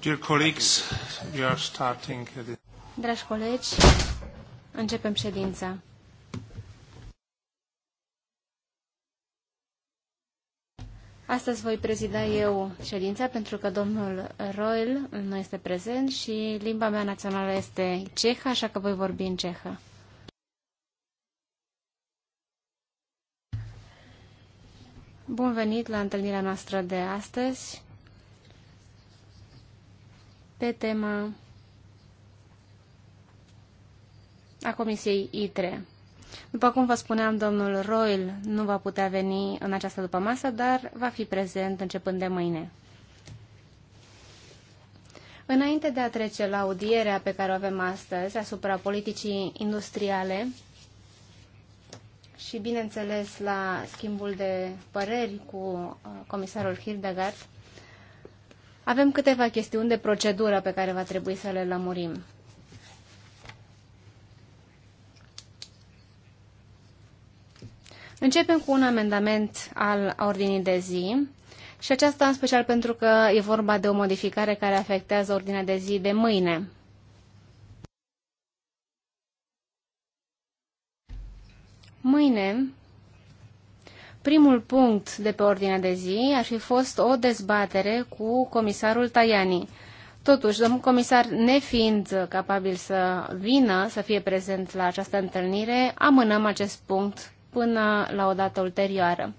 Dear colleagues, we are starting... Dragi colegi, începem ședința. Astăzi voi prezida eu ședința pentru că domnul Royal nu este prezent și limba mea națională este ceha, așa că voi vorbi în cehă. Bun venit la întâlnirea noastră de astăzi pe tema a Comisiei ITRE. După cum vă spuneam, domnul Royal nu va putea veni în această după masă, dar va fi prezent începând de mâine. Înainte de a trece la audierea pe care o avem astăzi asupra politicii industriale și, bineînțeles, la schimbul de păreri cu uh, comisarul Hildegard, avem câteva chestiuni de procedură pe care va trebui să le lămurim. Începem cu un amendament al ordinii de zi și aceasta în special pentru că e vorba de o modificare care afectează ordinea de zi de mâine. Mâine primul punct de pe ordinea de zi ar fi fost o dezbatere cu comisarul Tajani. Totuși, domnul comisar, nefiind capabil să vină, să fie prezent la această întâlnire, amânăm acest punct până la o dată ulterioară.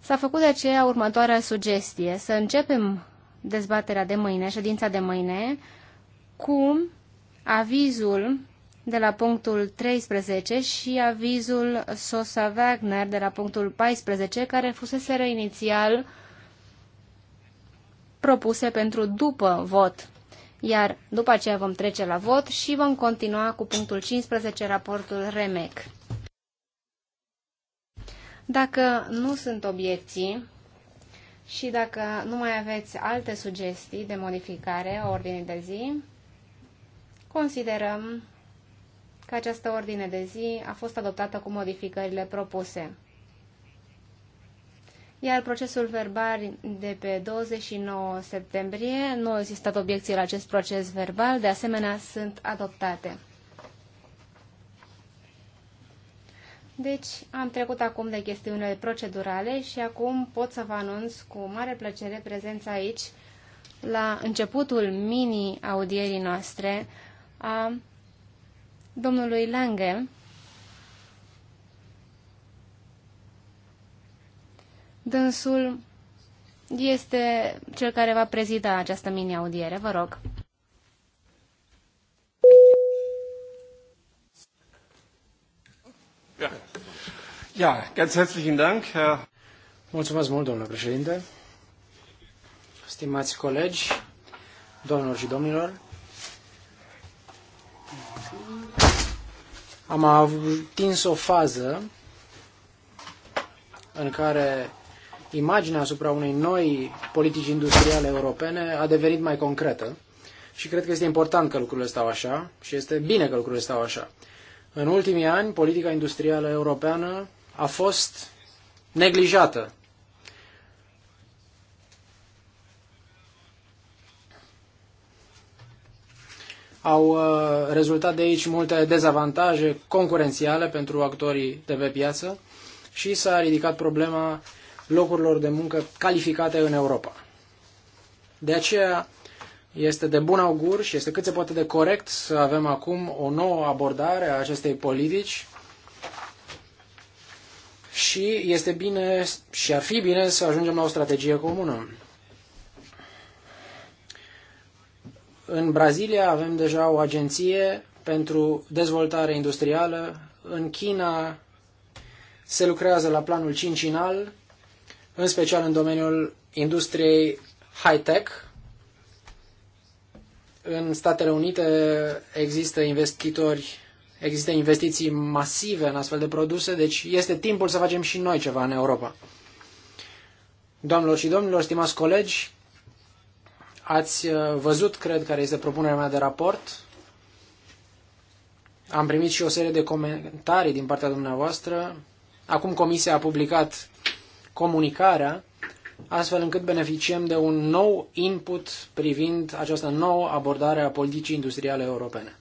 S-a făcut de aceea următoarea sugestie, să începem dezbaterea de mâine, ședința de mâine, cu avizul de la punctul 13 și avizul Sosa Wagner de la punctul 14, care fusese inițial propuse pentru după vot. Iar după aceea vom trece la vot și vom continua cu punctul 15, raportul REMEC. Dacă nu sunt obiecții și dacă nu mai aveți alte sugestii de modificare a ordinii de zi, considerăm că această ordine de zi a fost adoptată cu modificările propuse. Iar procesul verbal de pe 29 septembrie, nu au existat obiecții la acest proces verbal, de asemenea sunt adoptate. Deci am trecut acum de chestiunile procedurale și acum pot să vă anunț cu mare plăcere prezența aici la începutul mini-audierii noastre a domnului Lange, dânsul este cel care va prezida această mini-audiere. Vă rog. Ja. ganz herzlichen Dank, Herr. Mulțumesc mult, domnule președinte. Stimați colegi, domnilor și domnilor, am atins o fază în care imaginea asupra unei noi politici industriale europene a devenit mai concretă și cred că este important că lucrurile stau așa și este bine că lucrurile stau așa. În ultimii ani, politica industrială europeană a fost neglijată Au uh, rezultat de aici multe dezavantaje concurențiale pentru actorii de pe piață și s-a ridicat problema locurilor de muncă calificate în Europa. De aceea este de bun augur și este cât se poate de corect să avem acum o nouă abordare a acestei politici și este bine și ar fi bine să ajungem la o strategie comună. În Brazilia avem deja o agenție pentru dezvoltare industrială. În China se lucrează la planul cincinal, în special în domeniul industriei high-tech. În Statele Unite există investitori, există investiții masive în astfel de produse, deci este timpul să facem și noi ceva în Europa. Doamnelor și domnilor, stimați colegi, Ați uh, văzut, cred, care este propunerea mea de raport. Am primit și o serie de comentarii din partea dumneavoastră. Acum Comisia a publicat comunicarea, astfel încât beneficiem de un nou input privind această nouă abordare a politicii industriale europene.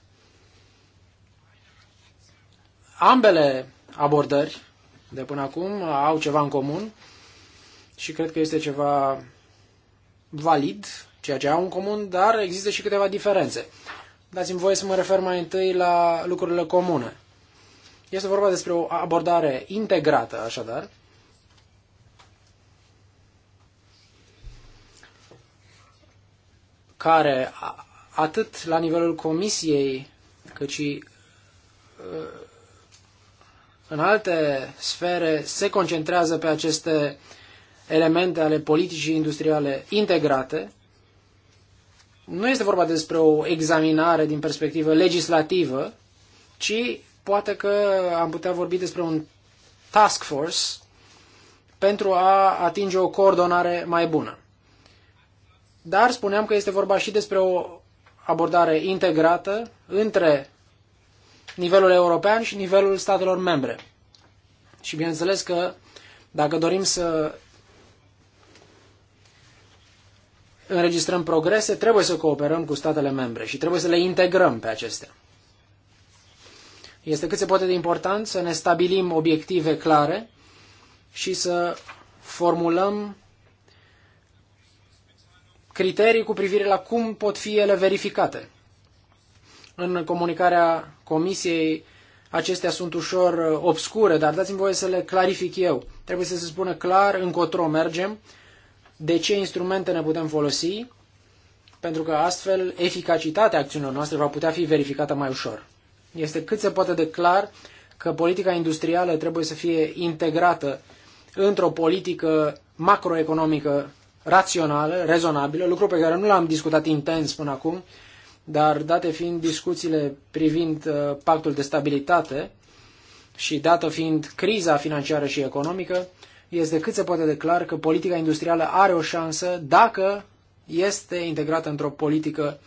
Ambele abordări de până acum au ceva în comun și cred că este ceva valid ceea ce au în comun, dar există și câteva diferențe. Dați-mi voie să mă refer mai întâi la lucrurile comune. Este vorba despre o abordare integrată, așadar, care atât la nivelul comisiei, cât și uh, în alte sfere se concentrează pe aceste elemente ale politicii industriale integrate, nu este vorba despre o examinare din perspectivă legislativă, ci poate că am putea vorbi despre un task force pentru a atinge o coordonare mai bună. Dar spuneam că este vorba și despre o abordare integrată între nivelul european și nivelul statelor membre. Și bineînțeles că dacă dorim să înregistrăm progrese, trebuie să cooperăm cu statele membre și trebuie să le integrăm pe acestea. Este cât se poate de important să ne stabilim obiective clare și să formulăm criterii cu privire la cum pot fi ele verificate. În comunicarea Comisiei acestea sunt ușor uh, obscure, dar dați-mi voie să le clarific eu. Trebuie să se spună clar încotro mergem, de ce instrumente ne putem folosi, pentru că astfel eficacitatea acțiunilor noastre va putea fi verificată mai ușor. Este cât se poate de clar că politica industrială trebuie să fie integrată într-o politică macroeconomică rațională, rezonabilă, lucru pe care nu l-am discutat intens până acum, dar date fiind discuțiile privind uh, pactul de stabilitate și dată fiind criza financiară și economică, este cât se poate de clar că politica industrială are o șansă dacă este integrată într-o politică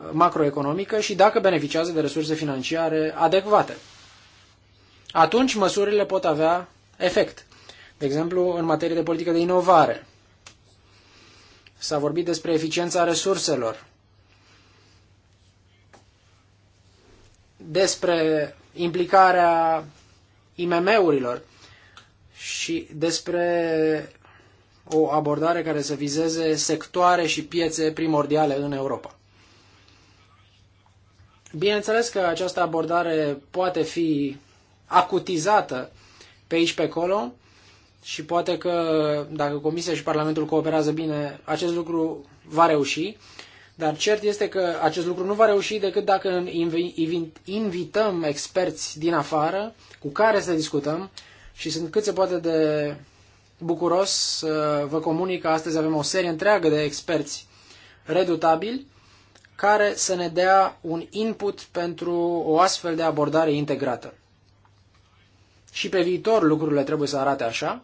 uh, macroeconomică și dacă beneficiază de resurse financiare adecvate. Atunci măsurile pot avea efect. De exemplu, în materie de politică de inovare. S-a vorbit despre eficiența resurselor, despre implicarea IMM-urilor și despre o abordare care să vizeze sectoare și piețe primordiale în Europa. Bineînțeles că această abordare poate fi acutizată pe aici pe acolo și poate că dacă Comisia și Parlamentul cooperează bine, acest lucru va reuși, dar cert este că acest lucru nu va reuși decât dacă invităm experți din afară cu care să discutăm și sunt cât se poate de bucuros să vă comunic că astăzi avem o serie întreagă de experți redutabili care să ne dea un input pentru o astfel de abordare integrată. Și pe viitor lucrurile trebuie să arate așa.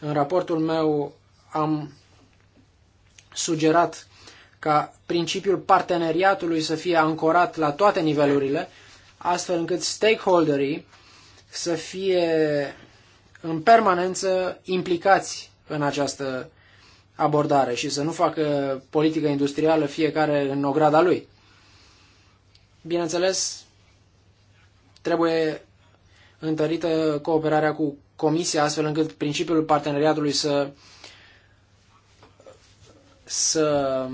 În raportul meu am sugerat ca principiul parteneriatului să fie ancorat la toate nivelurile, astfel încât stakeholderii să fie în permanență implicați în această abordare și să nu facă politică industrială fiecare în ograda lui. Bineînțeles, trebuie întărită cooperarea cu Comisia, astfel încât principiul parteneriatului să, să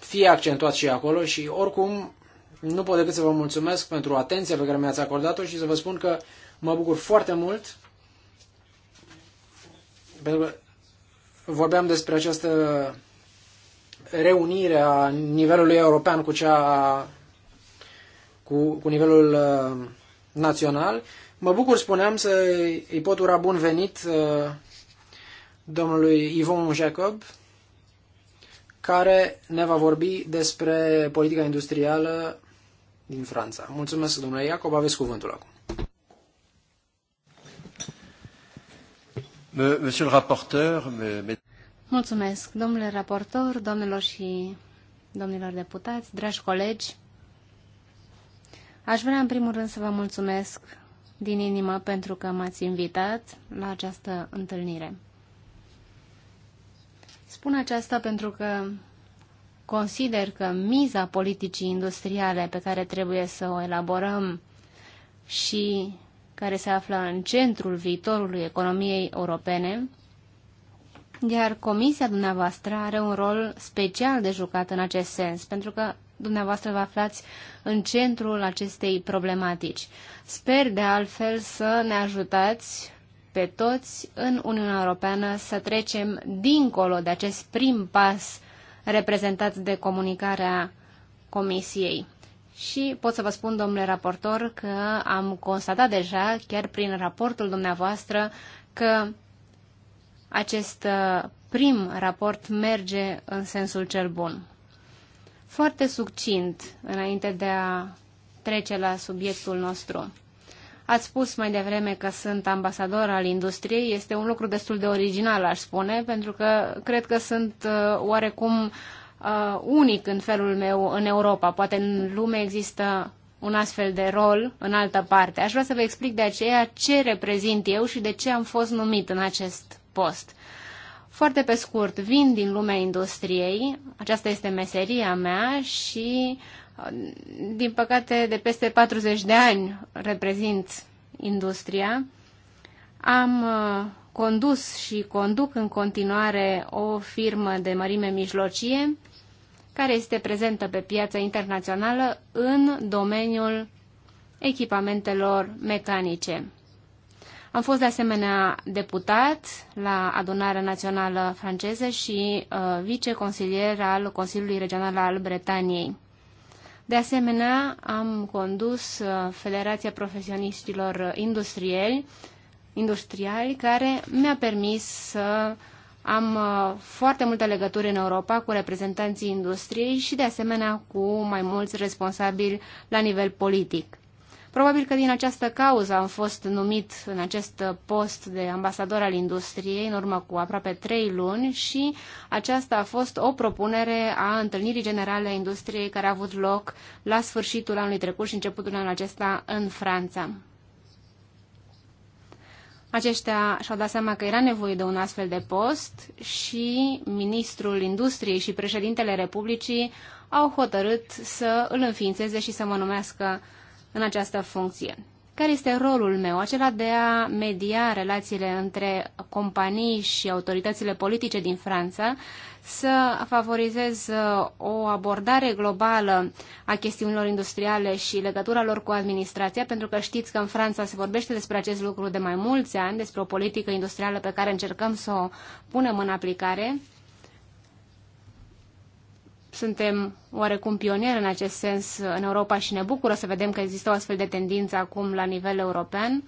fie accentuat și acolo și oricum nu pot decât să vă mulțumesc pentru atenția pe care mi-ați acordat-o și să vă spun că mă bucur foarte mult pentru că vorbeam despre această reunire a nivelului european cu cea cu, cu nivelul uh, național. Mă bucur, spuneam, să îi pot ura bun venit uh, domnului Ivon Jacob, care ne va vorbi despre politica industrială din Franța. Mulțumesc, domnule Iacob, aveți cuvântul acum. Monsieur le rapporteur, Mulțumesc, domnule raportor, domnilor și domnilor deputați, dragi colegi. Aș vrea în primul rând să vă mulțumesc din inimă pentru că m-ați invitat la această întâlnire. Spun aceasta pentru că consider că miza politicii industriale pe care trebuie să o elaborăm și care se află în centrul viitorului economiei europene, iar comisia dumneavoastră are un rol special de jucat în acest sens, pentru că dumneavoastră vă aflați în centrul acestei problematici. Sper de altfel să ne ajutați pe toți în Uniunea Europeană să trecem dincolo de acest prim pas reprezentați de comunicarea Comisiei. Și pot să vă spun, domnule raportor, că am constatat deja, chiar prin raportul dumneavoastră, că acest uh, prim raport merge în sensul cel bun. Foarte succint, înainte de a trece la subiectul nostru. Ați spus mai devreme că sunt ambasador al industriei. Este un lucru destul de original, aș spune, pentru că cred că sunt uh, oarecum uh, unic în felul meu în Europa. Poate în lume există un astfel de rol în altă parte. Aș vrea să vă explic de aceea ce reprezint eu și de ce am fost numit în acest post. Foarte pe scurt, vin din lumea industriei, aceasta este meseria mea și uh, din păcate, de peste 40 de ani reprezint industria. Am uh, condus și conduc în continuare o firmă de mărime mijlocie care este prezentă pe piața internațională în domeniul echipamentelor mecanice. Am fost de asemenea deputat la adunarea națională franceză și uh, viceconsilier al Consiliului Regional al Bretaniei. De asemenea, am condus uh, Federația Profesioniștilor industrieli, industriali care mi-a permis să am uh, foarte multe legături în Europa cu reprezentanții industriei și, de asemenea, cu mai mulți responsabili la nivel politic. Probabil că din această cauză am fost numit în acest post de ambasador al industriei în urmă cu aproape trei luni și aceasta a fost o propunere a întâlnirii generale a industriei care a avut loc la sfârșitul anului trecut și începutul anului acesta în Franța. Aceștia și-au dat seama că era nevoie de un astfel de post și ministrul industriei și președintele Republicii au hotărât să îl înființeze și să mă numească în această funcție. Care este rolul meu? Acela de a media relațiile între companii și autoritățile politice din Franța, să favorizez uh, o abordare globală a chestiunilor industriale și legătura lor cu administrația, pentru că știți că în Franța se vorbește despre acest lucru de mai mulți ani, despre o politică industrială pe care încercăm să o punem în aplicare suntem oarecum pionieri în acest sens în Europa și ne bucură să vedem că există o astfel de tendință acum la nivel european. Uh,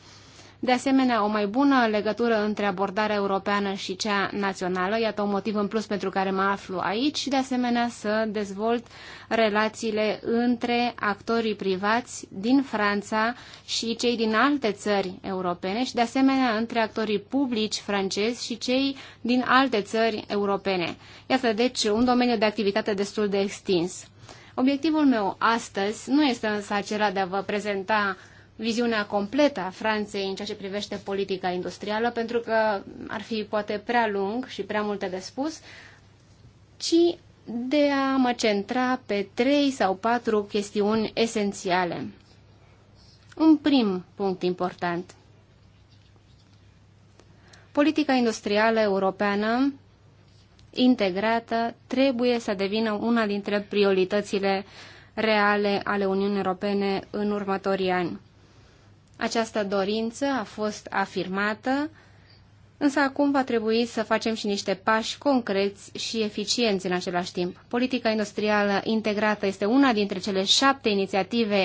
de asemenea, o mai bună legătură între abordarea europeană și cea națională, iată un motiv în plus pentru care mă aflu aici, și de asemenea să dezvolt relațiile între actorii privați din Franța și cei din alte țări europene și de asemenea între actorii publici francezi și cei din alte țări europene. Iată, deci, un domeniu de activitate destul de extins. Obiectivul meu astăzi nu este însă acela de a vă prezenta viziunea completă a Franței în ceea ce privește politica industrială, pentru că ar fi poate prea lung și prea multe de spus, ci de a mă centra pe trei sau patru chestiuni esențiale. Un prim punct important. Politica industrială europeană integrată trebuie să devină una dintre prioritățile reale ale Uniunii Europene în următorii ani. Această dorință a fost afirmată, însă acum va trebui să facem și niște pași concreți și eficienți în același timp. Politica industrială integrată este una dintre cele șapte inițiative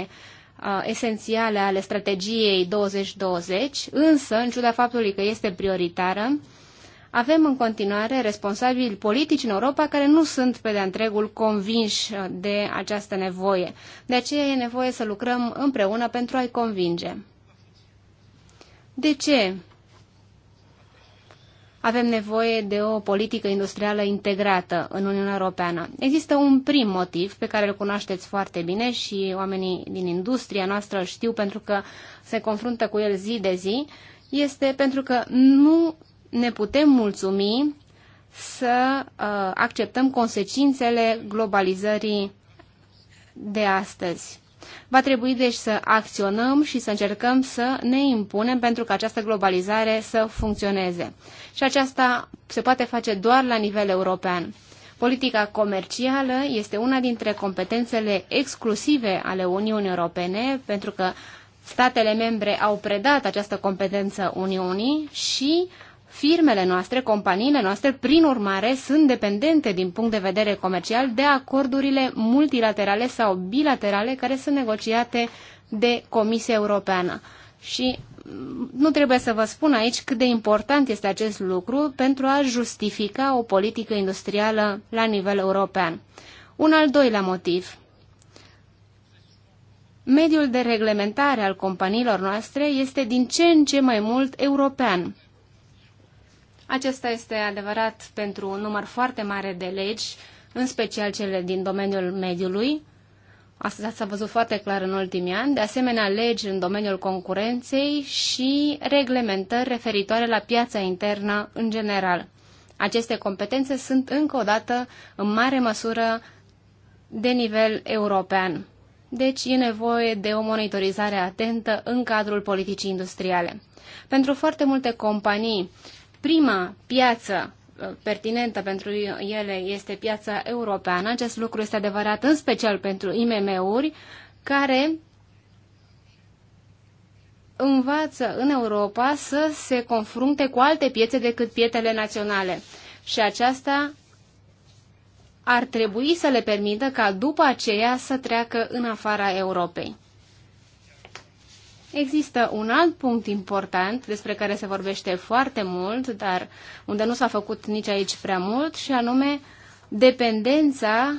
uh, esențiale ale strategiei 2020, însă, în ciuda faptului că este prioritară, avem în continuare responsabili politici în Europa care nu sunt pe de întregul convinși uh, de această nevoie. De aceea e nevoie să lucrăm împreună pentru a-i convinge. De ce avem nevoie de o politică industrială integrată în Uniunea Europeană? Există un prim motiv pe care îl cunoașteți foarte bine și oamenii din industria noastră îl știu pentru că se confruntă cu el zi de zi, este pentru că nu ne putem mulțumi să uh, acceptăm consecințele globalizării de astăzi. Va trebui deci să acționăm și să încercăm să ne impunem pentru că această globalizare să funcționeze. Și aceasta se poate face doar la nivel european. Politica comercială este una dintre competențele exclusive ale Uniunii Europene, pentru că statele membre au predat această competență Uniunii și Firmele noastre, companiile noastre, prin urmare, sunt dependente din punct de vedere comercial de acordurile multilaterale sau bilaterale care sunt negociate de Comisia Europeană. Și mm, nu trebuie să vă spun aici cât de important este acest lucru pentru a justifica o politică industrială la nivel european. Un al doilea motiv. Mediul de reglementare al companiilor noastre este din ce în ce mai mult european. Acesta este adevărat pentru un număr foarte mare de legi, în special cele din domeniul mediului. Asta s-a văzut foarte clar în ultimii ani. De asemenea, legi în domeniul concurenței și reglementări referitoare la piața internă în general. Aceste competențe sunt încă o dată în mare măsură de nivel european. Deci e nevoie de o monitorizare atentă în cadrul politicii industriale. Pentru foarte multe companii prima piață uh, pertinentă pentru ele este piața europeană. Acest lucru este adevărat în special pentru IMM-uri care învață în Europa să se confrunte cu alte piețe decât pietele naționale. Și aceasta ar trebui să le permită ca după aceea să treacă în afara Europei. Există un alt punct important despre care se vorbește foarte mult, dar unde nu s-a făcut nici aici prea mult, și anume dependența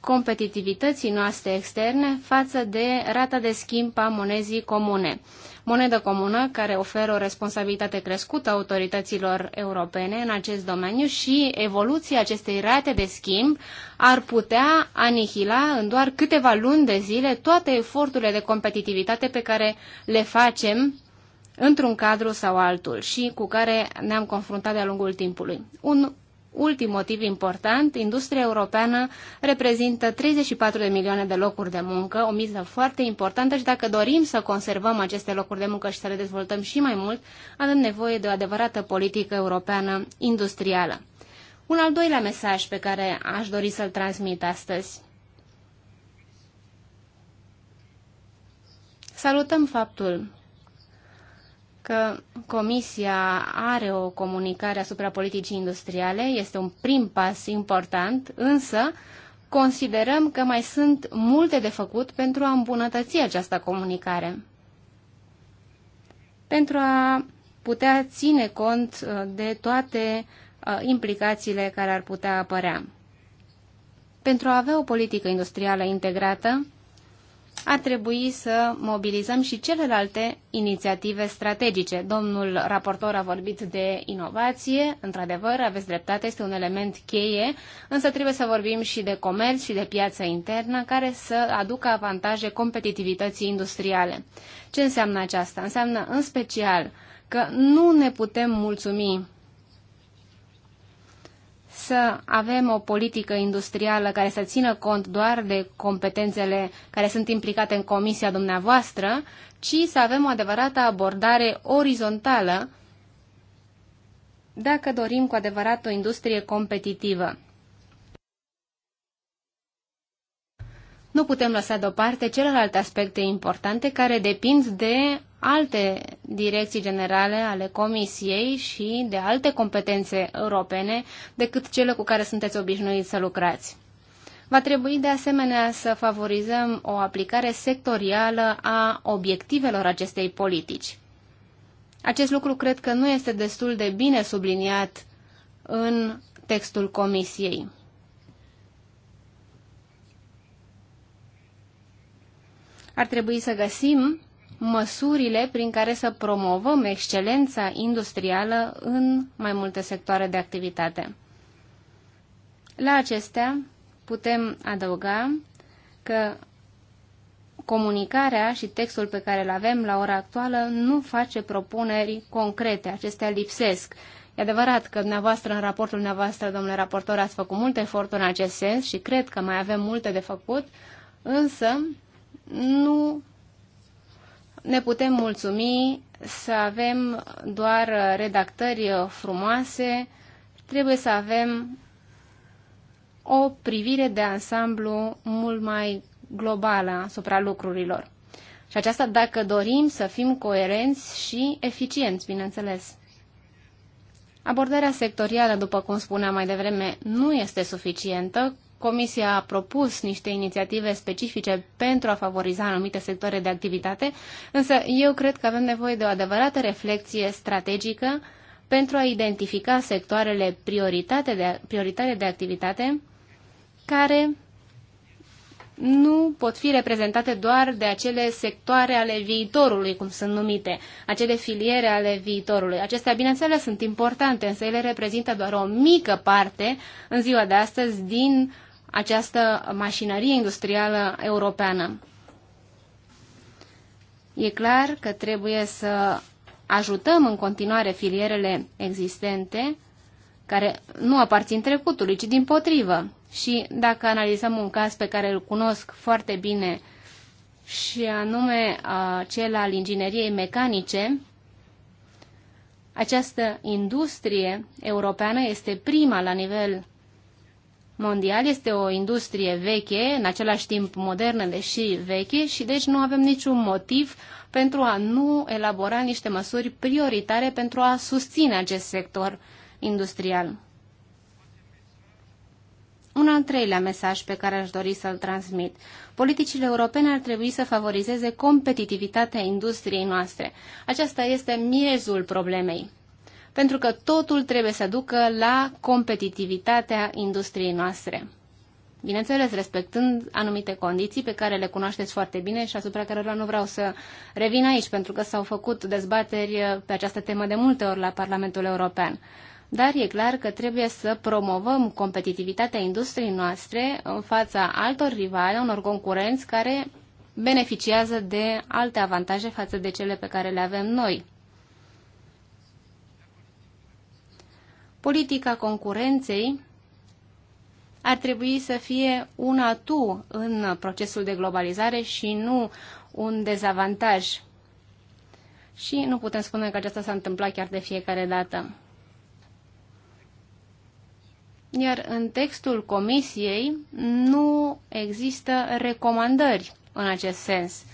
competitivității noastre externe față de rata de schimb a monezii comune monedă comună care oferă o responsabilitate crescută autorităților europene în acest domeniu și evoluția acestei rate de schimb ar putea anihila în doar câteva luni de zile toate eforturile de competitivitate pe care le facem într-un cadru sau altul și cu care ne-am confruntat de-a lungul timpului. Un ultim motiv important, industria europeană reprezintă 34 de milioane de locuri de muncă, o miză foarte importantă și dacă dorim să conservăm aceste locuri de muncă și să le dezvoltăm și mai mult, avem nevoie de o adevărată politică europeană industrială. Un al doilea mesaj pe care aș dori să-l transmit astăzi. Salutăm faptul că Comisia are o comunicare asupra politicii industriale, este un prim pas important, însă considerăm că mai sunt multe de făcut pentru a îmbunătăți această comunicare. Pentru a putea ține cont uh, de toate uh, implicațiile care ar putea apărea. Pentru a avea o politică industrială integrată, ar trebui să mobilizăm și celelalte inițiative strategice. Domnul raportor a vorbit de inovație, într-adevăr, aveți dreptate, este un element cheie, însă trebuie să vorbim și de comerț și de piață internă care să aducă avantaje competitivității industriale. Ce înseamnă aceasta? Înseamnă în special că nu ne putem mulțumi să avem o politică industrială care să țină cont doar de competențele care sunt implicate în comisia dumneavoastră, ci să avem o adevărată abordare orizontală dacă dorim cu adevărat o industrie competitivă. nu putem lăsa deoparte celelalte aspecte importante care depind de alte direcții generale ale Comisiei și de alte competențe europene decât cele cu care sunteți obișnuiți să lucrați. Va trebui de asemenea să favorizăm o aplicare sectorială a obiectivelor acestei politici. Acest lucru cred că nu este destul de bine subliniat în textul Comisiei. Ar trebui să găsim măsurile prin care să promovăm excelența industrială în mai multe sectoare de activitate. La acestea putem adăuga că comunicarea și textul pe care îl avem la ora actuală nu face propuneri concrete, acestea lipsesc. E adevărat că dumneavoastră, în raportul dumneavoastră, domnule raportor, ați făcut multe eforturi în acest sens și cred că mai avem multe de făcut, însă nu ne putem mulțumi să avem doar redactări frumoase, trebuie să avem o privire de ansamblu mult mai globală asupra lucrurilor. Și aceasta dacă dorim să fim coerenți și eficienți, bineînțeles. Abordarea sectorială, după cum spuneam mai devreme, nu este suficientă. Comisia a propus niște inițiative specifice pentru a favoriza anumite sectoare de activitate, însă eu cred că avem nevoie de o adevărată reflexie strategică pentru a identifica sectoarele prioritate de, prioritare de activitate care nu pot fi reprezentate doar de acele sectoare ale viitorului, cum sunt numite, acele filiere ale viitorului. Acestea, bineînțeles, sunt importante, însă ele reprezintă doar o mică parte în ziua de astăzi din această mașinărie industrială europeană. E clar că trebuie să ajutăm în continuare filierele existente care nu aparțin trecutului, ci din potrivă. Și dacă analizăm un caz pe care îl cunosc foarte bine și anume cel al ingineriei mecanice, această industrie europeană este prima la nivel mondial, este o industrie veche, în același timp modernă, deși veche, și deci nu avem niciun motiv pentru a nu elabora niște măsuri prioritare pentru a susține acest sector industrial. Un al treilea mesaj pe care aș dori să-l transmit. Politicile europene ar trebui să favorizeze competitivitatea industriei noastre. Aceasta este miezul problemei pentru că totul trebuie să ducă la competitivitatea industriei noastre. Bineînțeles, respectând anumite condiții pe care le cunoașteți foarte bine și asupra cărora nu vreau să revin aici, pentru că s-au făcut dezbateri pe această temă de multe ori la Parlamentul European dar e clar că trebuie să promovăm competitivitatea industriei noastre în fața altor rivali, unor concurenți care beneficiază de alte avantaje față de cele pe care le avem noi. Politica concurenței ar trebui să fie un atu în procesul de globalizare și nu un dezavantaj. Și nu putem spune că aceasta s-a întâmplat chiar de fiecare dată. Iar în textul comisiei nu există recomandări în acest sens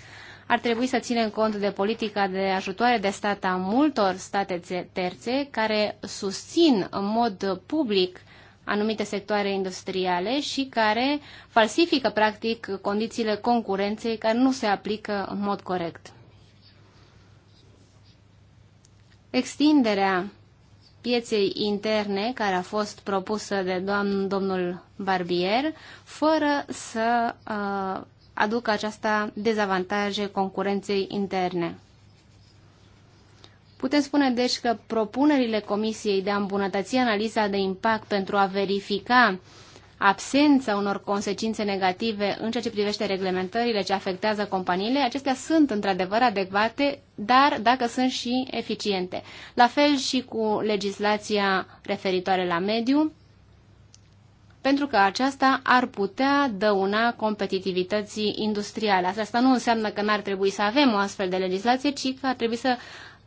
ar trebui să ținem cont de politica de ajutoare de stat a multor state terțe care susțin în mod public anumite sectoare industriale și care falsifică practic condițiile concurenței care nu se aplică în mod corect. Extinderea pieței interne care a fost propusă de doamn, domnul Barbier, fără să uh, aduc aceasta dezavantaje concurenței interne. Putem spune deci că propunerile Comisiei de a îmbunătăți analiza de impact pentru a verifica absența unor consecințe negative în ceea ce privește reglementările ce afectează companiile, acestea sunt într-adevăr adecvate, dar dacă sunt și eficiente. La fel și cu legislația referitoare la mediu, pentru că aceasta ar putea dăuna competitivității industriale. Asta, asta nu înseamnă că n-ar trebui să avem o astfel de legislație, ci că ar trebui să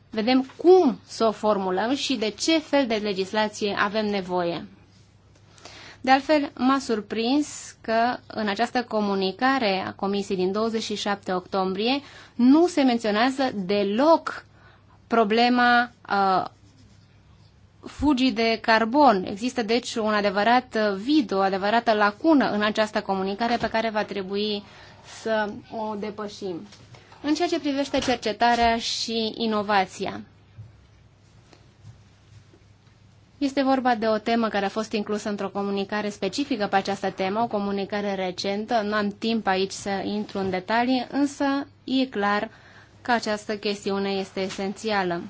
vedem cum să o formulăm și de ce fel de legislație avem nevoie. De altfel, m-a surprins că în această comunicare a Comisiei din 27 octombrie nu se menționează deloc problema uh, fugii de carbon. Există deci un adevărat uh, vid, o adevărată lacună în această comunicare pe care va trebui să o depășim. În ceea ce privește cercetarea și inovația, este vorba de o temă care a fost inclusă într-o comunicare specifică pe această temă, o comunicare recentă. Nu am timp aici să intru în detalii, însă e clar că această chestiune este esențială.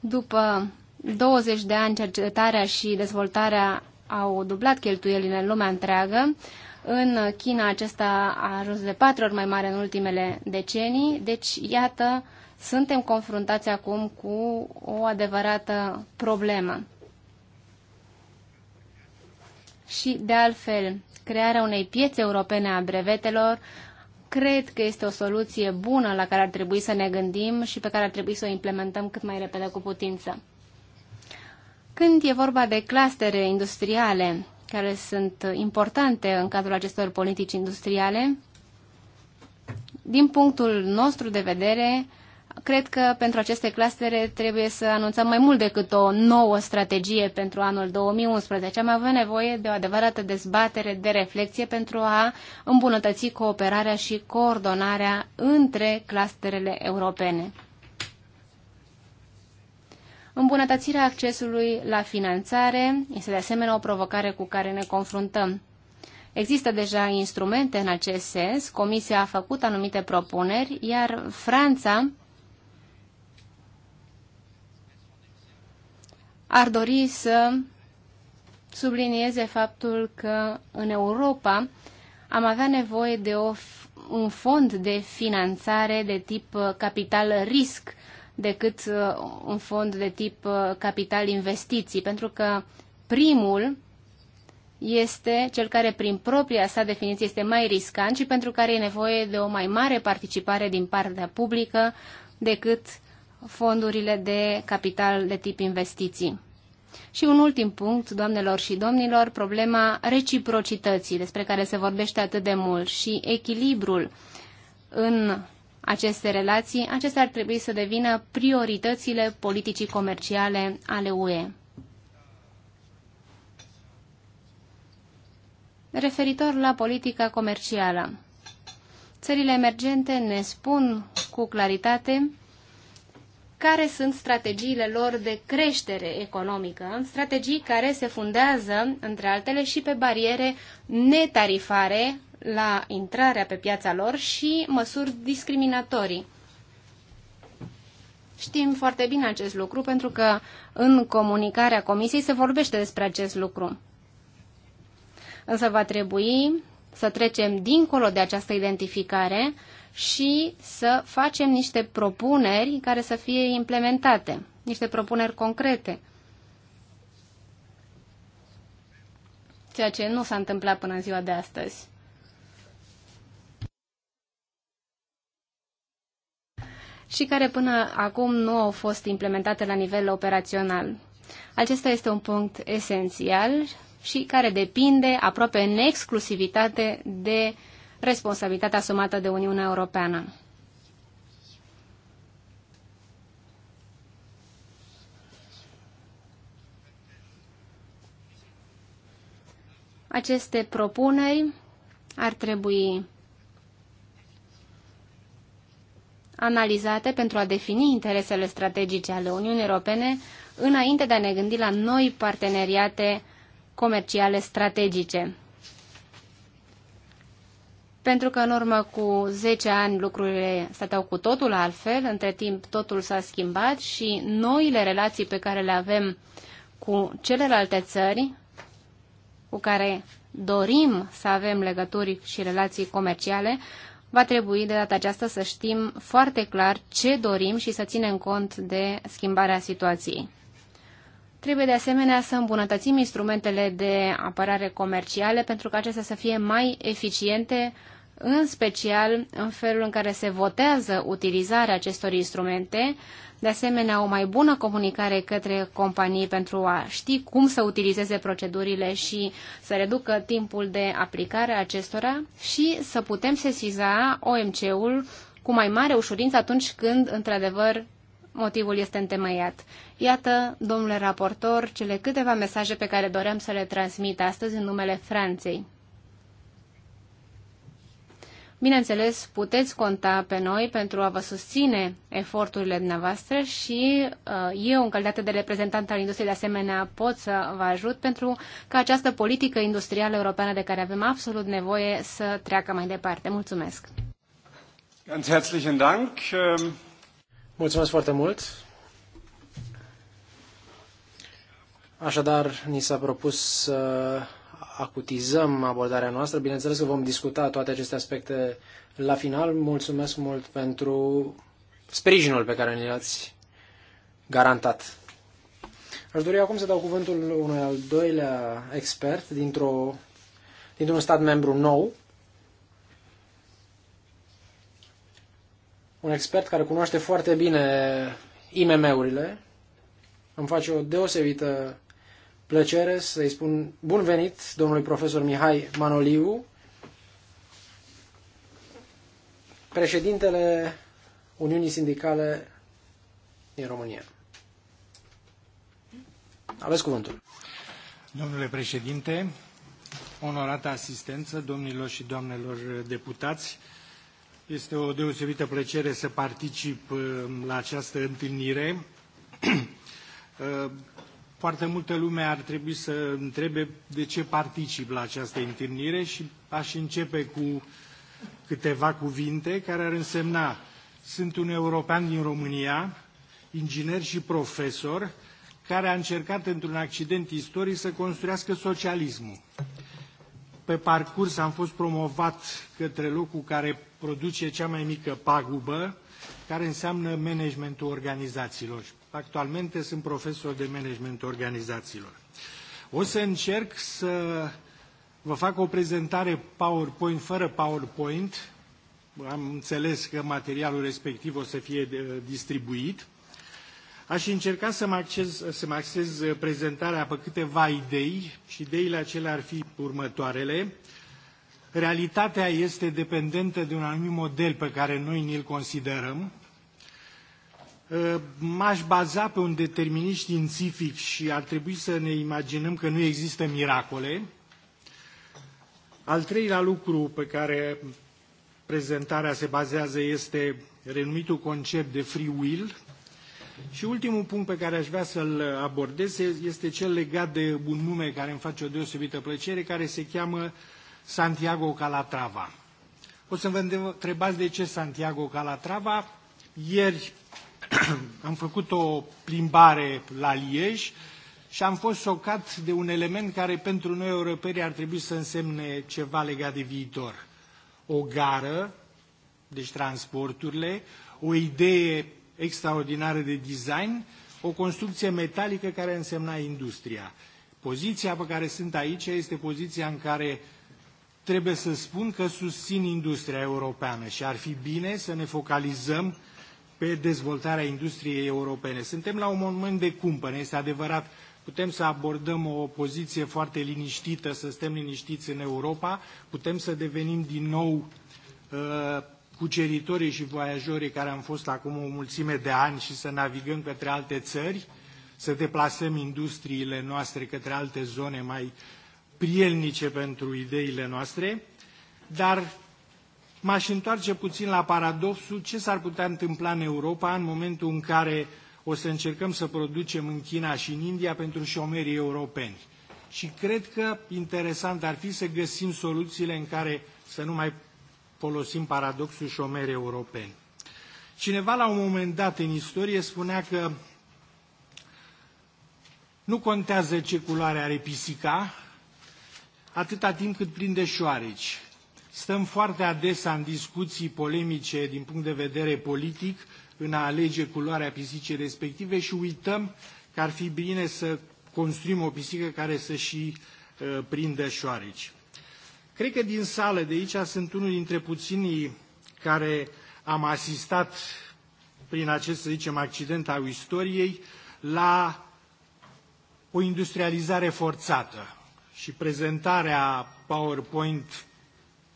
După 20 de ani, cercetarea și dezvoltarea au dublat cheltuielile în lumea întreagă. În China acesta a ajuns de patru ori mai mare în ultimele decenii, deci iată, suntem confruntați acum cu o adevărată problemă. Și de altfel, crearea unei piețe europene a brevetelor cred că este o soluție bună la care ar trebui să ne gândim și pe care ar trebui să o implementăm cât mai repede cu putință. Când e vorba de clustere industriale care sunt importante în cadrul acestor politici industriale, din punctul nostru de vedere, cred că pentru aceste clastere trebuie să anunțăm mai mult decât o nouă strategie pentru anul 2011. Am avut nevoie de o adevărată dezbatere de reflexie pentru a îmbunătăți cooperarea și coordonarea între clasterele europene. Îmbunătățirea accesului la finanțare este de asemenea o provocare cu care ne confruntăm. Există deja instrumente în acest sens, Comisia a făcut anumite propuneri, iar Franța ar dori să sublinieze faptul că în Europa am avea nevoie de o, un fond de finanțare de tip uh, capital risc decât uh, un fond de tip uh, capital investiții, pentru că primul este cel care prin propria sa definiție este mai riscant și pentru care e nevoie de o mai mare participare din partea publică decât uh, fondurile de capital de tip investiții. Și un ultim punct, doamnelor și domnilor, problema reciprocității, despre care se vorbește atât de mult, și echilibrul în aceste relații, acestea ar trebui să devină prioritățile politicii comerciale ale UE. Referitor la politica comercială, țările emergente ne spun cu claritate care sunt strategiile lor de creștere economică, strategii care se fundează, între altele, și pe bariere netarifare la intrarea pe piața lor și măsuri discriminatorii. Știm foarte bine acest lucru pentru că în comunicarea Comisiei se vorbește despre acest lucru. Însă va trebui să trecem dincolo de această identificare și să facem niște propuneri care să fie implementate, niște propuneri concrete. Ceea ce nu s-a întâmplat până în ziua de astăzi. și care până acum nu au fost implementate la nivel operațional. Acesta este un punct esențial și care depinde aproape în exclusivitate de uh, responsabilitatea asumată de Uniunea Europeană. Aceste propuneri ar trebui analizate pentru a defini interesele strategice ale Uniunii Europene înainte de a ne gândi la noi parteneriate comerciale strategice pentru că în urmă cu 10 ani lucrurile stăteau cu totul altfel, între timp totul s-a schimbat și noile relații pe care le avem cu celelalte țări cu care dorim să avem legături și relații comerciale, va trebui de data aceasta să știm foarte clar ce dorim și să ținem cont de schimbarea situației. Trebuie de asemenea să îmbunătățim instrumentele de apărare comerciale pentru ca acestea să fie mai eficiente, în special în felul în care se votează utilizarea acestor instrumente, de asemenea o mai bună comunicare către companii pentru a ști cum să utilizeze procedurile și să reducă timpul de aplicare a acestora și să putem sesiza OMC-ul cu mai mare ușurință atunci când, într-adevăr, motivul este întemeiat. Iată, domnule raportor, cele câteva mesaje pe care doream să le transmit astăzi în numele Franței. Bineînțeles, puteți conta pe noi pentru a vă susține eforturile dumneavoastră și uh, eu, în calitate de reprezentant al industriei, de asemenea, pot să vă ajut pentru ca această politică industrială europeană de care avem absolut nevoie să treacă mai departe. Mulțumesc! Ganz herzlichen Dank. Ähm, Mulțumesc foarte mult! Așadar, ni s-a propus să uh acutizăm abordarea noastră. Bineînțeles că vom discuta toate aceste aspecte la final. Mulțumesc mult pentru sprijinul pe care ne l-ați garantat. Aș dori acum să dau cuvântul unui al doilea expert dintr-o, dintr-un stat membru nou. Un expert care cunoaște foarte bine IMM-urile. Îmi face o deosebită plăcere să-i spun bun venit domnului profesor Mihai Manoliu, președintele Uniunii Sindicale din România. Aveți cuvântul. Domnule președinte, onorată asistență, domnilor și doamnelor deputați, este o deosebită plăcere să particip uh, la această întâlnire uh, foarte multă lume ar trebui să întrebe de ce particip la această întâlnire și aș începe cu câteva cuvinte care ar însemna sunt un european din România, inginer și profesor, care a încercat într-un accident istoric să construiască socialismul. Pe parcurs am fost promovat către locul care produce cea mai mică pagubă, care înseamnă managementul organizațiilor. Actualmente sunt profesor de management organizațiilor. O să încerc să vă fac o prezentare PowerPoint fără PowerPoint. Am înțeles că materialul respectiv o să fie uh, distribuit. Aș încerca să mă, acces, să mă acces uh, prezentarea pe câteva idei și ideile acelea ar fi următoarele. Realitatea este dependentă de un anumit model pe care noi ni-l considerăm, Uh, m-aș baza pe un determinist științific și ar trebui să ne imaginăm că nu există miracole. Al treilea lucru pe care prezentarea se bazează este renumitul concept de free will. Și ultimul punct pe care aș vrea să-l abordez este cel legat de un nume care îmi face o deosebită plăcere, care se cheamă Santiago Calatrava. O să vă întrebați de ce Santiago Calatrava. Ieri am făcut o plimbare la Liej și am fost socat de un element care pentru noi europeni ar trebui să însemne ceva legat de viitor. O gară, deci transporturile, o idee extraordinară de design, o construcție metalică care însemna industria. Poziția pe care sunt aici este poziția în care trebuie să spun că susțin industria europeană și ar fi bine să ne focalizăm pe dezvoltarea industriei europene. Suntem la un moment de cumpăne, este adevărat, putem să abordăm o poziție foarte liniștită, să stăm liniștiți în Europa, putem să devenim din nou uh, cuceritorii și voiajorii care am fost acum o mulțime de ani și să navigăm către alte țări, să deplasăm industriile noastre către alte zone mai prielnice pentru ideile noastre, dar M-aș întoarce puțin la paradoxul ce s-ar putea întâmpla în Europa în momentul în care o să încercăm să producem în China și în India pentru șomerii europeni. Și cred că interesant ar fi să găsim soluțiile în care să nu mai folosim paradoxul șomerii europeni. Cineva la un moment dat în istorie spunea că nu contează ce culoare are pisica, atâta timp cât prinde șoareci. Stăm foarte adesea în discuții polemice din punct de vedere politic în a alege culoarea pisicii respective și uităm că ar fi bine să construim o pisică care să și uh, prindă șoareci. Cred că din sală de aici sunt unul dintre puținii care am asistat prin acest, să zicem, accident al istoriei la o industrializare forțată și prezentarea PowerPoint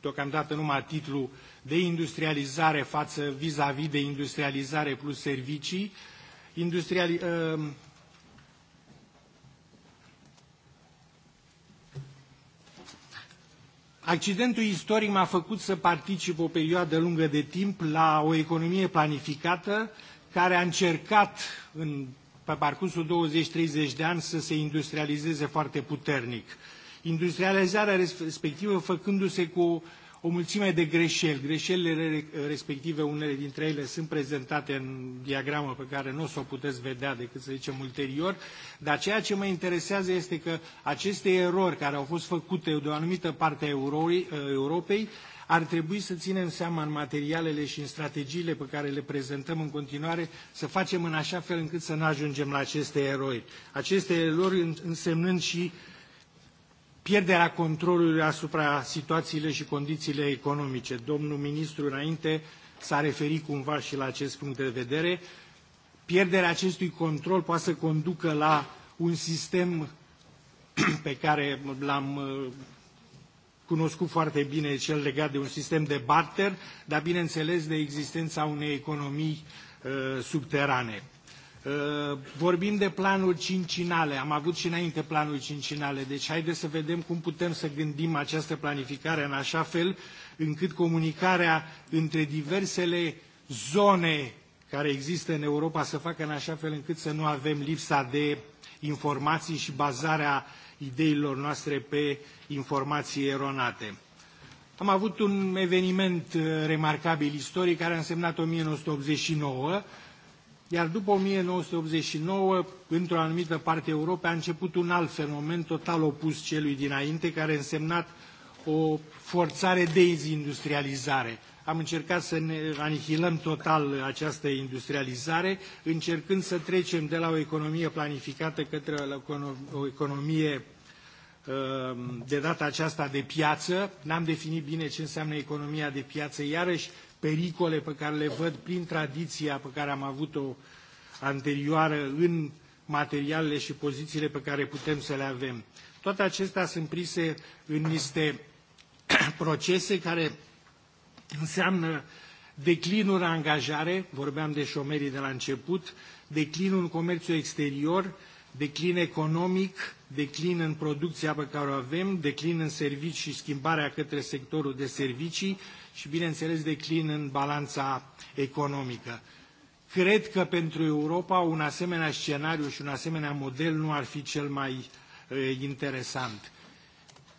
deocamdată numai titlu de industrializare față vis-a-vis -vis de industrializare plus servicii, industriali, uh, Accidentul istoric m-a făcut să particip o perioadă lungă de timp la o economie planificată care a încercat în, pe parcursul 20-30 de ani să se industrializeze foarte puternic industrializarea respectivă făcându-se cu o mulțime de greșeli. Greșelile respective, unele dintre ele sunt prezentate în diagramă pe care nu o să o puteți vedea decât să zicem ulterior, dar ceea ce mă interesează este că aceste erori care au fost făcute de o anumită parte a Europei ar trebui să ținem seama în materialele și în strategiile pe care le prezentăm în continuare, să facem în așa fel încât să nu ajungem la aceste erori. Aceste erori însemnând și uh, pierderea controlului asupra situațiile și condițiile economice. Domnul ministru, înainte, s-a referit cumva și la acest punct de vedere. Pierderea acestui control poate să conducă la un sistem pe care l-am uh, cunoscut foarte bine, cel legat de un sistem de barter, dar bineînțeles de existența unei economii uh, subterane. Uh, vorbim de planuri cincinale, am avut și înainte planuri cincinale, deci haideți să vedem cum putem să gândim această planificare în așa fel încât comunicarea între diversele zone care există în Europa să facă în așa fel încât să nu avem lipsa de informații și bazarea ideilor noastre pe informații eronate. Am avut un eveniment uh, remarcabil istoric care a însemnat 1989, iar după 1989, într-o anumită parte a Europei, a început un alt fenomen total opus celui dinainte, care a însemnat o forțare de dezindustrializare. Am încercat să ne anihilăm total această industrializare, încercând să trecem de la o economie planificată către o economie um, de data aceasta de piață. N-am definit bine ce înseamnă economia de piață, iarăși pericole pe care le văd prin tradiția pe care am avut-o anterioară în materialele și pozițiile pe care putem să le avem. Toate acestea sunt prise în niște procese care înseamnă declinul în angajare, vorbeam de șomerii de la început, declinul în comerțul exterior, declin economic, declin în producția pe care o avem, declin în servicii și schimbarea către sectorul de servicii, și, bineînțeles, declin în balanța economică. Cred că pentru Europa un asemenea scenariu și un asemenea model nu ar fi cel mai interesant.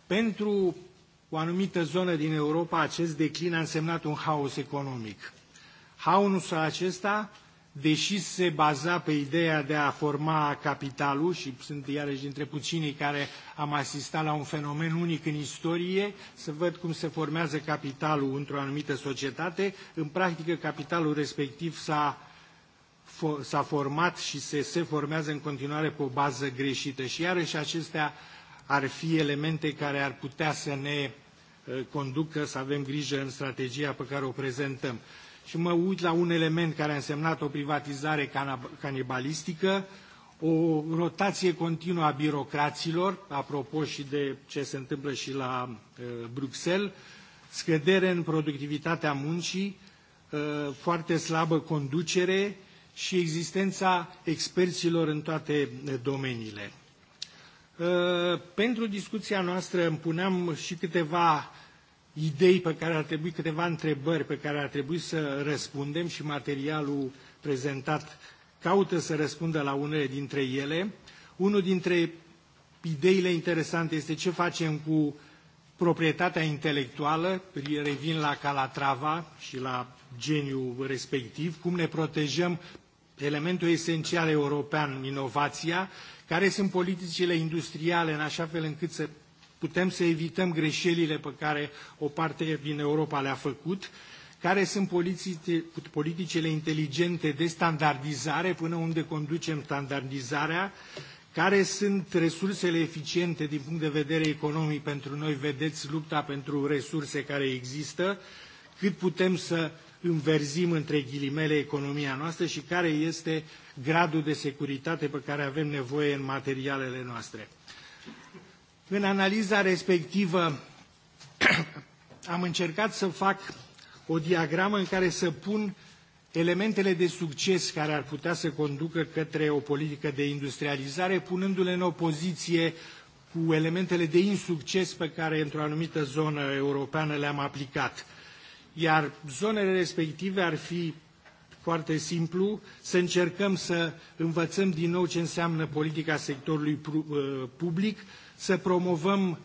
Pentru o anumită zonă din Europa, acest declin a însemnat un haos economic. Haosul acesta deși se baza pe ideea de a forma capitalul, și sunt iarăși dintre puținii care am asistat la un fenomen unic în istorie, să văd cum se formează capitalul într-o anumită societate, în practică capitalul respectiv s-a s-a format și se, se formează în continuare pe o bază greșită. Și iarăși acestea ar fi elemente care ar putea să ne uh, conducă să avem grijă în strategia pe care o prezentăm și mă uit la un element care a însemnat o privatizare canibalistică, o rotație continuă a birocraților, apropo și de ce se întâmplă și la uh, Bruxelles, scădere în productivitatea muncii, uh, foarte slabă conducere și existența experților în toate uh, domeniile. Pentru discuția noastră îmi puneam și câteva idei pe care ar trebui, câteva întrebări pe care ar trebui să răspundem și materialul prezentat caută să răspundă la unele dintre ele. Unul dintre ideile interesante este ce facem cu proprietatea intelectuală, revin la Calatrava și la geniu respectiv, cum ne protejăm elementul esențial european, inovația, care sunt politicile industriale în așa fel încât să putem să evităm greșelile pe care o parte din Europa le-a făcut, care sunt politicile inteligente de standardizare, până unde conducem standardizarea, care sunt resursele eficiente din punct de vedere economic pentru noi, vedeți lupta pentru resurse care există, cât putem să înverzim între ghilimele economia noastră și care este gradul de securitate pe care avem nevoie în materialele noastre. În analiza respectivă am încercat să fac o diagramă în care să pun elementele de succes care ar putea să conducă către o politică de industrializare, punându-le în opoziție cu elementele de insucces pe care într-o anumită zonă europeană le-am aplicat. Iar zonele respective ar fi foarte simplu, să încercăm să învățăm din nou ce înseamnă politica sectorului uh, public, să promovăm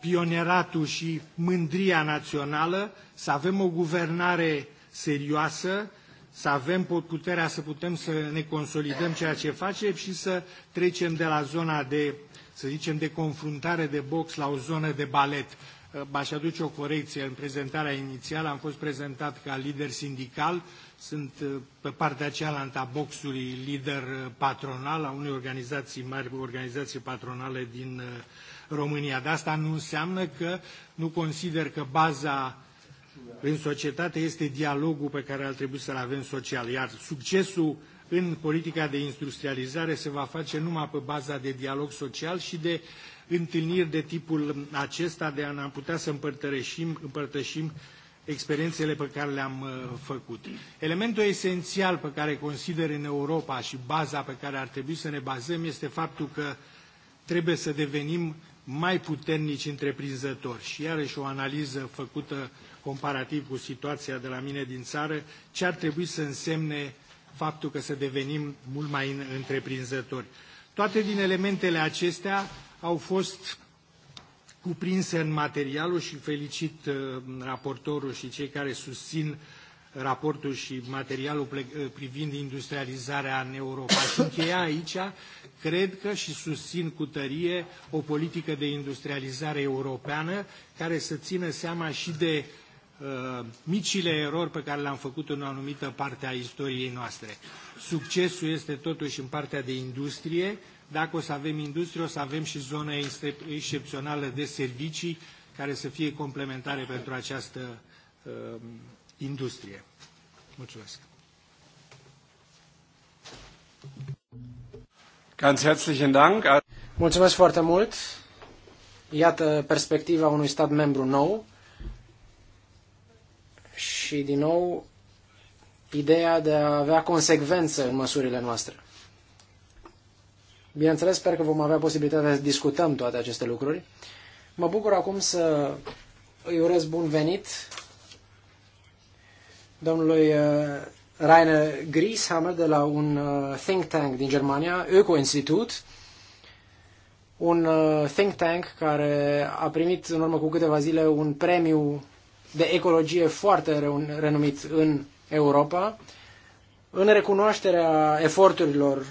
pioneratul și mândria națională, să avem o guvernare serioasă, să avem puterea să putem să ne consolidăm ceea ce facem și să trecem de la zona de, să zicem, de confruntare de box la o zonă de balet. Uh, aș aduce o corecție. În prezentarea inițială am fost prezentat ca lider sindical, sunt uh, pe partea cealaltă a boxului lider uh, patronal a unei organizații mari, organizații patronale din uh, România. Dar asta nu înseamnă că nu consider că baza în societate este dialogul pe care ar trebui să-l avem social. Iar succesul în politica de industrializare se va face numai pe baza de dialog social și de întâlniri de tipul acesta de a ne putea să împărtășim, împărtășim experiențele pe care le-am uh, făcut. Elementul esențial pe care consider în Europa și baza pe care ar trebui să ne bazăm este faptul că trebuie să devenim mai puternici întreprinzători. Și iarăși o analiză făcută comparativ cu situația de la mine din țară, ce ar trebui să însemne faptul că să devenim mult mai întreprinzători. Toate din elementele acestea au fost cuprinse în materialul și felicit uh, raportorul și cei care susțin raportul și materialul uh, privind industrializarea în Europa. Și încheia aici, cred că și susțin cu tărie o politică de industrializare europeană care să țină seama și de uh, micile erori pe care le-am făcut în o anumită parte a istoriei noastre. Succesul este totuși în partea de industrie, dacă o să avem industrie, o să avem și zone excepțională de servicii care să fie complementare pentru această uh, industrie. Mulțumesc. Ganz herzlichen Dank. Mulțumesc foarte mult. Iată perspectiva unui stat membru nou și, din nou, ideea de a avea consecvență în măsurile noastre. Bineînțeles, sper că vom avea posibilitatea să discutăm toate aceste lucruri. Mă bucur acum să îi urez bun venit domnului uh, Rainer Grieshammer de la un uh, think tank din Germania, Öko-Institut, un uh, think tank care a primit în urmă cu câteva zile un premiu de ecologie foarte renumit în Europa, în recunoașterea eforturilor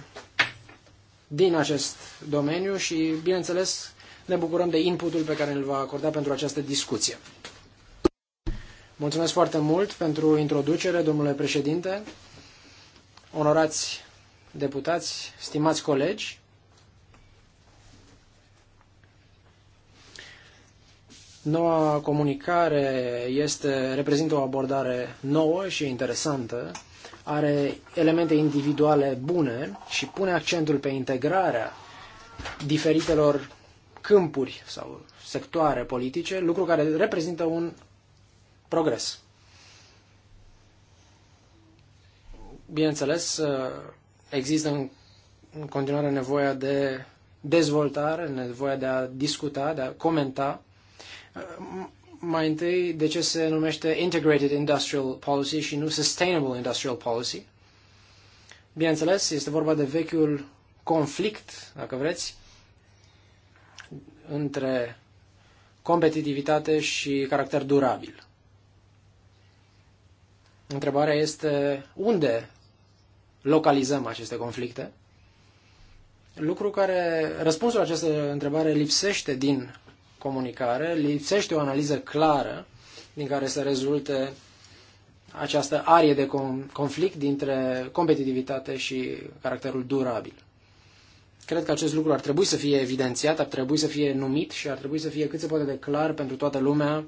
din acest domeniu și, bineînțeles, ne bucurăm de inputul pe care îl va acorda pentru această discuție. Mulțumesc foarte mult pentru introducere, domnule președinte, onorați deputați, stimați colegi. Noua comunicare este, reprezintă o abordare nouă și interesantă are elemente individuale bune și pune accentul pe integrarea diferitelor câmpuri sau sectoare politice, lucru care reprezintă un progres. Bineînțeles, există în continuare nevoia de dezvoltare, nevoia de a discuta, de a comenta mai întâi de ce se numește Integrated Industrial Policy și nu Sustainable Industrial Policy. Bineînțeles, este vorba de vechiul conflict, dacă vreți, între competitivitate și caracter durabil. Întrebarea este unde localizăm aceste conflicte? Lucru care, răspunsul la această întrebare lipsește din comunicare, lipsește o analiză clară din care să rezulte această arie de conflict dintre competitivitate și caracterul durabil. Cred că acest lucru ar trebui să fie evidențiat, ar trebui să fie numit și ar trebui să fie cât se poate de clar pentru toată lumea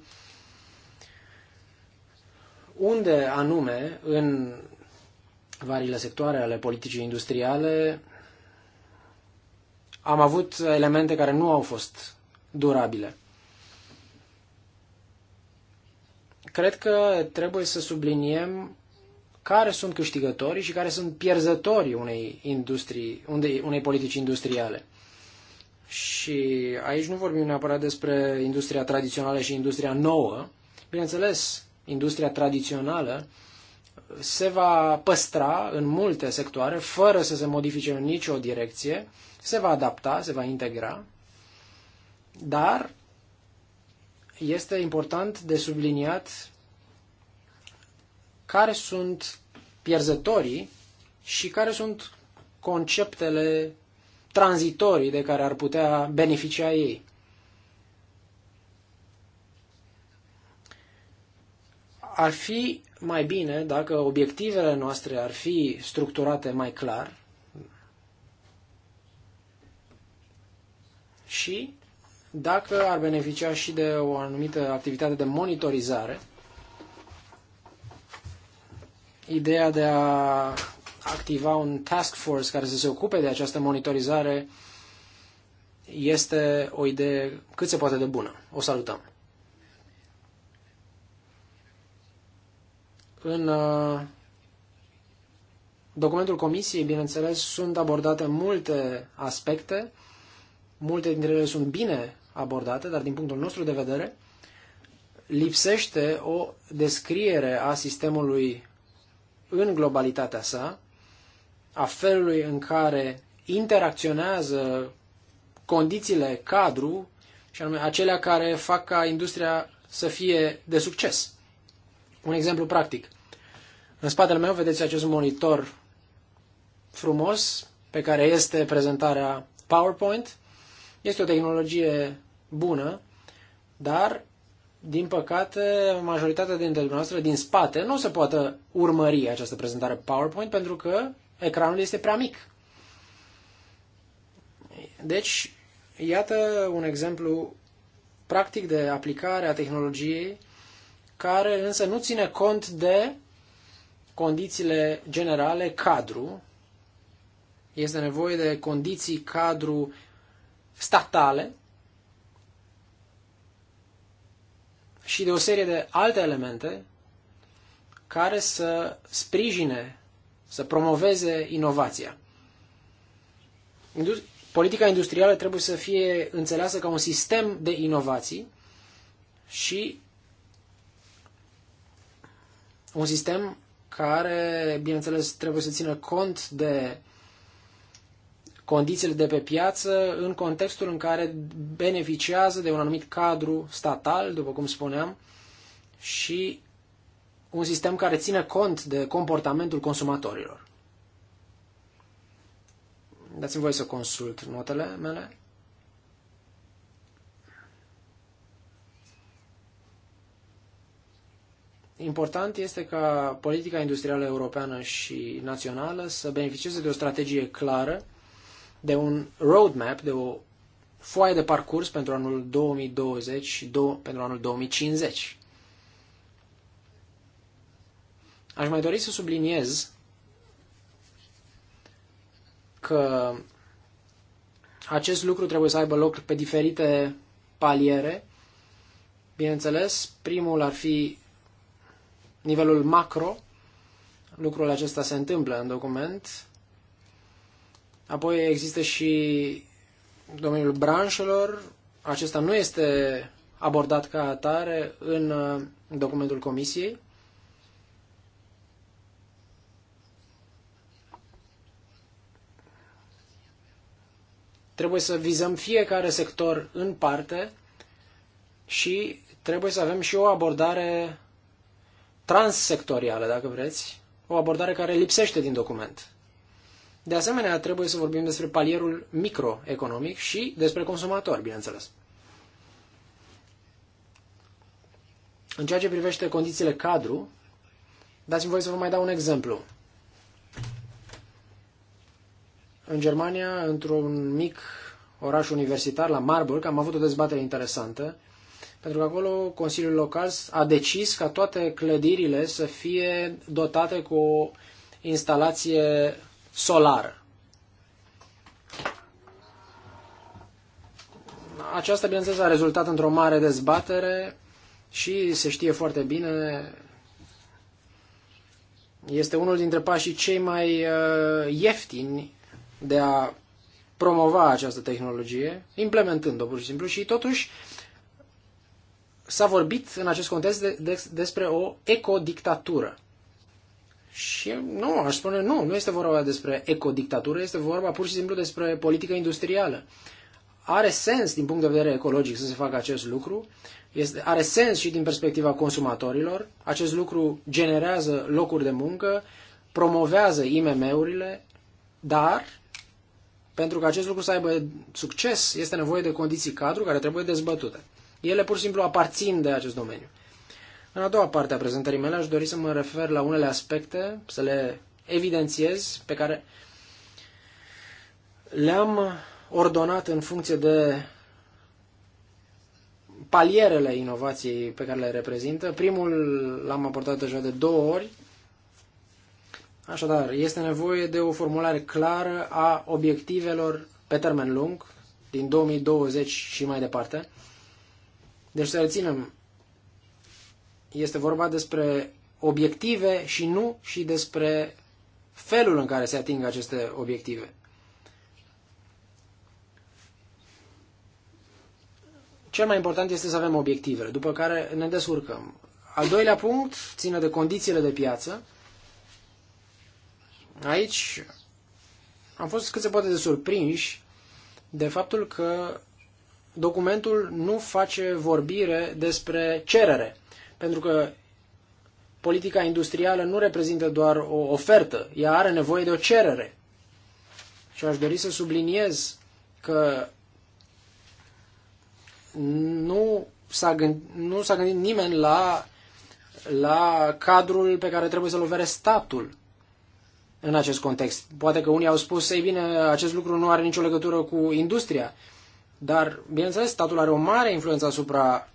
unde anume în variile sectoare ale politicii industriale am avut elemente care nu au fost durabile. Cred că trebuie să subliniem care sunt câștigătorii și care sunt pierzătorii unei, industrii, unei, unei politici industriale. Și aici nu vorbim neapărat despre industria tradițională și industria nouă. Bineînțeles, industria tradițională se va păstra în multe sectoare fără să se modifice în nicio direcție, se va adapta, se va integra dar este important de subliniat care sunt pierzătorii și care sunt conceptele tranzitorii de care ar putea beneficia ei. Ar fi mai bine dacă obiectivele noastre ar fi structurate mai clar și dacă ar beneficia și de o anumită activitate de monitorizare, ideea de a activa un task force care să se ocupe de această monitorizare este o idee cât se poate de bună. O salutăm. În uh, documentul comisiei, bineînțeles, sunt abordate multe aspecte, multe dintre ele sunt bine abordate, dar din punctul nostru de vedere lipsește o descriere a sistemului în globalitatea sa, a felului în care interacționează condițiile cadru, și anume acelea care fac ca industria să fie de succes. Un exemplu practic. În spatele meu vedeți acest monitor frumos pe care este prezentarea PowerPoint. Este o tehnologie bună, dar, din păcate, majoritatea dintre dumneavoastră din spate nu se poate urmări această prezentare PowerPoint pentru că ecranul este prea mic. Deci, iată un exemplu practic de aplicare a tehnologiei care însă nu ține cont de condițiile generale cadru. Este nevoie de condiții cadru statale și de o serie de alte elemente care să sprijine, să promoveze inovația. Politica industrială trebuie să fie înțeleasă ca un sistem de inovații și un sistem care, bineînțeles, trebuie să țină cont de condițiile de pe piață în contextul în care beneficiază de un anumit cadru statal, după cum spuneam, și un sistem care ține cont de comportamentul consumatorilor. Dați-mi voie să consult notele mele. Important este ca politica industrială europeană și națională să beneficieze de o strategie clară de un roadmap, de o foaie de parcurs pentru anul 2020 și do- pentru anul 2050. Aș mai dori să subliniez că acest lucru trebuie să aibă loc pe diferite paliere. Bineînțeles, primul ar fi nivelul macro. Lucrul acesta se întâmplă în document. Apoi există și domeniul branșelor. Acesta nu este abordat ca atare în uh, documentul comisiei. Trebuie să vizăm fiecare sector în parte și trebuie să avem și o abordare transsectorială, dacă vreți, o abordare care lipsește din document. De asemenea, trebuie să vorbim despre palierul microeconomic și despre consumator. bineînțeles. În ceea ce privește condițiile cadru, dați-mi voi să vă mai dau un exemplu. În Germania, într-un mic oraș universitar, la Marburg, am avut o dezbatere interesantă, pentru că acolo Consiliul Local a decis ca toate clădirile să fie dotate cu o instalație solară. Aceasta, bineînțeles, a rezultat într-o mare dezbatere și se știe foarte bine, este unul dintre pașii cei mai uh, ieftini de a promova această tehnologie, implementând-o pur și simplu și totuși s-a vorbit în acest context de, de, despre o ecodictatură. Și nu, aș spune, nu, nu este vorba despre ecodictatură, este vorba pur și simplu despre politică industrială. Are sens din punct de vedere ecologic să se facă acest lucru, este, are sens și din perspectiva consumatorilor, acest lucru generează locuri de muncă, promovează IMM-urile, dar pentru că acest lucru să aibă succes, este nevoie de condiții cadru care trebuie dezbătute. Ele pur și simplu aparțin de acest domeniu. În a doua parte a prezentării mele aș dori să mă refer la unele aspecte, să le evidențiez, pe care le-am ordonat în funcție de palierele inovației pe care le reprezintă. Primul l-am abordat deja de două ori. Așadar, este nevoie de o formulare clară a obiectivelor pe termen lung, din 2020 și mai departe. Deci să reținem este vorba despre obiective și nu și despre felul în care se ating aceste obiective. Cel mai important este să avem obiectivele, după care ne descurcăm. Al doilea punct ține de condițiile de piață. Aici am fost cât se poate de surprinși de faptul că documentul nu face vorbire despre cerere pentru că politica industrială nu reprezintă doar o ofertă, ea are nevoie de o cerere. Și aș dori să subliniez că nu s-a gândit, nu s-a gândit nimeni la, la cadrul pe care trebuie să-l ofere statul în acest context. Poate că unii au spus, ei bine, acest lucru nu are nicio legătură cu industria, dar, bineînțeles, statul are o mare influență asupra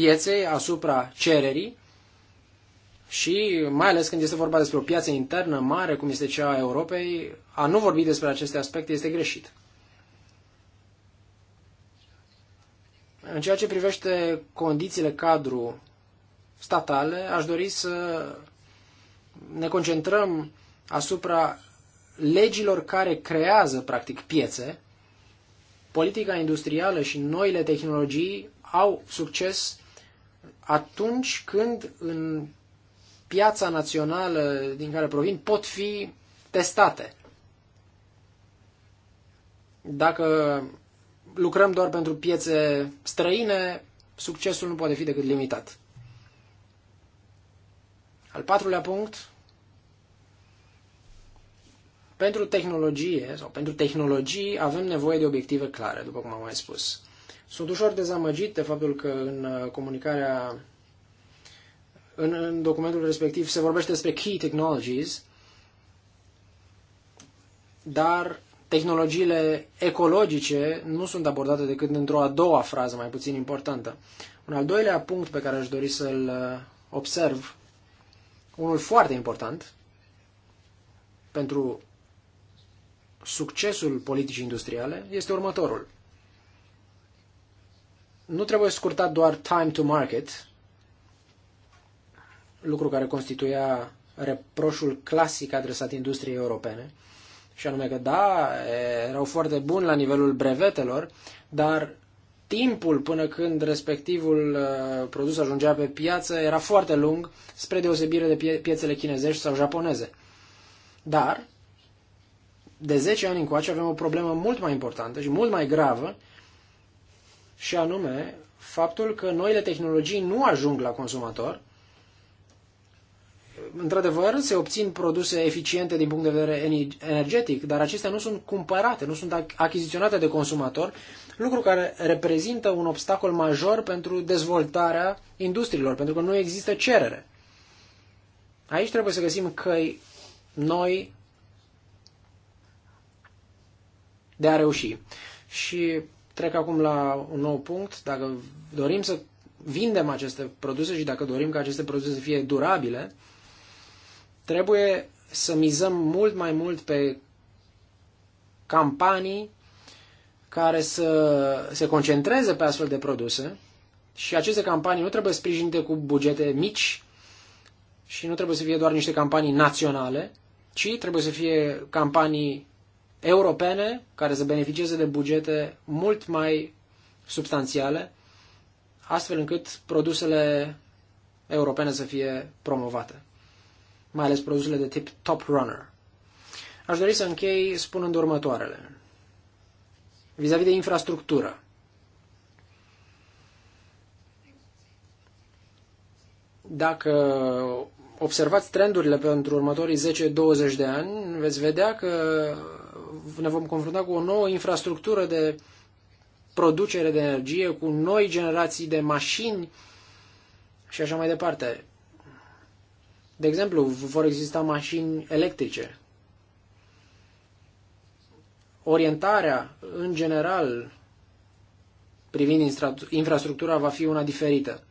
pieței, asupra cererii și mai ales când este vorba despre o piață internă mare, cum este cea a Europei, a nu vorbi despre aceste aspecte este greșit. În ceea ce privește condițiile cadru statale, aș dori să ne concentrăm asupra legilor care creează, practic, piețe. Politica industrială și noile tehnologii au succes atunci când în piața națională din care provin pot fi testate. Dacă lucrăm doar pentru piețe străine, succesul nu poate fi decât limitat. Al patrulea punct, pentru tehnologie sau pentru tehnologii avem nevoie de obiective clare, după cum am mai spus. Sunt ușor dezamăgit de faptul că în uh, comunicarea, în, în documentul respectiv se vorbește despre key technologies, dar tehnologiile ecologice nu sunt abordate decât într-o a doua frază mai puțin importantă. Un al doilea punct pe care aș dori să-l uh, observ, unul foarte important pentru succesul politicii industriale, este următorul – nu trebuie scurtat doar time to market, lucru care constituia reproșul clasic adresat industriei europene, și anume că da, erau foarte buni la nivelul brevetelor, dar timpul până când respectivul uh, produs ajungea pe piață era foarte lung, spre deosebire de pie- piețele chinezești sau japoneze. Dar, de 10 ani încoace avem o problemă mult mai importantă și mult mai gravă, și anume faptul că noile tehnologii nu ajung la consumator. Într-adevăr, se obțin produse eficiente din punct de vedere energetic, dar acestea nu sunt cumpărate, nu sunt achiziționate de consumator, lucru care reprezintă un obstacol major pentru dezvoltarea industriilor, pentru că nu există cerere. Aici trebuie să găsim căi noi de a reuși. Și Trec acum la un nou punct. Dacă dorim să vindem aceste produse și dacă dorim ca aceste produse să fie durabile, trebuie să mizăm mult mai mult pe campanii care să se concentreze pe astfel de produse și aceste campanii nu trebuie sprijinite cu bugete mici și nu trebuie să fie doar niște campanii naționale, ci trebuie să fie campanii europene care să beneficieze de bugete mult mai substanțiale, astfel încât produsele europene să fie promovate, mai ales produsele de tip top runner. Aș dori să închei spunând următoarele. Vis-a-vis -vis de infrastructură. Dacă observați trendurile pentru următorii 10-20 de ani, veți vedea că ne vom confrunta cu o nouă infrastructură de producere de energie, cu noi generații de mașini și așa mai departe. De exemplu, vor exista mașini electrice. Orientarea, în general, privind infrastructura, va fi una diferită.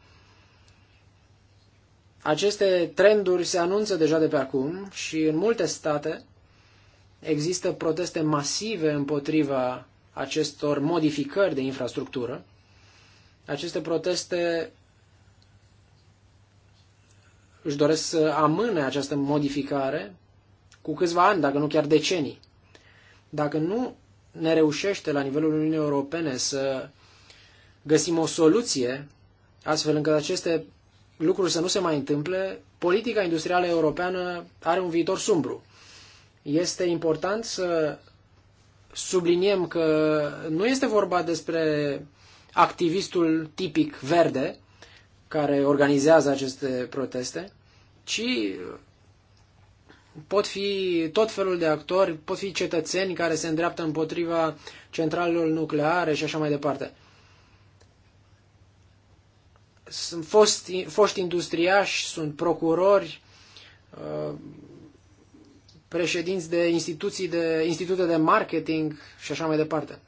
Aceste trenduri se anunță deja de pe acum și în multe state Există proteste masive împotriva acestor modificări de infrastructură. Aceste proteste își doresc să amâne această modificare cu câțiva ani, dacă nu chiar decenii. Dacă nu ne reușește la nivelul Uniunii Europene să găsim o soluție astfel încât aceste lucruri să nu se mai întâmple, politica industrială europeană are un viitor sumbru. Este important să subliniem că nu este vorba despre activistul tipic verde care organizează aceste proteste, ci pot fi tot felul de actori, pot fi cetățeni care se îndreaptă împotriva centralelor nucleare și așa mai departe. Sunt fost, foști industriași, sunt procurori, uh, președinți de instituții de institute de marketing și așa mai departe.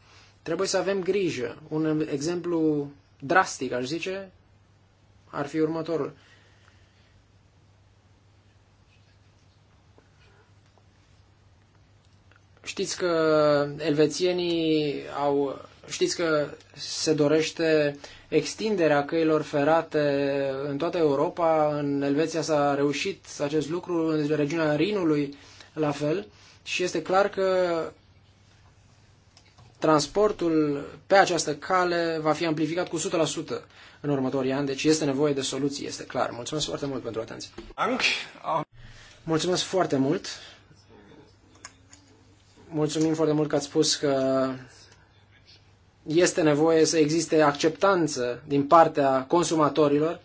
Trebuie să avem grijă. Un exemplu drastic, aș zice, ar fi următorul. Știți că elvețienii au. Știți că se dorește extinderea căilor ferate în toată Europa. În Elveția s-a reușit acest lucru, în regiunea Rinului la fel și este clar că transportul pe această cale va fi amplificat cu 100% în următorii ani, deci este nevoie de soluții, este clar. Mulțumesc foarte mult pentru atenție. Mulțumesc foarte mult. Mulțumim foarte mult că ați spus că este nevoie să existe acceptanță din partea consumatorilor,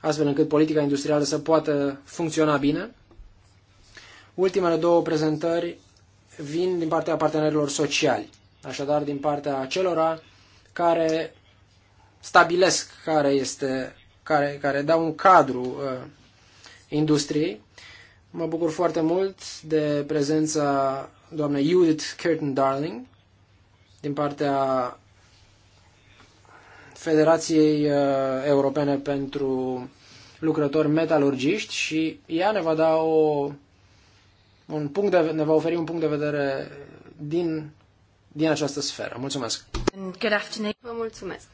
astfel încât politica industrială să poată funcționa bine. Ultimele două prezentări vin din partea partenerilor sociali, așadar din partea acelora care stabilesc care este, care, care dau un cadru uh, industriei. Mă bucur foarte mult de prezența doamnei Judith Curtin Darling din partea Federației uh, Europene pentru lucrători metalurgiști și ea ne va da o un punct de, ne va oferi un punct de vedere din, din această sferă. Mulțumesc! Good afternoon. Vă mulțumesc!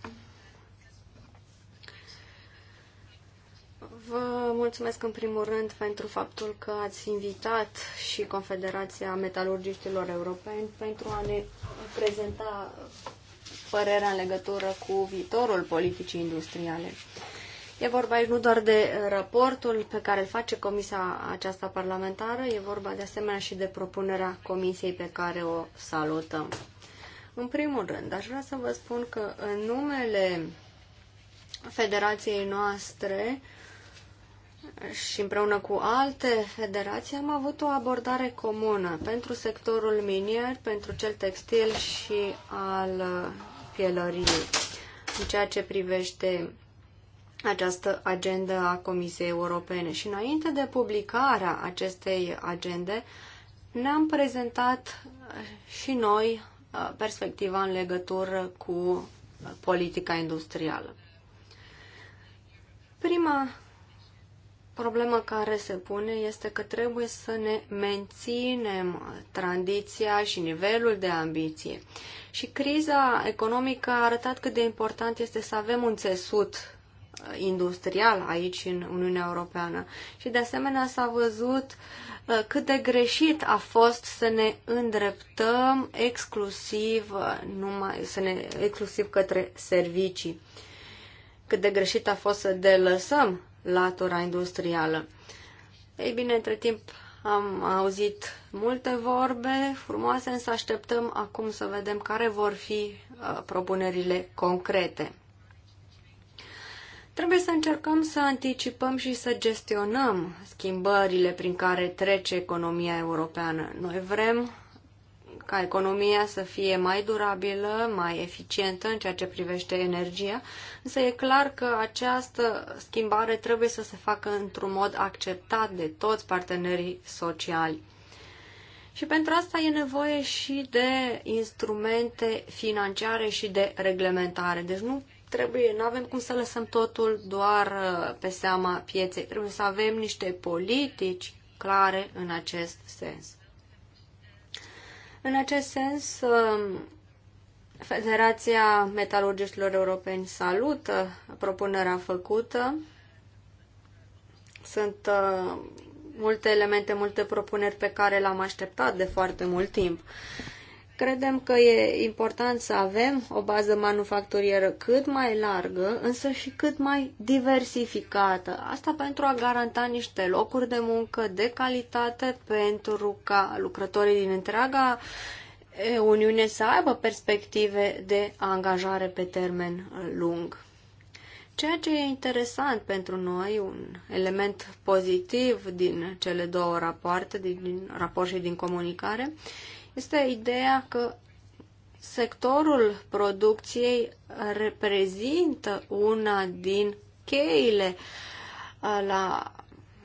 Vă mulțumesc în primul rând pentru faptul că ați invitat și Confederația Metalurgiștilor Europeni pentru a ne prezenta părerea în legătură cu viitorul politicii industriale. E vorba aici nu doar de raportul pe care îl face Comisia aceasta parlamentară, e vorba de asemenea și de propunerea Comisiei pe care o salutăm. În primul rând, aș vrea să vă spun că în numele federației noastre și împreună cu alte federații am avut o abordare comună pentru sectorul minier, pentru cel textil și al pielăriei. În ceea ce privește această agendă a Comisiei Europene. Și înainte de publicarea acestei agende, ne-am prezentat uh, și noi uh, perspectiva în legătură cu uh, politica industrială. Prima problemă care se pune este că trebuie să ne menținem tradiția și nivelul de ambiție. Și criza economică a arătat cât de important este să avem un țesut industrial aici în Uniunea Europeană. Și de asemenea s-a văzut uh, cât de greșit a fost să ne îndreptăm exclusiv, uh, numai, să ne, exclusiv către servicii. Cât de greșit a fost să delăsăm latura industrială. Ei bine, între timp am auzit multe vorbe frumoase, însă așteptăm acum să vedem care vor fi uh, propunerile concrete. Trebuie să încercăm să anticipăm și să gestionăm schimbările prin care trece economia europeană. Noi vrem ca economia să fie mai durabilă, mai eficientă în ceea ce privește energia, însă e clar că această schimbare trebuie să se facă într-un mod acceptat de toți partenerii sociali. Și pentru asta e nevoie și de instrumente financiare și de reglementare. Deci nu trebuie, nu avem cum să lăsăm totul doar uh, pe seama pieței. Trebuie să avem niște politici clare în acest sens. În acest sens, um, Federația Metalurgiștilor Europeni salută propunerea făcută. Sunt uh, multe elemente, multe propuneri pe care le-am așteptat de foarte mult timp. Credem că e important să avem o bază manufacturieră cât mai largă, însă și cât mai diversificată. Asta pentru a garanta niște locuri de muncă de calitate pentru ca lucrătorii din întreaga Uniune să aibă perspective de angajare pe termen lung. Ceea ce e interesant pentru noi, un element pozitiv din cele două rapoarte, din, raport și din comunicare, este ideea că sectorul producției reprezintă una din cheile uh, la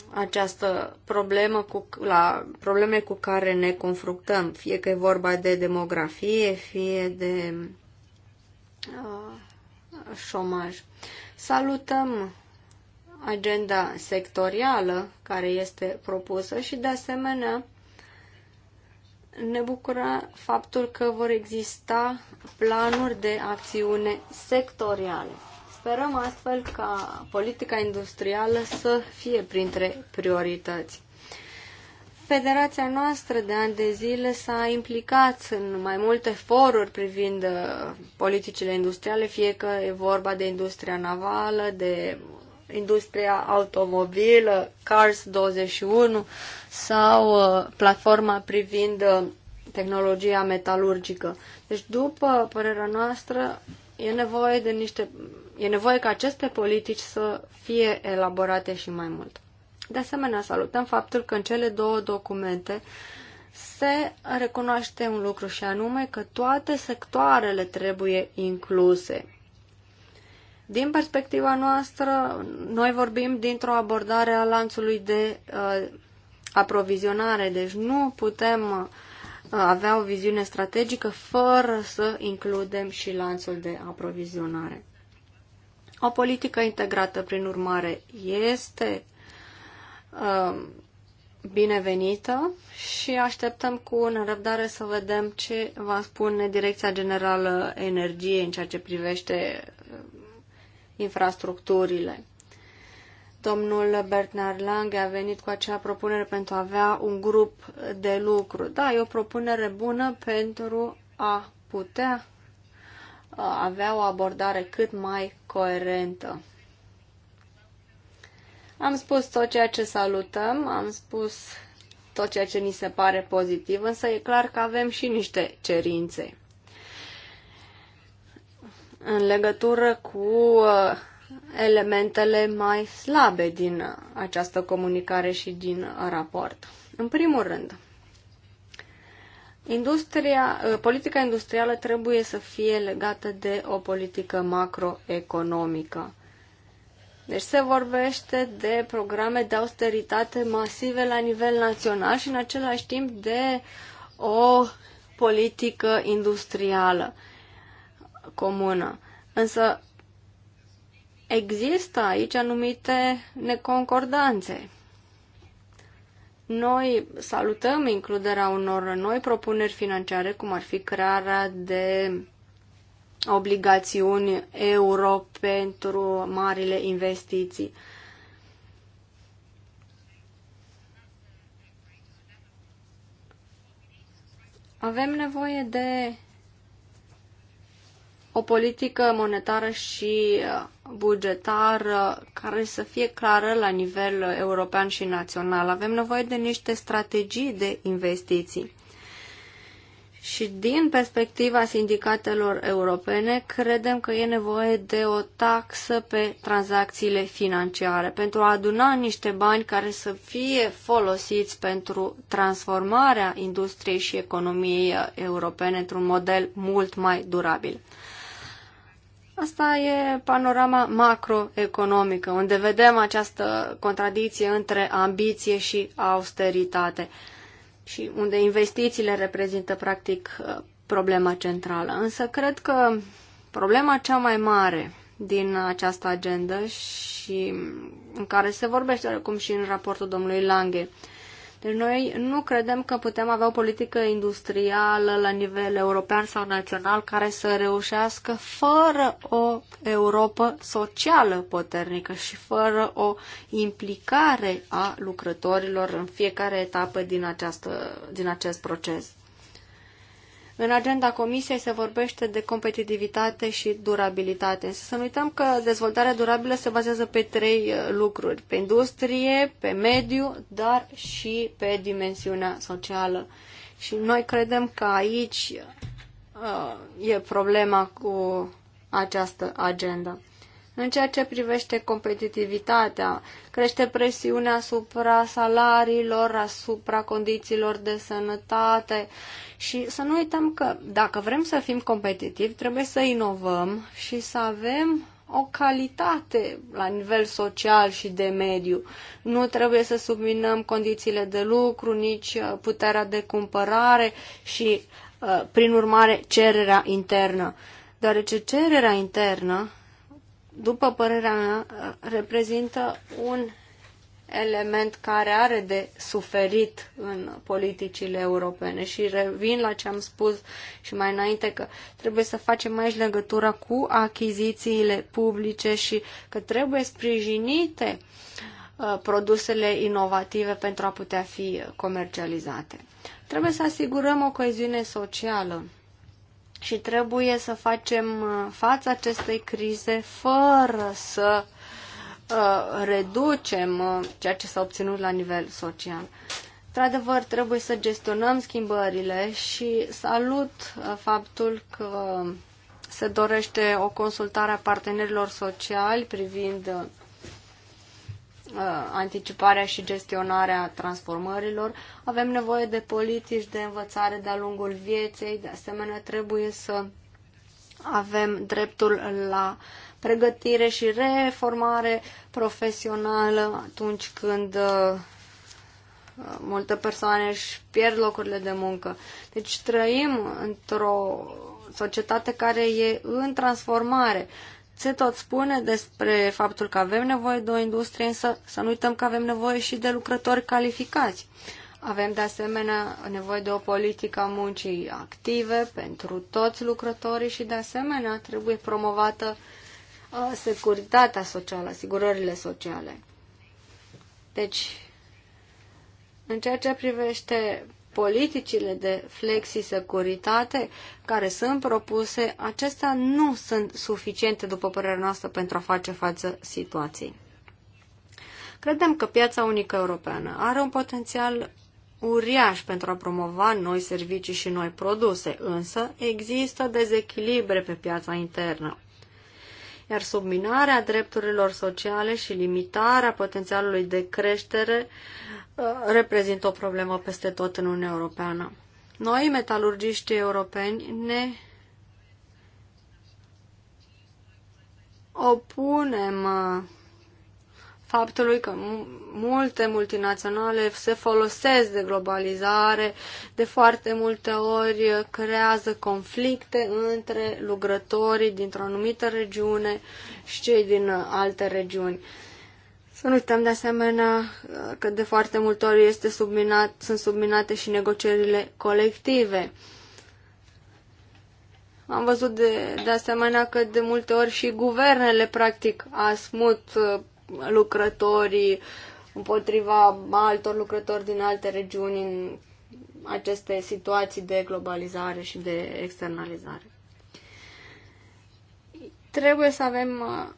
această problemă cu, la probleme cu care ne confruntăm, fie că e vorba de demografie, fie de uh, șomaj. Salutăm agenda sectorială care este propusă și de asemenea ne bucură faptul că vor exista planuri de acțiune sectoriale. Sperăm astfel ca politica industrială să fie printre priorități. Federația noastră de ani de zile s-a implicat în mai multe foruri privind uh, politicile industriale, fie că e vorba de industria navală, de industria automobilă, Cars 21, sau uh, platforma privind uh, tehnologia metalurgică. Deci, după părerea noastră, e nevoie, de niște, e nevoie ca aceste politici să fie elaborate și mai mult. De asemenea, salutăm faptul că în cele două documente se recunoaște un lucru și anume că toate sectoarele trebuie incluse. Din perspectiva noastră, noi vorbim dintr-o abordare a lanțului de uh, aprovizionare, deci nu putem uh, avea o viziune strategică fără să includem și lanțul de aprovizionare. O politică integrată, prin urmare, este uh, binevenită și așteptăm cu nerăbdare să vedem ce va spune Direcția Generală Energie în ceea ce privește uh, infrastructurile. Domnul Bernard Lange a venit cu acea propunere pentru a avea un grup de lucru. Da, e o propunere bună pentru a putea uh, avea o abordare cât mai coerentă. Am spus tot ceea ce salutăm, am spus tot ceea ce ni se pare pozitiv, însă e clar că avem și niște cerințe. În legătură cu uh, elementele mai slabe din această comunicare și din raport. În primul rând, industria, politica industrială trebuie să fie legată de o politică macroeconomică. Deci se vorbește de programe de austeritate masive la nivel național și în același timp de o politică industrială comună. Însă Există aici anumite neconcordanțe. Noi salutăm includerea unor noi propuneri financiare, cum ar fi crearea de obligațiuni euro pentru marile investiții. Avem nevoie de o politică monetară și bugetară care să fie clară la nivel european și național. Avem nevoie de niște strategii de investiții. Și din perspectiva sindicatelor europene, credem că e nevoie de o taxă pe tranzacțiile financiare pentru a aduna niște bani care să fie folosiți pentru transformarea industriei și economiei uh, europene într-un model mult mai durabil. Asta e panorama macroeconomică, unde vedem această contradicție între ambiție și austeritate și unde investițiile reprezintă practic uh, problema centrală. Însă cred că problema cea mai mare din această agendă și în care se vorbește acum și în raportul domnului Lange, deci noi nu credem că putem avea o politică industrială la nivel european sau național care să reușească fără o Europa socială puternică și fără o implicare a lucrătorilor în fiecare etapă din, această, din acest proces. În agenda Comisiei se vorbește de competitivitate și durabilitate, însă să nu uităm că dezvoltarea durabilă se bazează pe trei uh, lucruri, pe industrie, pe mediu, dar și pe dimensiunea socială. Și noi credem că aici uh, e problema cu această agendă. În ceea ce privește competitivitatea, crește presiunea asupra salariilor, asupra condițiilor de sănătate și să nu uităm că dacă vrem să fim competitivi, trebuie să inovăm și să avem o calitate la nivel social și de mediu. Nu trebuie să subminăm condițiile de lucru, nici uh, puterea de cumpărare și, uh, prin urmare, cererea internă. Deoarece cererea internă după părerea mea, reprezintă un element care are de suferit în politicile europene și revin la ce am spus și mai înainte că trebuie să facem aici legătura cu achizițiile publice și că trebuie sprijinite uh, produsele inovative pentru a putea fi comercializate. Trebuie să asigurăm o coeziune socială și trebuie să facem uh, față acestei crize fără să uh, reducem uh, ceea ce s-a obținut la nivel social. Într-adevăr, trebuie să gestionăm schimbările și salut faptul că se dorește o consultare a partenerilor sociali privind Uh, anticiparea și gestionarea transformărilor. Avem nevoie de politici de învățare de-a lungul vieții, de asemenea trebuie să avem dreptul la pregătire și reformare profesională atunci când uh, uh, multe persoane își pierd locurile de muncă. Deci trăim într-o societate care e în transformare. Se tot spune despre faptul că avem nevoie de o industrie, însă să nu uităm că avem nevoie și de lucrători calificați. Avem de asemenea nevoie de o politică a muncii active pentru toți lucrătorii și de asemenea trebuie promovată uh, securitatea socială, asigurările sociale. Deci, în ceea ce privește politicile de flexisecuritate care sunt propuse, acestea nu sunt suficiente, după părerea noastră, pentru a face față situației. Credem că piața unică europeană are un potențial uriaș pentru a promova noi servicii și noi produse, însă există dezechilibre pe piața internă. Iar subminarea drepturilor sociale și limitarea potențialului de creștere uh, reprezintă o problemă peste tot în Uniunea Europeană. Noi, metalurgiștii europeni, ne opunem uh, faptului că multe multinaționale se folosesc de globalizare, de foarte multe ori creează conflicte între lucrătorii dintr-o anumită regiune și cei din alte regiuni. Să nu uităm de asemenea uh, că de foarte multe ori este subminat, sunt subminate și negocierile colective. Am văzut de, de asemenea că de multe ori și guvernele practic asmut uh, lucrătorii împotriva altor lucrători din alte regiuni în aceste situații de globalizare și de externalizare. Trebuie să avem uh,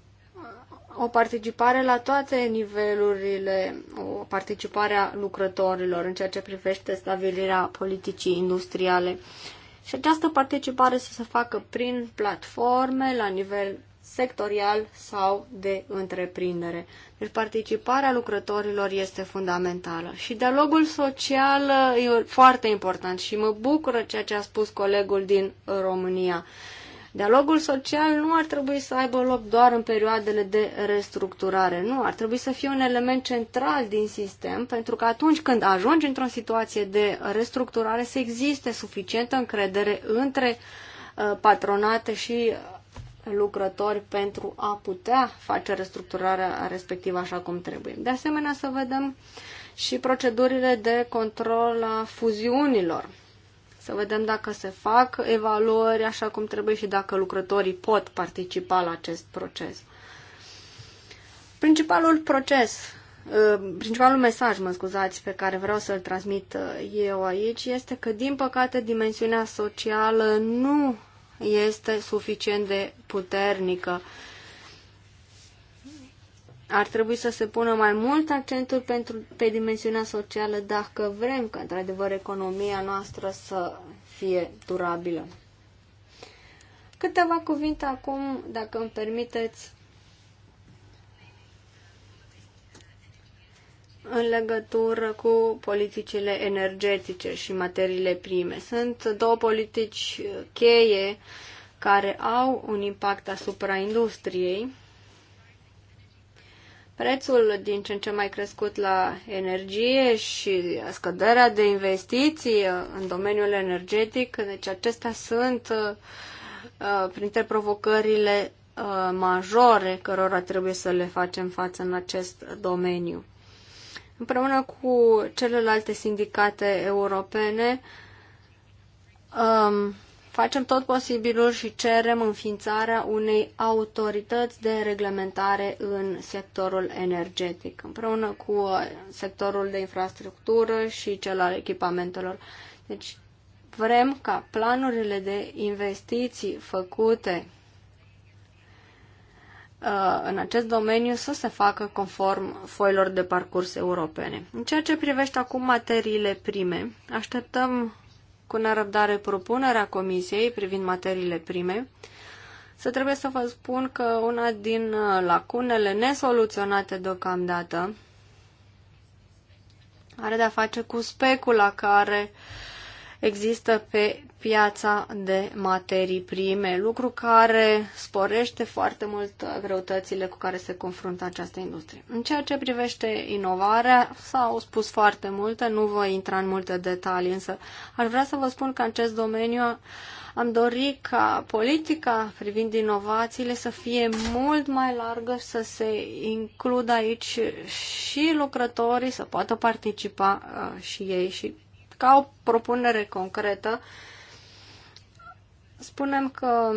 o participare la toate nivelurile, o participare a lucrătorilor în ceea ce privește stabilirea politicii industriale. Și această participare să se facă prin platforme la nivel sectorial sau de întreprindere. Deci participarea lucrătorilor este fundamentală. Și dialogul social uh, e foarte important și mă bucură ceea ce a spus colegul din România. Dialogul social nu ar trebui să aibă loc doar în perioadele de restructurare, nu, ar trebui să fie un element central din sistem, pentru că atunci când ajungi într-o situație de restructurare să existe suficientă încredere între uh, patronate și uh, lucrători pentru a putea face restructurarea respectivă așa cum trebuie. De asemenea, să vedem și procedurile de control a fuziunilor să vedem dacă se fac evaluări așa cum trebuie și dacă lucrătorii pot participa la acest proces. Principalul proces, uh, principalul mesaj, mă scuzați, pe care vreau să-l transmit uh, eu aici este că, din păcate, dimensiunea socială nu este suficient de puternică ar trebui să se pună mai mult accentul pentru, pe dimensiunea socială dacă vrem că, într-adevăr, economia noastră să fie durabilă. Câteva cuvinte acum, dacă îmi permiteți, în legătură cu politicile energetice și materiile prime. Sunt două politici cheie care au un impact asupra industriei prețul din ce în ce mai crescut la energie și scăderea de investiții uh, în domeniul energetic, deci acestea sunt uh, uh, printre provocările majore cărora trebuie să le facem față în acest domeniu. Împreună cu celelalte sindicate europene, um, facem tot posibilul și cerem înființarea unei autorități de reglementare în sectorul energetic, împreună cu uh, sectorul de infrastructură și cel al echipamentelor. Deci vrem ca planurile de investiții făcute uh, în acest domeniu să se facă conform foilor de parcurs europene. În ceea ce privește acum materiile prime, așteptăm cu nerăbdare propunerea Comisiei privind materiile prime, să trebuie să vă spun că una din lacunele nesoluționate deocamdată are de-a face cu specula care există pe piața de materii prime, lucru care sporește foarte mult greutățile cu care se confruntă această industrie. În ceea ce privește inovarea, s-au spus foarte multe, nu voi intra în multe detalii, însă aș vrea să vă spun că în acest domeniu am dorit ca politica privind inovațiile să fie mult mai largă, să se includă aici și lucrătorii, să poată participa uh, și ei și ca o propunere concretă spunem că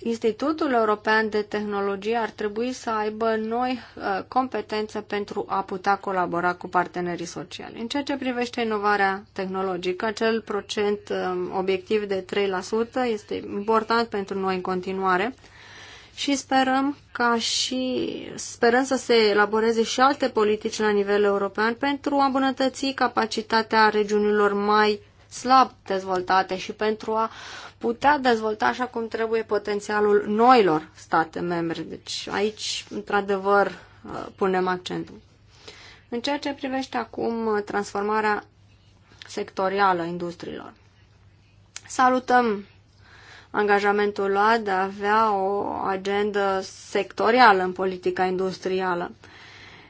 Institutul European de Tehnologie ar trebui să aibă noi uh, competențe pentru a putea colabora cu partenerii sociali. În ceea ce privește inovarea tehnologică, acel procent um, obiectiv de 3% este important pentru noi în continuare și sperăm ca și sperăm să se elaboreze și alte politici la nivel european pentru a îmbunătăți capacitatea regiunilor mai slab dezvoltate și pentru a putea dezvolta așa cum trebuie potențialul noilor state membre. Deci aici, într-adevăr, uh, punem accentul. În ceea ce privește acum uh, transformarea sectorială industriilor. Salutăm angajamentul luat de a avea o agendă sectorială în politica industrială.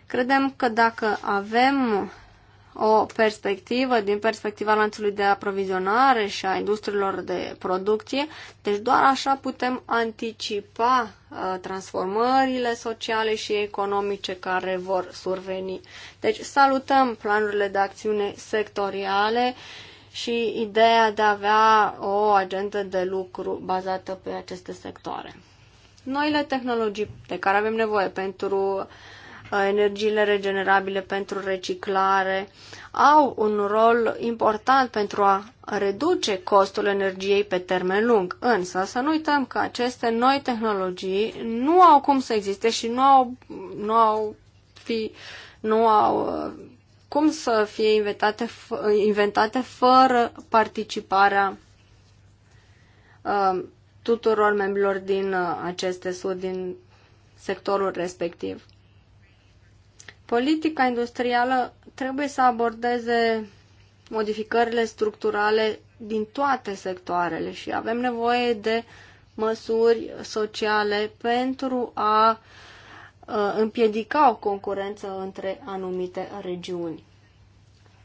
Credem că dacă avem o perspectivă din perspectiva lanțului de aprovizionare și a industriilor de producție. Deci doar așa putem anticipa uh, transformările sociale și economice care vor surveni. Deci salutăm planurile de acțiune sectoriale și ideea de a avea o agendă de lucru bazată pe aceste sectoare. Noile tehnologii de care avem nevoie pentru energiile regenerabile pentru reciclare au un rol important pentru a reduce costul energiei pe termen lung. Însă să nu uităm că aceste noi tehnologii nu au cum să existe și nu au, nu au, fi, nu au uh, cum să fie inventate, inventate fără participarea uh, tuturor membrilor din uh, aceste sud, din sectorul respectiv. Politica industrială trebuie să abordeze modificările structurale din toate sectoarele și avem nevoie de măsuri sociale pentru a uh, împiedica o concurență între anumite regiuni.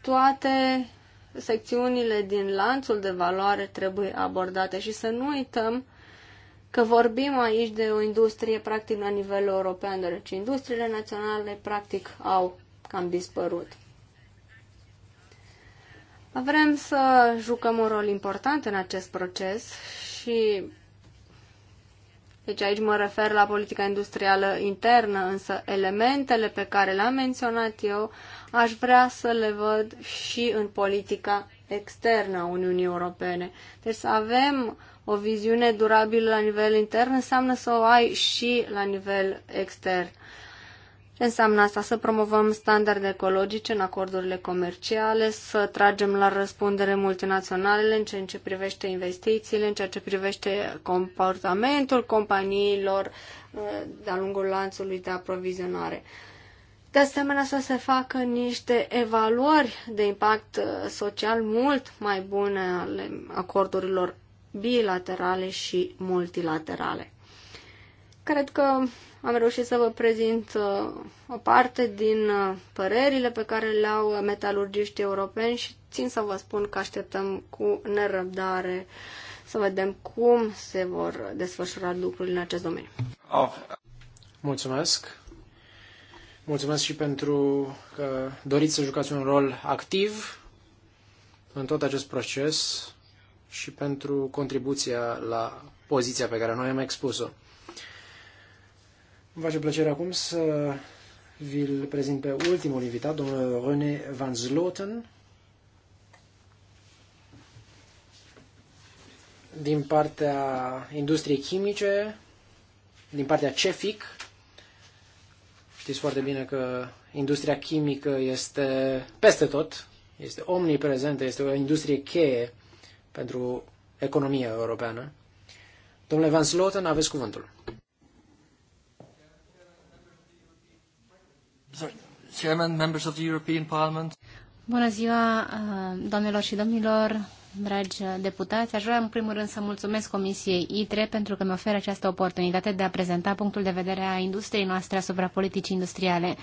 Toate secțiunile din lanțul de valoare trebuie abordate și să nu uităm că vorbim aici de o industrie practic la nivel european, deoarece industriile naționale practic au cam dispărut. Vrem să jucăm un rol important în acest proces și deci aici mă refer la politica industrială internă, însă elementele pe care le-am menționat eu aș vrea să le văd și în politica externă a Uniunii Europene. Deci să avem o viziune durabilă la nivel intern înseamnă să o ai și la nivel extern. Ce înseamnă asta? Să promovăm standarde ecologice în acordurile comerciale, să tragem la răspundere multinaționalele în ceea ce privește investițiile, în ceea ce privește comportamentul companiilor uh, de-a lungul lanțului de aprovizionare. De asemenea, să se facă niște evaluări de impact uh, social mult mai bune ale acordurilor bilaterale și multilaterale. Cred că am reușit să vă prezint uh, o parte din uh, părerile pe care le-au metalurgiștii europeni și țin să vă spun că așteptăm cu nerăbdare să vedem cum se vor desfășura lucrurile în acest domeniu. Mulțumesc! Mulțumesc și pentru că doriți să jucați un rol activ în tot acest proces și pentru contribuția la poziția pe care noi am expus-o. Îmi face plăcere acum să vi-l prezint pe ultimul invitat, domnul René Van Zloten, din partea industriei chimice, din partea CEFIC. Știți foarte bine că industria chimică este peste tot, este omniprezentă, este o industrie cheie pentru economia europeană. Domnule Van Sloten, aveți cuvântul. Chairman, members of the European Parliament. Bună ziua, uh, doamnelor și domnilor, dragi deputați. Aș vrea în primul rând să mulțumesc Comisiei ITRE pentru că mi oferă această oportunitate de a prezenta punctul de vedere a industriei noastre asupra politicii industriale.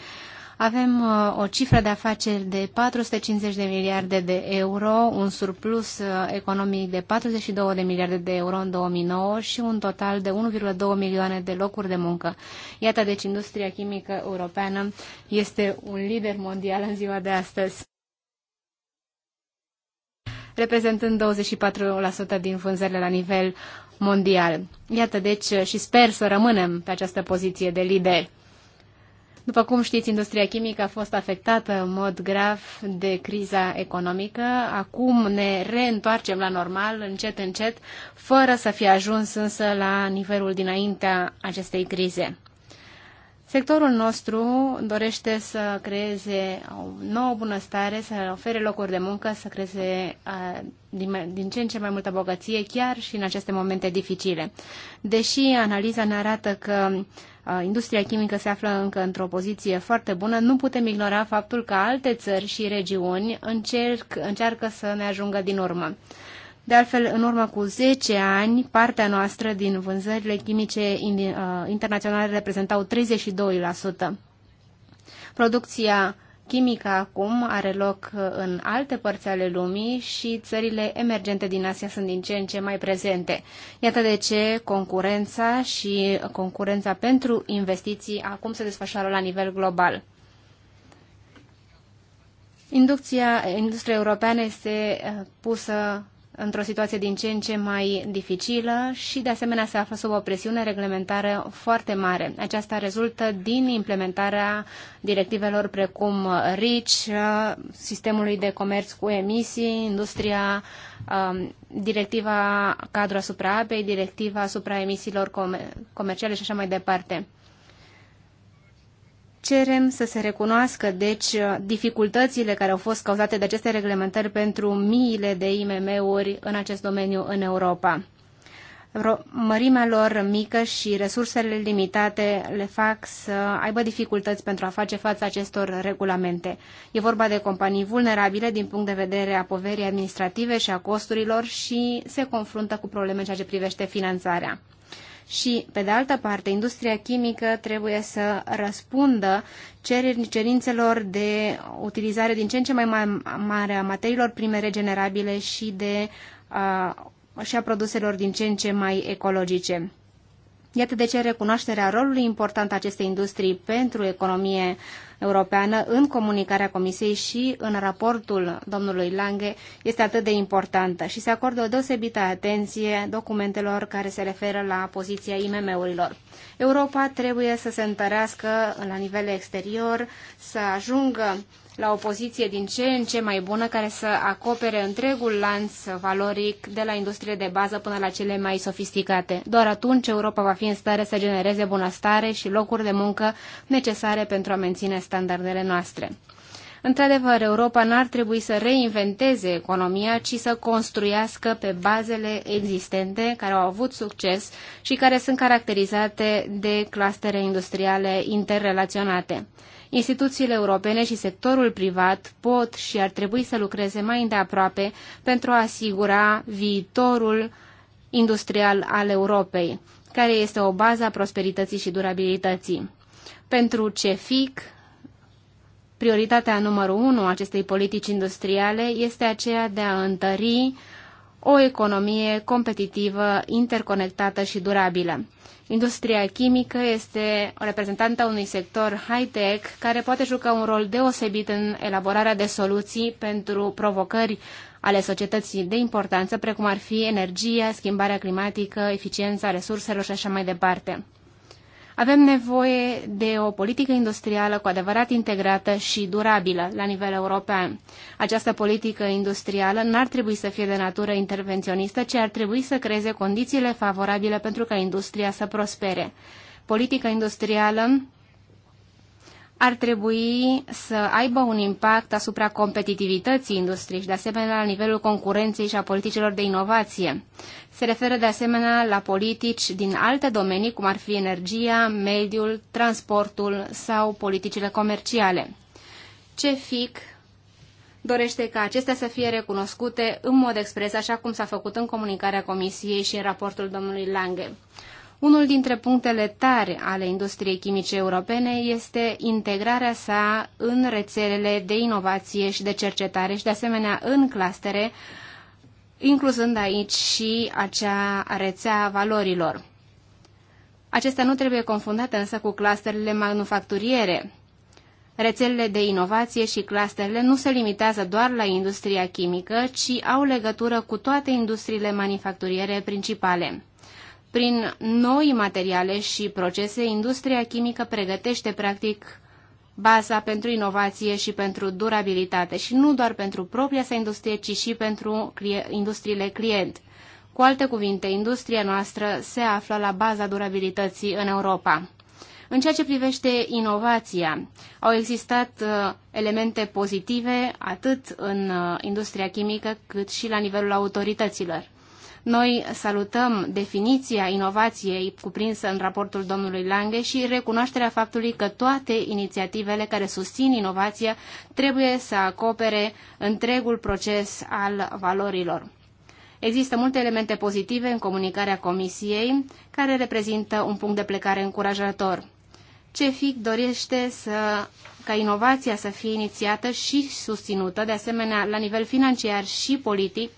Avem uh, o cifră de afaceri de 450 de miliarde de euro, un surplus uh, economic de 42 de miliarde de euro în 2009 și un total de 1,2 milioane de locuri de muncă. Iată deci industria chimică europeană este un lider mondial în ziua de astăzi reprezentând 24% din vânzările la nivel mondial. Iată deci și sper să rămânem pe această poziție de lideri. După cum știți, industria chimică a fost afectată în mod grav de criza economică. Acum ne reîntoarcem la normal, încet, încet, fără să fie ajuns însă la nivelul dinaintea acestei crize. Sectorul nostru dorește să creeze o nouă bunăstare, să ofere locuri de muncă, să creeze din ce în ce mai multă bogăție, chiar și în aceste momente dificile. Deși analiza ne arată că industria chimică se află încă într-o poziție foarte bună, nu putem ignora faptul că alte țări și regiuni încerc, încearcă să ne ajungă din urmă. De altfel, în urmă cu 10 ani, partea noastră din vânzările chimice internaționale reprezentau 32%. Producția chimică acum are loc uh, în alte părți ale lumii și țările emergente din Asia sunt din ce în ce mai prezente. Iată de ce concurența și concurența pentru investiții acum se desfășoară la nivel global. Inducția, industria europeană este uh, pusă într-o situație din ce în ce mai dificilă și, de asemenea, se află sub o presiune reglementară foarte mare. Aceasta rezultă din implementarea directivelor precum RICI, sistemului de comerț cu emisii, industria, um, directiva cadru asupra apei, directiva asupra emisiilor comerciale și așa mai departe. Cerem să se recunoască, deci, dificultățile care au fost cauzate de aceste reglementări pentru miile de IMM-uri în acest domeniu în Europa. Mărimea lor mică și resursele limitate le fac să aibă dificultăți pentru a face față acestor regulamente. E vorba de companii vulnerabile din punct de vedere a poverii administrative și a costurilor și se confruntă cu probleme în ceea ce privește finanțarea și, pe de altă parte, industria chimică trebuie să răspundă cerințelor de utilizare din ce în ce mai mare a materiilor prime regenerabile și, de, a, și a produselor din ce în ce mai ecologice. Iată de ce recunoașterea rolului important acestei industrii pentru economie uh, Europeană în comunicarea Comisiei și în raportul domnului Lange este atât de importantă și se acordă o deosebită atenție documentelor care se referă la poziția IMM-urilor. Europa trebuie să se întărească la nivel exterior, să ajungă la o poziție din ce în ce mai bună care să acopere întregul lanț valoric de la industrie de bază până la cele mai sofisticate. Doar atunci Europa va fi în stare să genereze bunăstare și locuri de muncă necesare pentru a menține standardele noastre. Într-adevăr, Europa n-ar trebui să reinventeze economia, ci să construiască pe bazele existente care au avut succes și care sunt caracterizate de clastere industriale interrelaționate. Instituțiile europene și sectorul privat pot și ar trebui să lucreze mai îndeaproape pentru a asigura viitorul industrial al Europei, care este o bază a prosperității și durabilității. Pentru CEFIC, prioritatea numărul unu acestei politici industriale este aceea de a întări o economie competitivă, interconectată și durabilă. Industria chimică este reprezentanta unui sector high-tech care poate juca un rol deosebit în elaborarea de soluții pentru provocări ale societății de importanță, precum ar fi energia, schimbarea climatică, eficiența resurselor și așa mai departe. Avem nevoie de o politică industrială cu adevărat integrată și durabilă la nivel european. Această politică industrială n-ar trebui să fie de natură intervenționistă, ci ar trebui să creeze condițiile favorabile pentru ca industria să prospere. Politica industrială ar trebui să aibă un impact asupra competitivității industriei și, de asemenea, la nivelul concurenței și a politicilor de inovație. Se referă, de asemenea, la politici din alte domenii, cum ar fi energia, mediul, transportul sau politicile comerciale. Ce fic dorește ca acestea să fie recunoscute în mod expres, așa cum s-a făcut în comunicarea Comisiei și în raportul domnului Lange. Unul dintre punctele tare ale industriei chimice europene este integrarea sa în rețelele de inovație și de cercetare și, de asemenea, în clustere, incluzând aici și acea rețea valorilor. Acestea nu trebuie confundate însă cu clusterele manufacturiere. Rețelele de inovație și clusterele nu se limitează doar la industria chimică, ci au legătură cu toate industriile manufacturiere principale. Prin noi materiale și procese, industria chimică pregătește practic baza pentru inovație și pentru durabilitate și nu doar pentru propria sa industrie, ci și pentru industriile client. Cu alte cuvinte, industria noastră se află la baza durabilității în Europa. În ceea ce privește inovația, au existat uh, elemente pozitive atât în uh, industria chimică cât și la nivelul autorităților. Noi salutăm definiția inovației cuprinsă în raportul domnului Lange și recunoașterea faptului că toate inițiativele care susțin inovația trebuie să acopere întregul proces al valorilor. Există multe elemente pozitive în comunicarea Comisiei, care reprezintă un punct de plecare încurajator. CEFIC dorește să, ca inovația să fie inițiată și susținută, de asemenea, la nivel financiar și politic,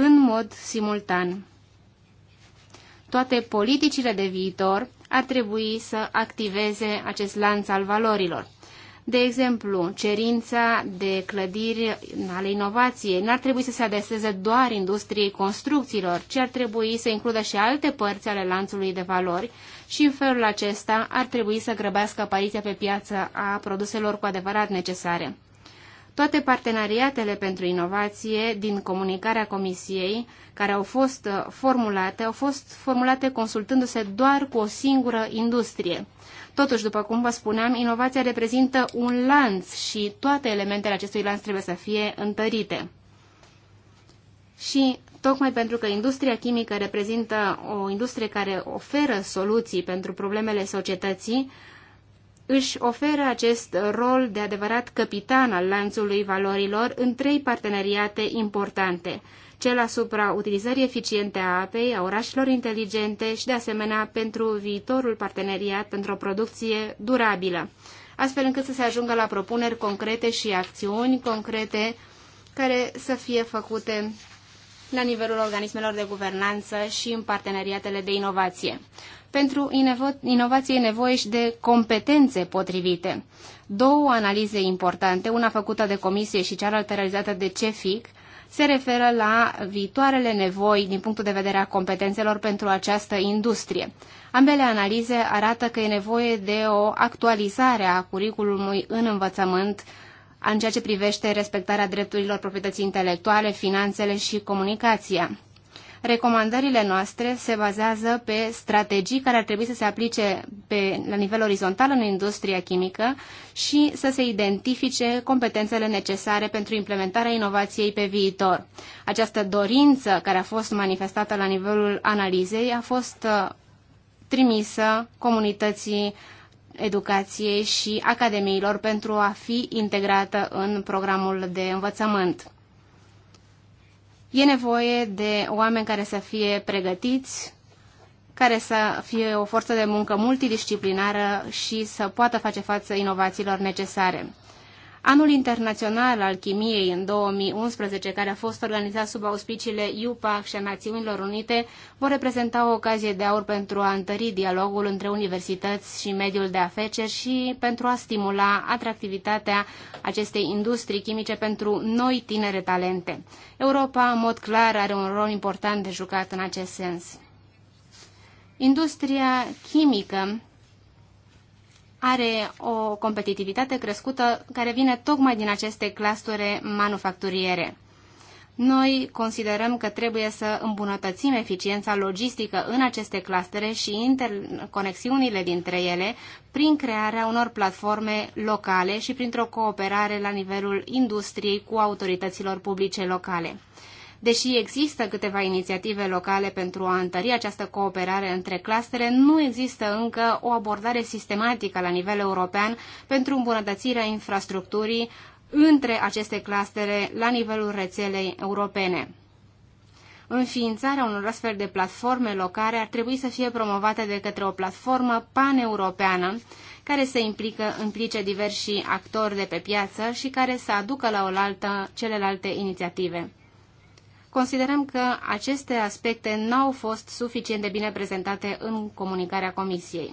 în mod simultan. Toate politicile de viitor ar trebui să activeze acest lanț al valorilor. De exemplu, cerința de clădiri ale inovației nu ar trebui să se adeseze doar industriei construcțiilor, ci ar trebui să includă și alte părți ale lanțului de valori și în felul acesta ar trebui să grăbească apariția pe piață a produselor cu adevărat necesare. Toate parteneriatele pentru inovație din comunicarea Comisiei, care au fost uh, formulate, au fost formulate consultându-se doar cu o singură industrie. Totuși, după cum vă spuneam, inovația reprezintă un lanț și toate elementele acestui lanț trebuie să fie întărite. Și tocmai pentru că industria chimică reprezintă o industrie care oferă soluții pentru problemele societății, își oferă acest rol de adevărat capitan al lanțului valorilor în trei parteneriate importante, cel asupra utilizării eficiente a apei, a orașelor inteligente și, de asemenea, pentru viitorul parteneriat pentru o producție durabilă, astfel încât să se ajungă la propuneri concrete și acțiuni concrete care să fie făcute la nivelul organismelor de guvernanță și în parteneriatele de inovație. Pentru inovație e nevoie și de competențe potrivite. Două analize importante, una făcută de comisie și cealaltă realizată de CEFIC, se referă la viitoarele nevoi din punctul de vedere a competențelor pentru această industrie. Ambele analize arată că e nevoie de o actualizare a curiculumului în învățământ în ceea ce privește respectarea drepturilor proprietății intelectuale, finanțele și comunicația. Recomandările noastre se bazează pe strategii care ar trebui să se aplice pe, la nivel orizontal în industria chimică și să se identifice competențele necesare pentru implementarea inovației pe viitor. Această dorință care a fost manifestată la nivelul analizei a fost uh, trimisă comunității educației și academiilor pentru a fi integrată în programul de învățământ. E nevoie de oameni care să fie pregătiți, care să fie o forță de muncă multidisciplinară și să poată face față inovațiilor necesare. Anul Internațional al Chimiei în 2011, care a fost organizat sub auspiciile IUPAC și a Națiunilor Unite, vor reprezenta o ocazie de aur pentru a întări dialogul între universități și mediul de afaceri și pentru a stimula atractivitatea acestei industrii chimice pentru noi tinere talente. Europa, în mod clar, are un rol important de jucat în acest sens. Industria chimică are o competitivitate crescută care vine tocmai din aceste clastere manufacturiere. Noi considerăm că trebuie să îmbunătățim eficiența logistică în aceste clastere și interconexiunile dintre ele prin crearea unor platforme locale și printr-o cooperare la nivelul industriei cu autorităților publice locale. Deși există câteva inițiative locale pentru a întări această cooperare între clastere, nu există încă o abordare sistematică la nivel european pentru îmbunătățirea infrastructurii între aceste clastere la nivelul rețelei europene. Înființarea unor astfel de platforme locale ar trebui să fie promovată de către o platformă paneuropeană care să implică, implice diversi actori de pe piață și care să aducă la oaltă celelalte inițiative. Considerăm că aceste aspecte n-au fost suficient de bine prezentate în comunicarea Comisiei.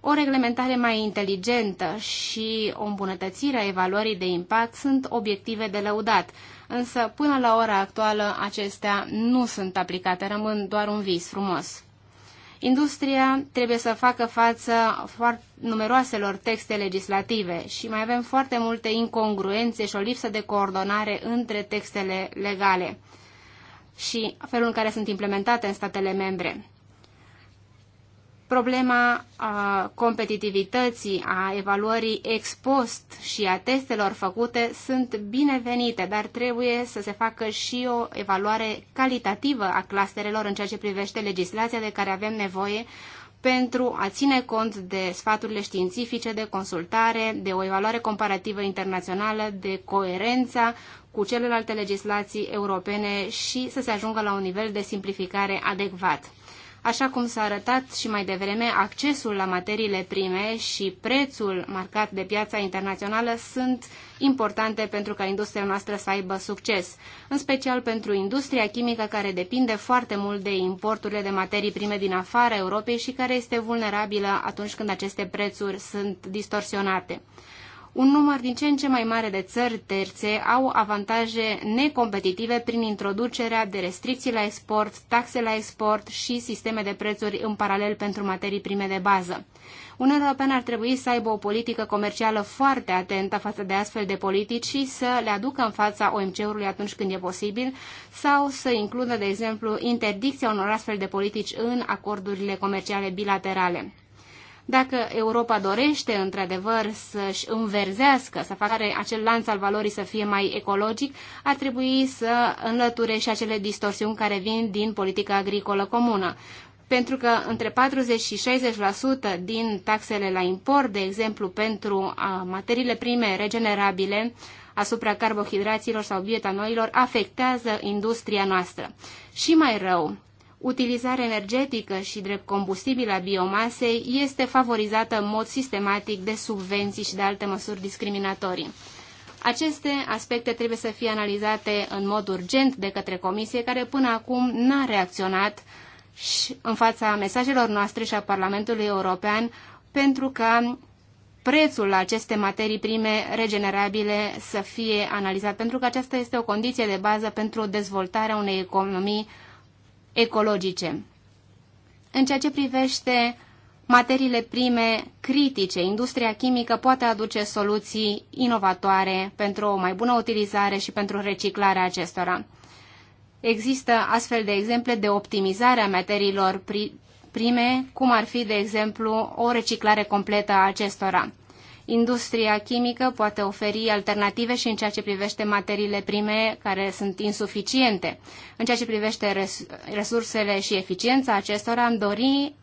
O reglementare mai inteligentă și o îmbunătățire a evaluării de impact sunt obiective de lăudat, însă până la ora actuală acestea nu sunt aplicate, rămân doar un vis frumos. Industria trebuie să facă față foarte numeroaselor texte legislative și mai avem foarte multe incongruențe și o lipsă de coordonare între textele legale și felul în care sunt implementate în statele membre problema a competitivității, a evaluării ex post și a testelor făcute sunt binevenite, dar trebuie să se facă și o evaluare calitativă a clusterelor în ceea ce privește legislația de care avem nevoie pentru a ține cont de sfaturile științifice, de consultare, de o evaluare comparativă internațională, de coerența cu celelalte legislații europene și să se ajungă la un nivel de simplificare adecvat. Așa cum s-a arătat și mai devreme, accesul la materiile prime și prețul marcat de piața internațională sunt importante pentru ca industria noastră să aibă succes, în special pentru industria chimică care depinde foarte mult de importurile de materii prime din afara Europei și care este vulnerabilă atunci când aceste prețuri sunt distorsionate un număr din ce în ce mai mare de țări terțe au avantaje necompetitive prin introducerea de restricții la export, taxe la export și sisteme de prețuri în paralel pentru materii prime de bază. Uniunea Europeană ar trebui să aibă o politică comercială foarte atentă față de astfel de politici și să le aducă în fața OMC-ului atunci când e posibil sau să includă, de exemplu, interdicția unor astfel de politici în acordurile comerciale bilaterale. Dacă Europa dorește într-adevăr să-și înverzească, să facă acel lanț al valorii să fie mai ecologic, ar trebui să înlăture și acele distorsiuni care vin din politica agricolă comună pentru că între 40 și 60% din taxele la import, de exemplu pentru materiile prime regenerabile asupra carbohidraților sau bietanoilor, afectează industria noastră. Și mai rău, utilizarea energetică și drept combustibil a biomasei este favorizată în mod sistematic de subvenții și de alte măsuri discriminatorii. Aceste aspecte trebuie să fie analizate în mod urgent de către Comisie, care până acum n-a reacționat și în fața mesajelor noastre și a Parlamentului European pentru ca prețul la aceste materii prime regenerabile să fie analizat, pentru că aceasta este o condiție de bază pentru dezvoltarea unei economii ecologice. În ceea ce privește materiile prime critice, industria chimică poate aduce soluții inovatoare pentru o mai bună utilizare și pentru reciclarea acestora. Există astfel de exemple de optimizare a materiilor prime, cum ar fi, de exemplu, o reciclare completă a acestora. Industria chimică poate oferi alternative și în ceea ce privește materiile prime care sunt insuficiente. În ceea ce privește res resursele și eficiența acestora, am dori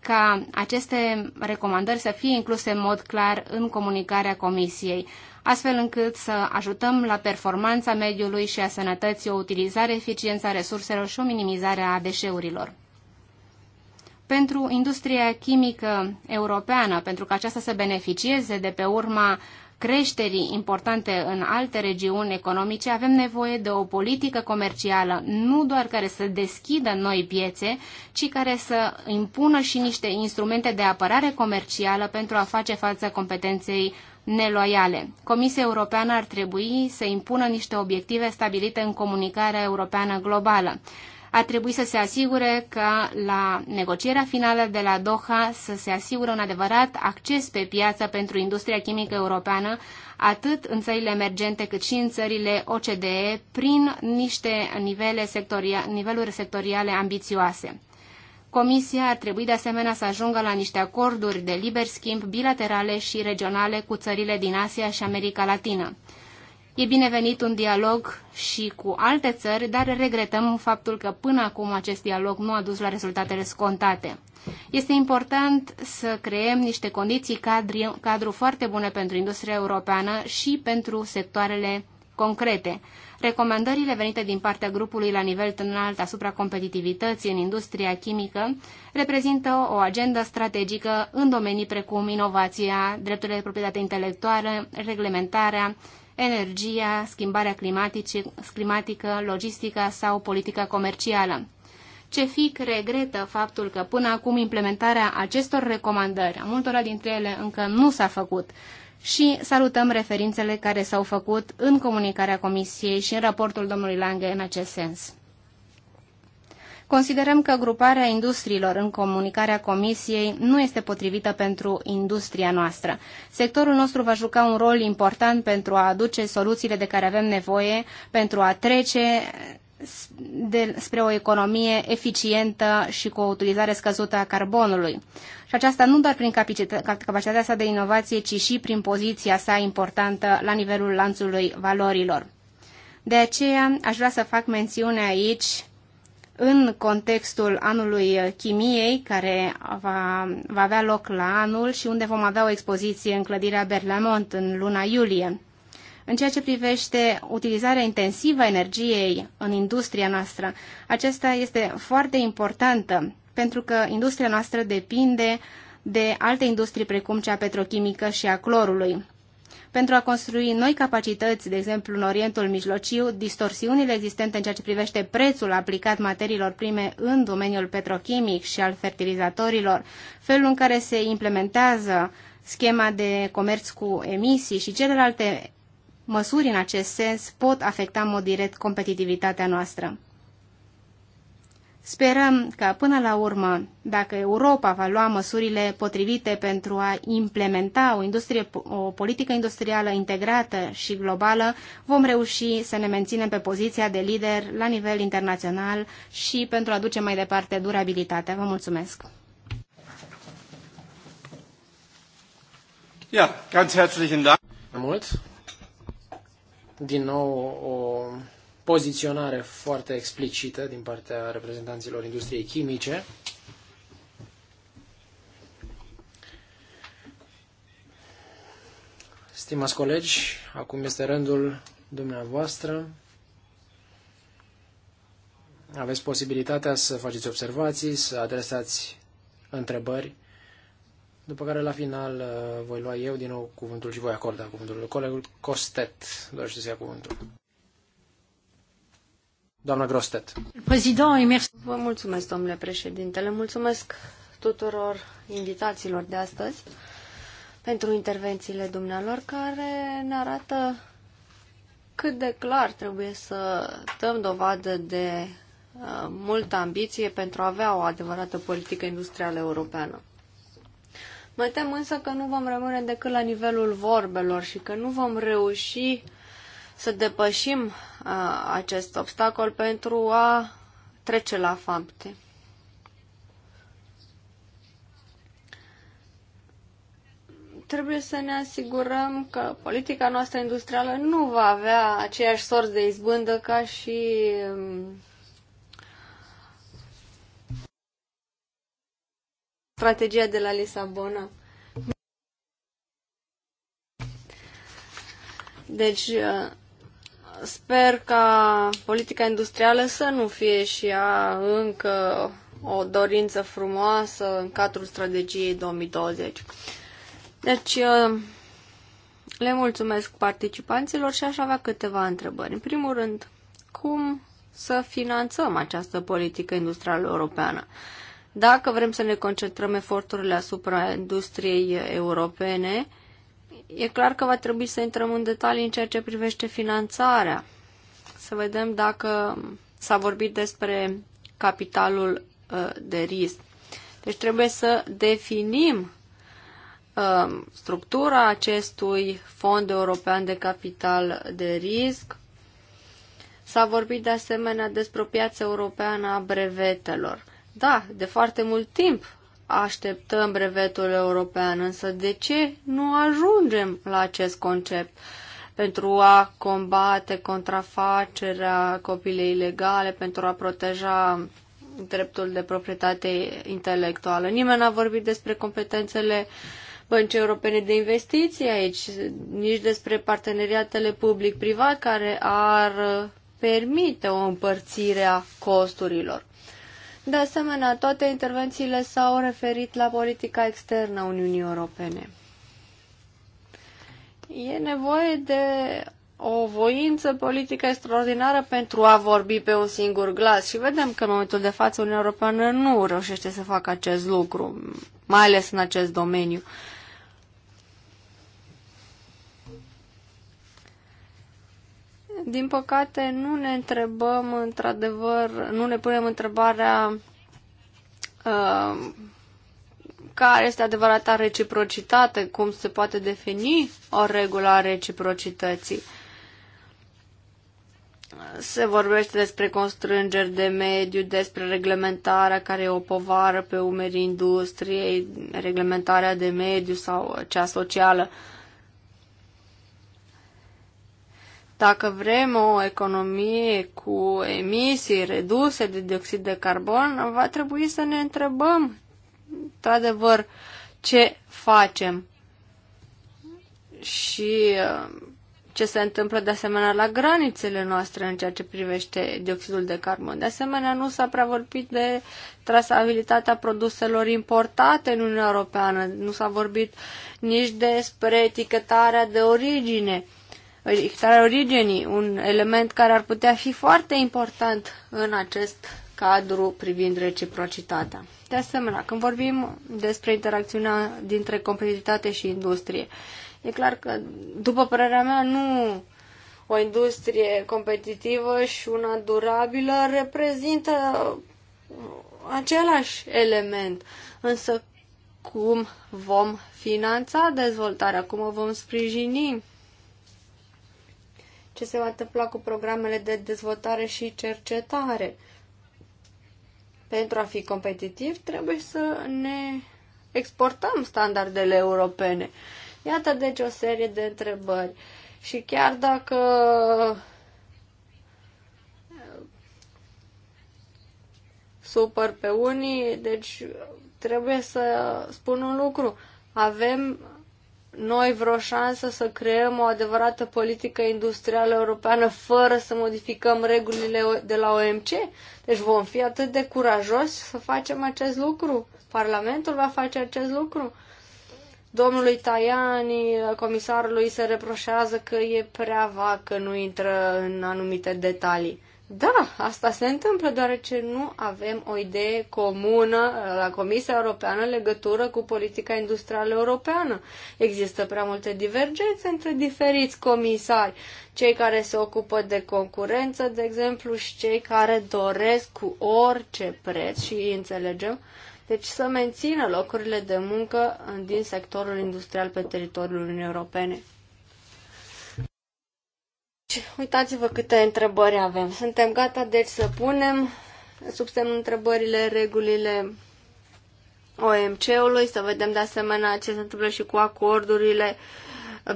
ca aceste recomandări să fie incluse în mod clar în comunicarea Comisiei, astfel încât să ajutăm la performanța mediului și a sănătății, o utilizare eficientă a resurselor și o minimizare a deșeurilor pentru industria chimică europeană, pentru că aceasta să beneficieze de pe urma creșterii importante în alte regiuni economice, avem nevoie de o politică comercială, nu doar care să deschidă noi piețe, ci care să impună și niște instrumente de apărare comercială pentru a face față competenței neloiale. Comisia Europeană ar trebui să impună niște obiective stabilite în comunicarea europeană globală ar trebui să se asigure că la negocierea finală de la Doha să se asigure un adevărat acces pe piață pentru industria chimică europeană, atât în țările emergente cât și în țările OCDE, prin niște nivele sectoria, niveluri sectoriale ambițioase. Comisia ar trebui de asemenea să ajungă la niște acorduri de liber schimb bilaterale și regionale cu țările din Asia și America Latină. E binevenit un dialog și cu alte țări, dar regretăm faptul că până acum acest dialog nu a dus la rezultatele scontate. Este important să creăm niște condiții cadri, cadru foarte bune pentru industria europeană și pentru sectoarele concrete. Recomandările venite din partea grupului la nivel înalt asupra competitivității în industria chimică reprezintă o agendă strategică în domenii precum inovația, drepturile de proprietate intelectuală, reglementarea, energia, schimbarea climatică, logistica sau politica comercială. CEFIC regretă faptul că până acum implementarea acestor recomandări, a multora dintre ele încă nu s-a făcut, și salutăm referințele care s-au făcut în comunicarea Comisiei și în raportul domnului Lange în acest sens. Considerăm că gruparea industriilor în comunicarea Comisiei nu este potrivită pentru industria noastră. Sectorul nostru va juca un rol important pentru a aduce soluțiile de care avem nevoie pentru a trece de, spre o economie eficientă și cu o utilizare scăzută a carbonului. Și aceasta nu doar prin capacitatea sa de inovație, ci și prin poziția sa importantă la nivelul lanțului valorilor. De aceea aș vrea să fac mențiune aici în contextul anului chimiei, care va, va avea loc la anul și unde vom avea o expoziție în clădirea Berlamont în luna iulie. În ceea ce privește utilizarea intensivă a energiei în industria noastră, acesta este foarte importantă, pentru că industria noastră depinde de alte industrii precum cea petrochimică și a clorului pentru a construi noi capacități, de exemplu în Orientul Mijlociu, distorsiunile existente în ceea ce privește prețul aplicat materiilor prime în domeniul petrochimic și al fertilizatorilor, felul în care se implementează schema de comerț cu emisii și celelalte măsuri în acest sens pot afecta în mod direct competitivitatea noastră. Sperăm că până la urmă, dacă Europa va lua măsurile potrivite pentru a implementa o, industrie, o politică industrială integrată și globală, vom reuși să ne menținem pe poziția de lider la nivel internațional și pentru a duce mai departe durabilitatea. Vă mulțumesc! Ja, ganz herzlichen Dank. Mult. Din nou o poziționare foarte explicită din partea reprezentanților industriei chimice. Stimați colegi, acum este rândul dumneavoastră. Aveți posibilitatea să faceți observații, să adresați întrebări, după care la final uh, voi lua eu din nou cuvântul și voi acorda cuvântul. Colegul Costet dorește să ia cuvântul. Doamna Grostet. Vă mulțumesc, domnule președinte. Le mulțumesc tuturor invitațiilor de astăzi pentru intervențiile dumnealor care ne arată cât de clar trebuie să dăm dovadă de uh, multă ambiție pentru a avea o adevărată politică industrială europeană. Mă tem însă că nu vom rămâne decât la nivelul vorbelor și că nu vom reuși să depășim acest obstacol pentru a trece la fapte. Trebuie să ne asigurăm că politica noastră industrială nu va avea aceeași sorți de izbândă ca și um, strategia de la Lisabona. Deci, uh, Sper ca politica industrială să nu fie și ea încă o dorință frumoasă în cadrul strategiei 2020. Deci, uh, le mulțumesc participanților și aș avea câteva întrebări. În primul rând, cum să finanțăm această politică industrială europeană? Dacă vrem să ne concentrăm eforturile asupra industriei europene, uh, E clar că va trebui să intrăm în detalii în ceea ce privește finanțarea. Să vedem dacă s-a vorbit despre capitalul uh, de risc. Deci trebuie să definim uh, structura acestui fond european de capital de risc. S-a vorbit de asemenea despre o piață europeană a brevetelor. Da, de foarte mult timp așteptăm brevetul european, însă de ce nu ajungem la acest concept? pentru a combate contrafacerea copilei ilegale, pentru a proteja dreptul de proprietate intelectuală. Nimeni n-a vorbit despre competențele băncii europene de investiții aici, nici despre parteneriatele public-privat care ar permite o împărțire a costurilor. De asemenea, toate intervențiile s-au referit la politica externă a Uniunii Europene. E nevoie de o voință politică extraordinară pentru a vorbi pe un singur glas și vedem că în momentul de față Uniunea Europeană nu reușește să facă acest lucru, mai ales în acest domeniu. din păcate, nu ne întrebăm într-adevăr, nu ne punem întrebarea uh, care este adevărata reciprocitate, cum se poate defini o regulă a reciprocității. Se vorbește despre constrângeri de mediu, despre reglementarea care e o povară pe umerii industriei, reglementarea de mediu sau cea socială. Uh, Dacă vrem o economie cu emisii reduse de dioxid de carbon, va trebui să ne întrebăm, într-adevăr, ce facem și uh, ce se întâmplă de asemenea la granițele noastre în ceea ce privește dioxidul de carbon. De asemenea, nu s-a prea vorbit de trasabilitatea produselor importate în Uniunea Europeană, nu s-a vorbit nici despre etichetarea de origine verificarea păi, originii, un element care ar putea fi foarte important în acest cadru privind reciprocitatea. De asemenea, când vorbim despre interacțiunea dintre competitivitate și industrie, e clar că, după părerea mea, nu o industrie competitivă și una durabilă reprezintă același element. Însă cum vom finanța dezvoltarea, cum o vom sprijini, ce se va întâmpla cu programele de dezvoltare și cercetare. Pentru a fi competitiv, trebuie să ne exportăm standardele europene. Iată deci o serie de întrebări. Și chiar dacă supăr pe unii, deci trebuie să spun un lucru. Avem noi vreo șansă să creăm o adevărată politică industrială europeană fără să modificăm regulile de la OMC? Deci vom fi atât de curajoși să facem acest lucru? Parlamentul va face acest lucru? Domnului Tajani, comisarului, se reproșează că e prea vacă, că nu intră în anumite detalii. Da, asta se întâmplă deoarece nu avem o idee comună la Comisia Europeană în legătură cu politica industrială europeană. Există prea multe divergențe între diferiți comisari, cei care se ocupă de concurență, de exemplu, și cei care doresc cu orice preț și îi înțelegem, deci să mențină locurile de muncă din sectorul industrial pe teritoriul Uniunii Europene. Uitați-vă câte întrebări avem. Suntem gata, deci, să punem sub semnul întrebările regulile OMC-ului, să vedem de asemenea ce se întâmplă și cu acordurile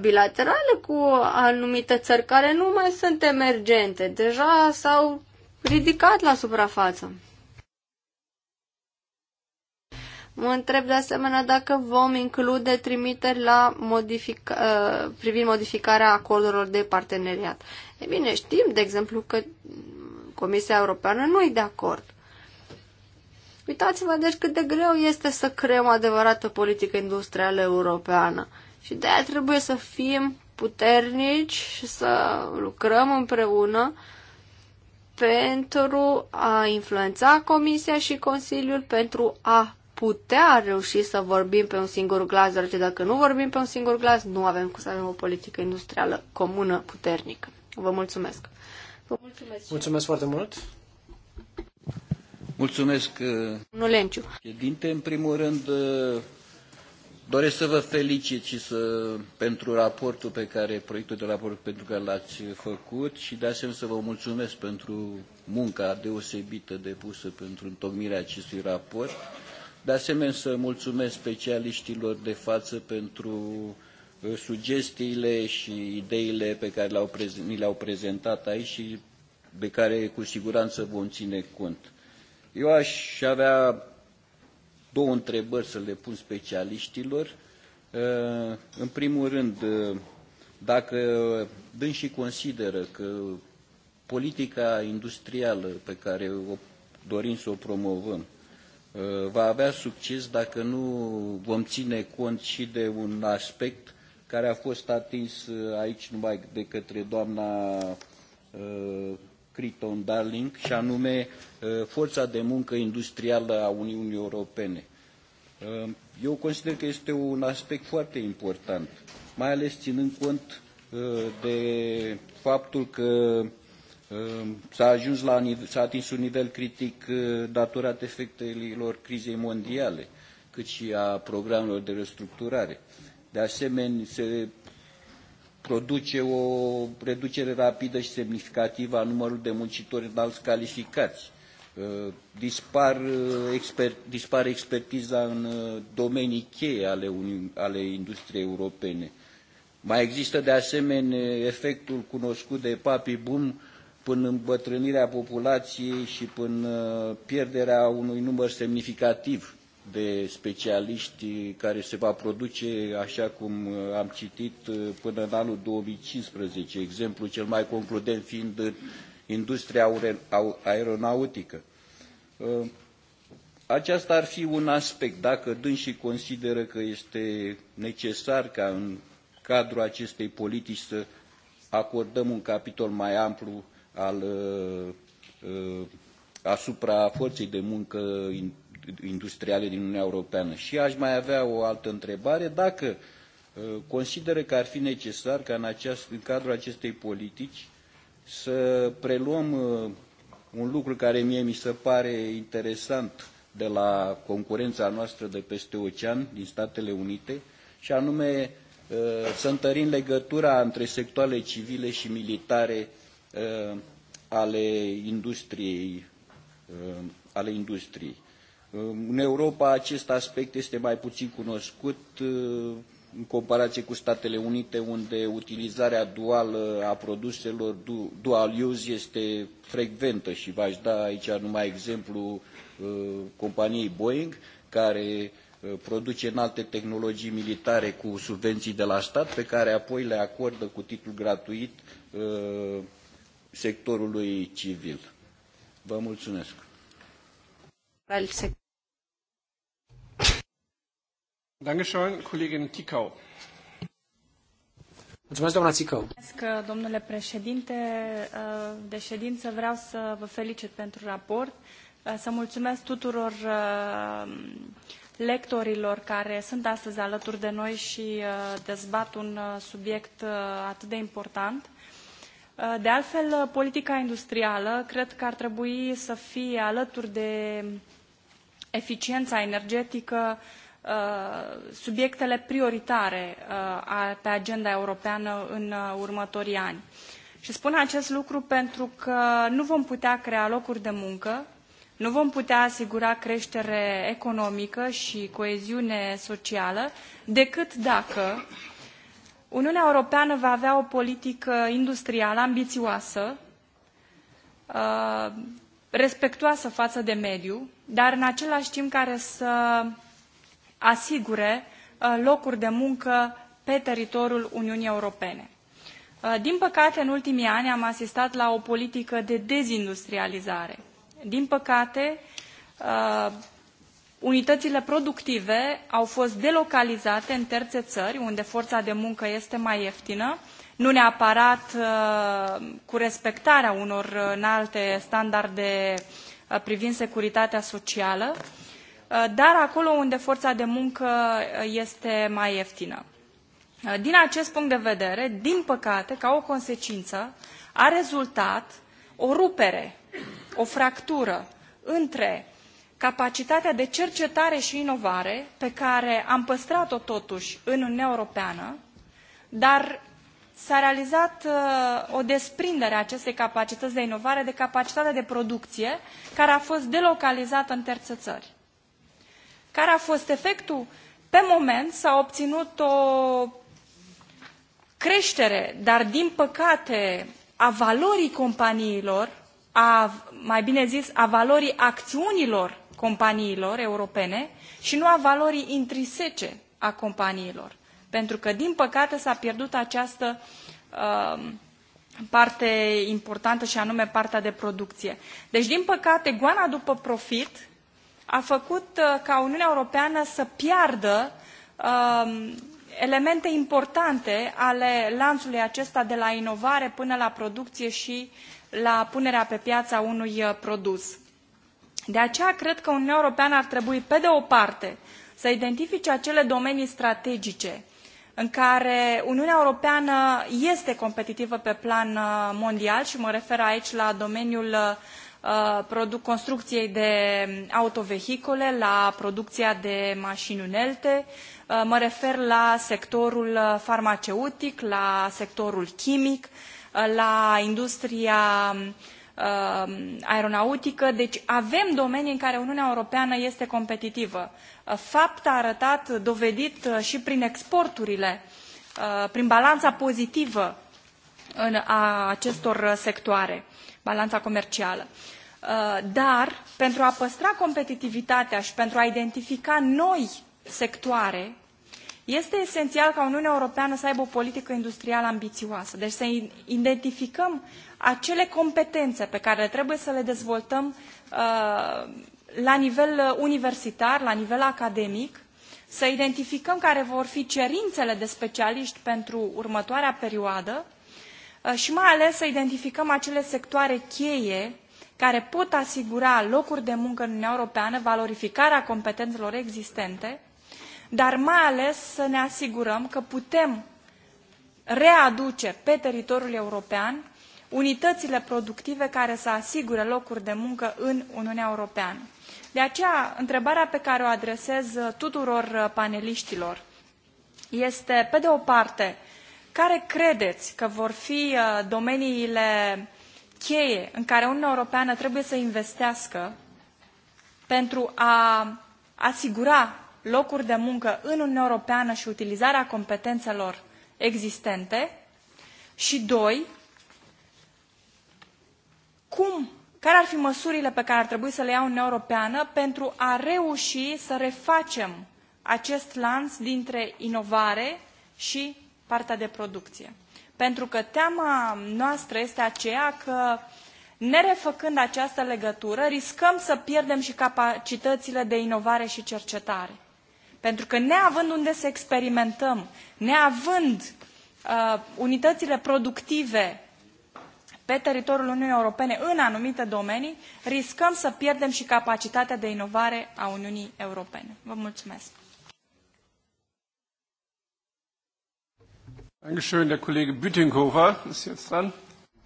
bilaterale cu anumite țări care nu mai sunt emergente. Deja s-au ridicat la suprafață. Mă întreb de asemenea dacă vom include trimiteri la modifica, uh, privind modificarea acordurilor de parteneriat. E bine, știm, de exemplu, că Comisia Europeană nu e de acord. Uitați-vă deci cât de greu este să creăm adevărată politică industrială europeană. Și de aia trebuie să fim puternici și să lucrăm împreună pentru a influența Comisia și Consiliul pentru a putea reuși să vorbim pe un singur glas, deoarece dacă nu vorbim pe un singur glas, nu avem cum să avem o politică industrială comună puternică. Vă mulțumesc! Vă mulțumesc! Mulțumesc foarte mult! Mulțumesc, uh, nu Lenciu. Dinte, în primul rând, uh, doresc să vă felicit și să, pentru raportul pe care, proiectul de raport pentru care l-ați făcut și de asemenea să vă mulțumesc pentru munca deosebită depusă pentru întocmirea acestui raport de asemenea, să mulțumesc specialiștilor de față pentru uh, sugestiile și ideile pe care le-au ni le-au prezentat aici și de care cu siguranță vom ține cont. Eu aș avea două întrebări să le pun specialiștilor. Uh, în primul rând, uh, dacă dânsii consideră că politica industrială pe care o dorim să o promovăm Uh, va avea succes dacă nu vom ține cont și de un aspect care a fost atins uh, aici numai de către doamna uh, Criton Darling, și anume forța de muncă industrială a Uniunii Europene. Eu consider că este un aspect foarte important, mai ales ținând cont de faptul că Ehm, s-a ajuns la, s-a atins un nivel critic eh, datorat efectelor crizei mondiale, cât și a programelor de restructurare. De asemenea, se produce o reducere rapidă și semnificativă a numărului de muncitori înalți calificați. Eh, dispar, eh, exper, dispare expertiza în domenii cheie ale, ale industriei europene. Mai există de asemenea efectul cunoscut de papi bun până îmbătrânirea populației și până pierderea unui număr semnificativ de specialiști care se va produce, așa cum uh, am citit, uh, până în anul 2015, exemplu cel mai concludent fiind industria aeronautică. Uh, aceasta ar fi un aspect, dacă dânsii consideră că este necesar ca în cadrul acestei politici să acordăm un capitol mai amplu al, uh, uh, asupra forței de muncă industriale din Uniunea Europeană. Și aș mai avea o altă întrebare, dacă uh, consideră că ar fi necesar ca în, aceast, în cadrul acestei politici să preluăm un lucru care mie mi se pare interesant de la concurența noastră de peste ocean din Statele Unite și anume să întărim legătura între sectoarele civile și militare Uh, ale industriei. Uh, ale industriei. Uh, în Europa acest aspect este mai puțin cunoscut în comparație cu Statele Unite, unde utilizarea duală a produselor dual use este frecventă și v-aș da aici numai exemplu companiei Boeing, care produce în alte tehnologii militare cu subvenții de la stat, pe care apoi le acordă cu titlu gratuit sectorului civil. Vă mulțumesc. Mulțumesc, doamna Țicău. Mulțumesc, domnule președinte. Uh, de ședință vreau să vă felicit pentru raport, uh, să mulțumesc tuturor uh, lectorilor care sunt astăzi alături de noi și dezbat un subiect atât de important. Uh, de altfel, uh, politica industrială cred că ar trebui să fie alături de eficiența energetică uh, subiectele prioritare pe agenda europeană în următorii ani. Și spun acest lucru pentru că nu vom putea crea locuri de muncă, nu vom putea asigura creștere economică și coeziune socială decât dacă Uniunea Europeană va avea o politică industrială ambițioasă, uh, respectuoasă față de mediu, dar în același timp care să asigure uh, locuri de muncă pe teritoriul Uniunii Europene. Uh, din păcate, în ultimii ani am asistat la o politică de dezindustrializare. Din păcate, Unitățile productive au fost delocalizate în terțe țări, unde forța de muncă este mai ieftină, nu neapărat uh, cu respectarea unor înalte standarde uh, privind securitatea socială, uh, dar acolo unde forța de muncă este mai ieftină. Din acest punct de vedere, din păcate, ca o consecință, a rezultat o rupere, o fractură între capacitatea de cercetare și inovare pe care am păstrat-o totuși în Uniunea Europeană, dar s-a realizat uh, o desprindere a acestei capacități de inovare de capacitatea de producție care a fost delocalizată în terțe țări. Care a fost efectul? Pe moment s-a obținut o creștere, dar din păcate a valorii companiilor, a, mai bine zis, a valorii acțiunilor companiilor europene și nu a valorii intrisece a companiilor. Pentru că, din păcate, s-a pierdut această uh, parte importantă și anume partea de producție. Deci, din păcate, goana după profit a făcut uh, ca Uniunea Europeană să piardă uh, elemente importante ale lanțului acesta de la inovare până la producție și la punerea pe piață a unui uh, produs. De aceea cred că Uniunea Europeană ar trebui, pe de o parte, să identifice acele domenii strategice în care Uniunea Europeană este competitivă pe plan uh, mondial și mă refer aici la domeniul uh, produc construcției de autovehicule, la producția de mașini unelte, uh, mă refer la sectorul farmaceutic, la sectorul chimic, la industria uh, Uh, aeronautică, deci avem domenii în care Uniunea Europeană este competitivă. Uh, fapt a arătat, dovedit uh, și prin exporturile, prin balanța pozitivă a acestor sectoare, balanța comercială. Dar, pentru a păstra competitivitatea și pentru a identifica noi sectoare este esențial ca Uniunea Europeană să aibă o politică industrială ambițioasă, deci să identificăm acele competențe pe care trebuie să le dezvoltăm uh, la nivel uh, universitar, la nivel academic, să identificăm care vor fi cerințele de specialiști pentru următoarea perioadă uh, și mai ales să identificăm acele sectoare cheie care pot asigura locuri de muncă în Uniunea Europeană, valorificarea competențelor existente dar mai ales să ne asigurăm că putem readuce pe teritoriul european unitățile productive care să asigure locuri de muncă în Uniunea Europeană. De aceea, întrebarea pe care o adresez tuturor uh, paneliștilor este, pe de o parte, care credeți că vor fi uh, domeniile cheie în care Uniunea Europeană trebuie să investească pentru a asigura locuri de muncă în Uniunea Europeană și utilizarea competențelor existente și, doi, cum, care ar fi măsurile pe care ar trebui să le ia Uniunea Europeană pentru a reuși să refacem acest lanț dintre inovare și partea de producție. Pentru că teama noastră este aceea că nerefăcând această legătură, riscăm să pierdem și capacitățile de inovare și cercetare. Pentru că neavând unde să experimentăm, neavând uh, unitățile productive pe teritoriul Uniunii Europene în anumite domenii, riscăm să pierdem și capacitatea de inovare a Uniunii Europene. Vă mulțumesc!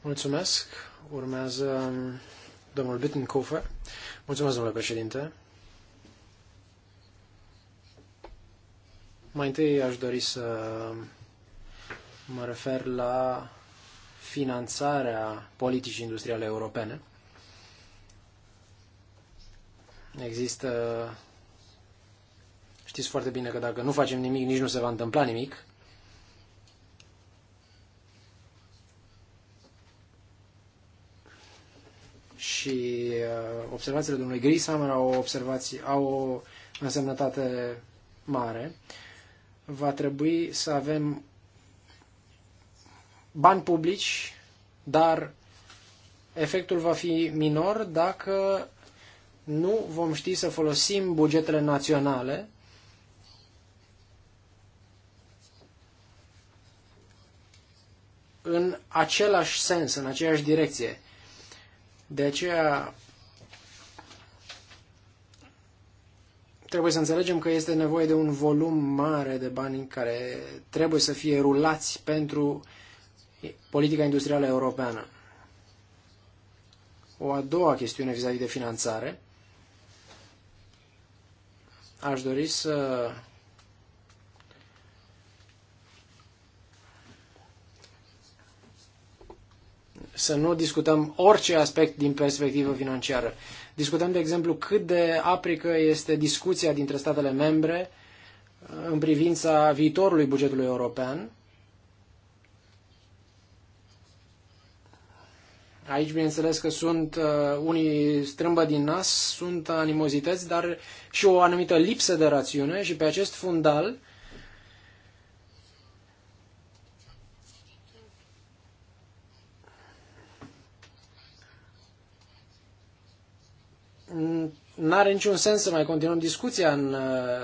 Mulțumesc. Urmează um, domnul Mulțumesc, domnule președinte. Mai întâi aș dori să mă refer la finanțarea politicii industriale europene. Există Știți foarte bine că dacă nu facem nimic, nici nu se va întâmpla nimic. Și uh, observațiile domnului Grishammer au, observații, au o însemnătate mare va trebui să avem bani publici, dar efectul va fi minor dacă nu vom ști să folosim bugetele naționale în același sens, în aceeași direcție. De aceea Trebuie să înțelegem că este nevoie de un volum mare de bani care trebuie să fie rulați pentru politica industrială europeană. O a doua chestiune vis-a-vis -vis de finanțare. Aș dori să să nu discutăm orice aspect din perspectivă financiară. Discutăm, de exemplu, cât de aprică este discuția dintre statele membre uh, în privința viitorului bugetului european. Aici, bineînțeles că sunt uh, unii strâmbă din nas, sunt animozități, dar și o anumită lipsă de rațiune și pe acest fundal uh, n-are niciun sens să mai continuăm discuția în, uh,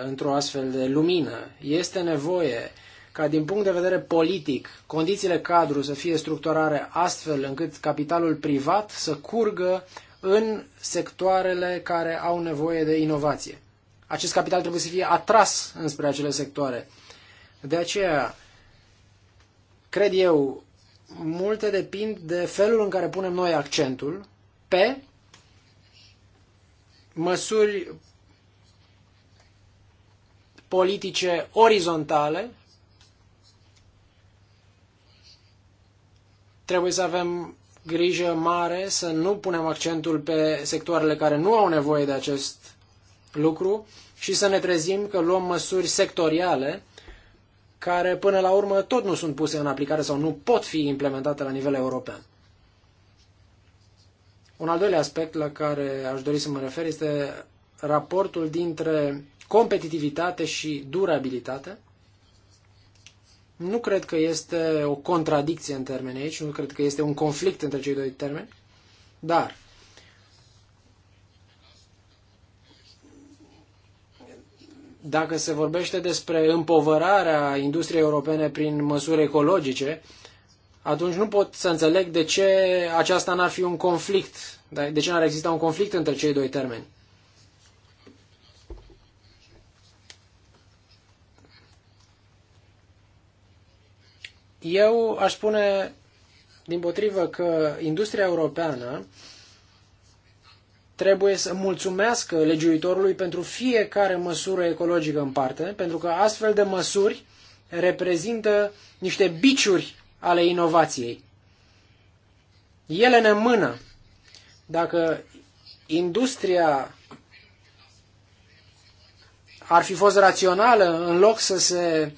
într-o astfel de lumină. Este nevoie ca din punct de vedere politic condițiile cadru să fie structurare astfel încât capitalul privat să curgă în sectoarele care au nevoie de inovație. Acest capital trebuie să fie atras înspre acele sectoare. De aceea, cred eu, multe depind de felul în care punem noi accentul pe măsuri politice orizontale. Trebuie să avem grijă mare să nu punem accentul pe sectoarele care nu au nevoie de acest lucru și să ne trezim că luăm măsuri sectoriale care până la urmă tot nu sunt puse în aplicare sau nu pot fi implementate la nivel european. Un al doilea aspect la care aș dori să mă refer este raportul dintre competitivitate și durabilitate. Nu cred că este o contradicție în termeni aici, nu cred că este un conflict între cei doi termeni, dar dacă se vorbește despre împovărarea industriei europene prin măsuri ecologice, atunci nu pot să înțeleg de ce aceasta n-ar fi un conflict, de ce n-ar exista un conflict între cei doi termeni. Eu aș spune din potrivă că industria europeană trebuie să mulțumească legiuitorului pentru fiecare măsură ecologică în parte, pentru că astfel de măsuri reprezintă niște biciuri ale inovației. Ele ne mână. Dacă industria ar fi fost rațională în loc să se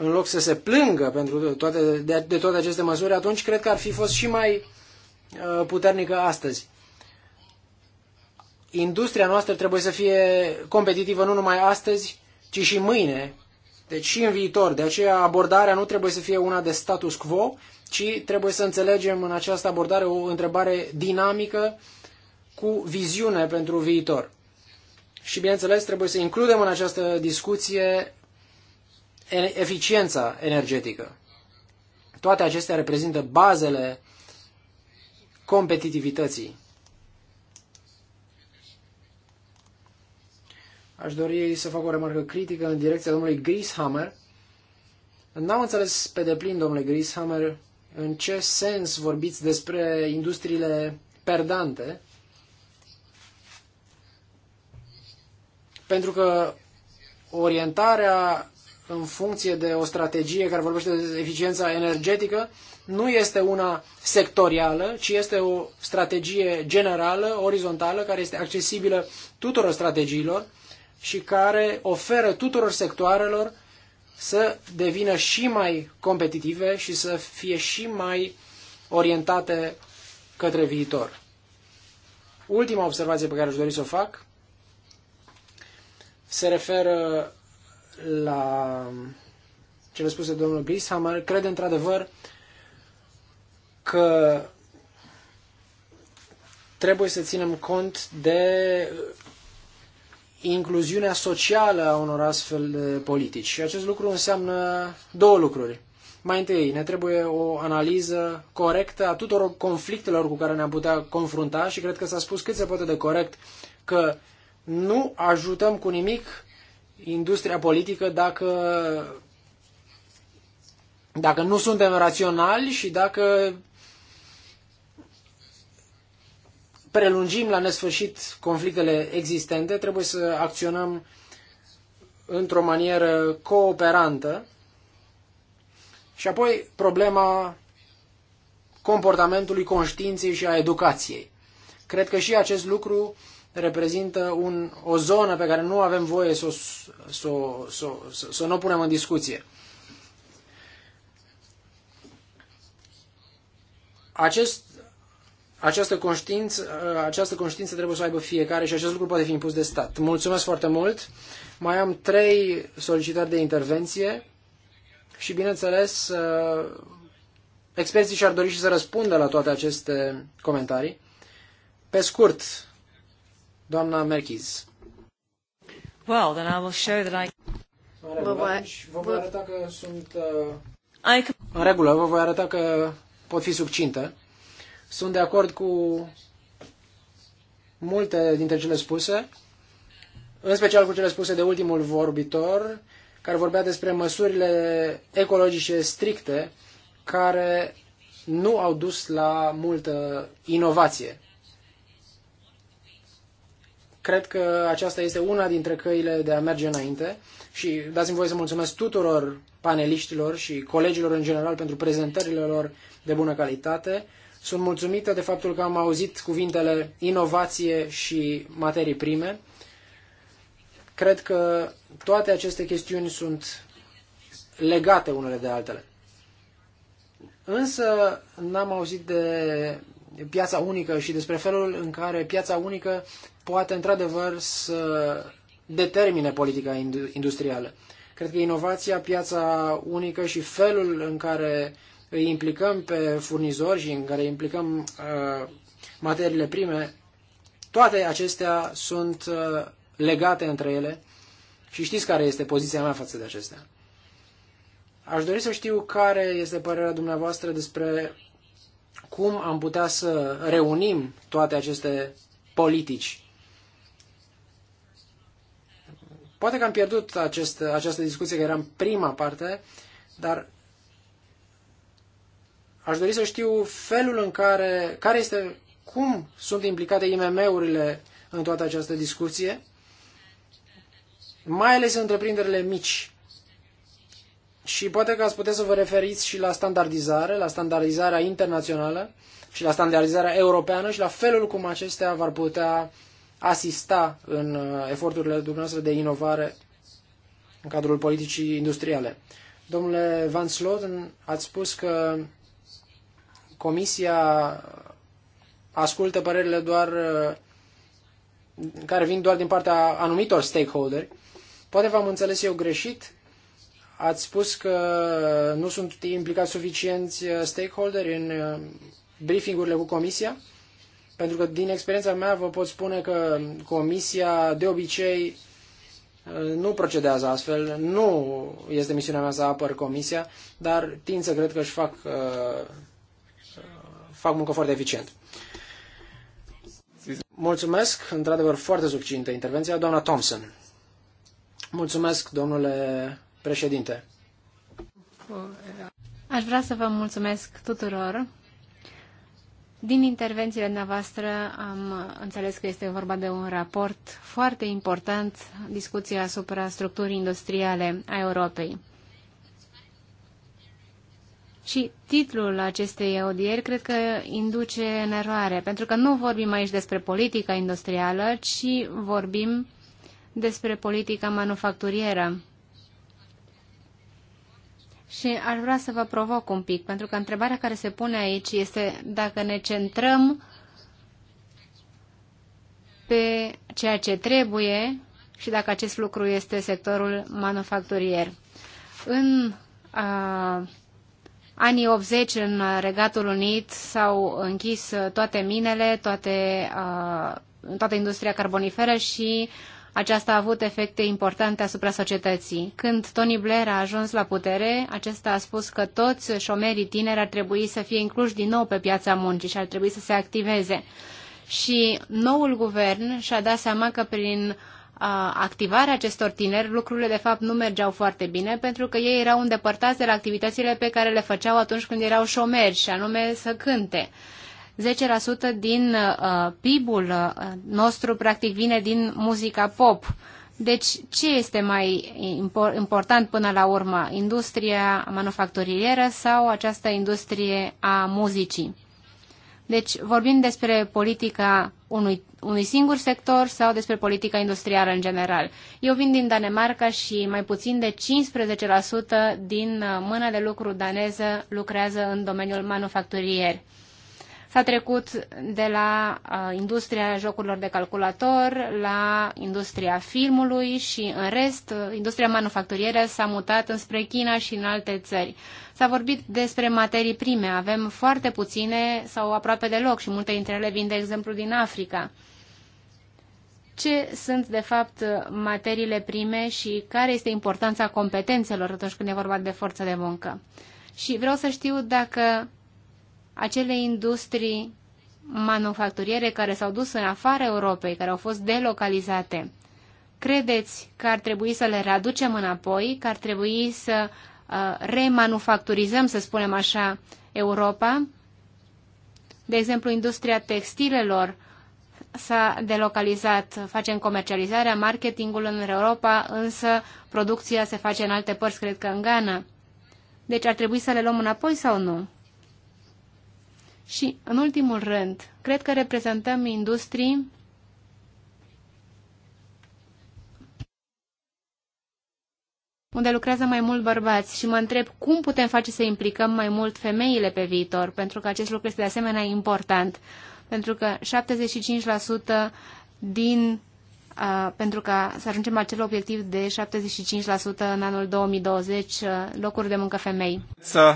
în loc să se plângă pentru toate, de, de toate aceste măsuri, atunci cred că ar fi fost și mai uh, puternică astăzi. Industria noastră trebuie să fie competitivă nu numai astăzi, ci și mâine, deci și în viitor. De aceea abordarea nu trebuie să fie una de status quo, ci trebuie să înțelegem în această abordare o întrebare dinamică cu viziune pentru viitor. Și bineînțeles trebuie să includem în această discuție eficiența energetică. Toate acestea reprezintă bazele competitivității. Aș dori să fac o remarcă critică în direcția domnului Grishammer. N-am înțeles pe deplin, domnule Grishammer, în ce sens vorbiți despre industriile perdante, pentru că orientarea în funcție de o strategie care vorbește de eficiența energetică nu este una sectorială, ci este o strategie generală, orizontală, care este accesibilă tuturor strategiilor și care oferă tuturor sectoarelor să devină și mai competitive și să fie și mai orientate către viitor. Ultima observație pe care aș dori să o fac se referă la ce a spuse domnul Grishammer. Cred într-adevăr că trebuie să ținem cont de incluziunea socială a unor astfel de politici. Și acest lucru înseamnă două lucruri. Mai întâi, ne trebuie o analiză corectă a tuturor conflictelor cu care ne-am putea confrunta și cred că s-a spus cât se poate de corect că nu ajutăm cu nimic industria politică dacă, dacă nu suntem raționali și dacă prelungim la nesfârșit conflictele existente, trebuie să acționăm într-o manieră cooperantă și apoi problema comportamentului conștiinței și a educației. Cred că și acest lucru reprezintă un, o zonă pe care nu avem voie să o, să, să, să, să nu o punem în discuție. Acest această conștiință, uh, această conștiință trebuie să o aibă fiecare și acest lucru poate fi impus de stat. Mulțumesc foarte mult. Mai am trei solicitări de intervenție și, bineînțeles, uh, experții și-ar dori și să răspundă la toate aceste comentarii. Pe scurt, doamna Merchiz. Well, then I will show that I... vă voi arăta că sunt... Uh, în regulă, vă voi arăta că pot fi succintă. Sunt de acord cu multe dintre cele spuse, în special cu cele spuse de ultimul vorbitor, care vorbea despre măsurile ecologice stricte care nu au dus la multă inovație. Cred că aceasta este una dintre căile de a merge înainte și dați-mi voie să mulțumesc tuturor paneliștilor și colegilor în general pentru prezentările lor de bună calitate. Sunt mulțumită de faptul că am auzit cuvintele inovație și materii prime. Cred că toate aceste chestiuni sunt legate unele de altele. Însă n-am auzit de piața unică și despre felul în care piața unică poate într-adevăr să determine politica industrială. Cred că inovația, piața unică și felul în care îi implicăm pe furnizori și în care îi implicăm uh, materiile prime, toate acestea sunt uh, legate între ele și știți care este poziția mea față de acestea. Aș dori să știu care este părerea dumneavoastră despre cum am putea să reunim toate aceste politici. Poate că am pierdut acest, această discuție, că era în prima parte, dar Aș dori să știu felul în care, care este, cum sunt implicate IMM-urile în toată această discuție, mai ales întreprinderile mici. Și poate că ați putea să vă referiți și la standardizare, la standardizarea internațională și la standardizarea europeană și la felul cum acestea v-ar putea asista în uh, eforturile dumneavoastră de inovare în cadrul politicii industriale. Domnule Van Sloten, ați spus că Comisia ascultă părerile doar uh, care vin doar din partea anumitor stakeholderi. Poate v-am înțeles eu greșit. Ați spus că nu sunt implicați suficienți uh, stakeholderi în uh, briefingurile cu Comisia? Pentru că din experiența mea vă pot spune că Comisia de obicei nu procedează astfel, nu este misiunea mea să apăr Comisia, dar tind să cred că își fac fac muncă foarte eficient. Mulțumesc, într-adevăr foarte succintă intervenția, doamna Thompson. Mulțumesc, domnule președinte. Aș vrea să vă mulțumesc tuturor. Din intervențiile dumneavoastră am înțeles că este vorba de un raport foarte important, discuția asupra structurii industriale a Europei. Și titlul acestei audieri cred că induce în eroare, pentru că nu vorbim aici despre politica industrială, ci vorbim despre politica manufacturieră. Și aș vrea să vă provoc un pic, pentru că întrebarea care se pune aici este dacă ne centrăm pe ceea ce trebuie și dacă acest lucru este sectorul manufacturier. În a, anii 80 în Regatul Unit s-au închis uh, toate minele, toate, uh, toată industria carboniferă și aceasta a avut efecte importante asupra societății. Când Tony Blair a ajuns la putere, acesta a spus că toți șomerii tineri ar trebui să fie incluși din nou pe piața muncii și ar trebui să se activeze. Și noul guvern și-a dat seama că prin uh, activarea acestor tineri, lucrurile de fapt nu mergeau foarte bine pentru că ei erau îndepărtați de la activitățile pe care le făceau atunci când erau șomeri și anume să cânte. 10% din uh, PIB-ul uh, nostru practic vine din muzica pop. Deci ce este mai important până la urmă, industria manufacturieră sau această industrie a muzicii? Deci vorbim despre politica unui, unui singur sector sau despre politica industrială în general. Eu vin din Danemarca și mai puțin de 15% din uh, mână de lucru daneză lucrează în domeniul manufacturier. S-a trecut de la uh, industria jocurilor de calculator la industria filmului și în rest uh, industria manufacturieră s-a mutat înspre China și în alte țări. S-a vorbit despre materii prime. Avem foarte puține sau aproape deloc și multe dintre ele vin de exemplu din Africa ce sunt de fapt materiile prime și care este importanța competențelor atunci când e vorba de forță de muncă. Și vreau să știu dacă acele industrii manufacturiere care s-au dus în afara Europei, care au fost delocalizate. Credeți că ar trebui să le readucem înapoi, că ar trebui să uh, remanufacturizăm, să spunem așa, Europa? De exemplu, industria textilelor s-a delocalizat, facem comercializarea, marketingul în Europa, însă producția se face în alte părți, cred că în Ghana. Deci ar trebui să le luăm înapoi sau nu? Și, în ultimul rând, cred că reprezentăm industrii unde lucrează mai mult bărbați și mă întreb cum putem face să implicăm mai mult femeile pe viitor, pentru că acest lucru este de asemenea important, pentru că 75% din Uh, pentru ca să ajungem la acel obiectiv de 75% în anul 2020 uh, locuri de muncă femei. Să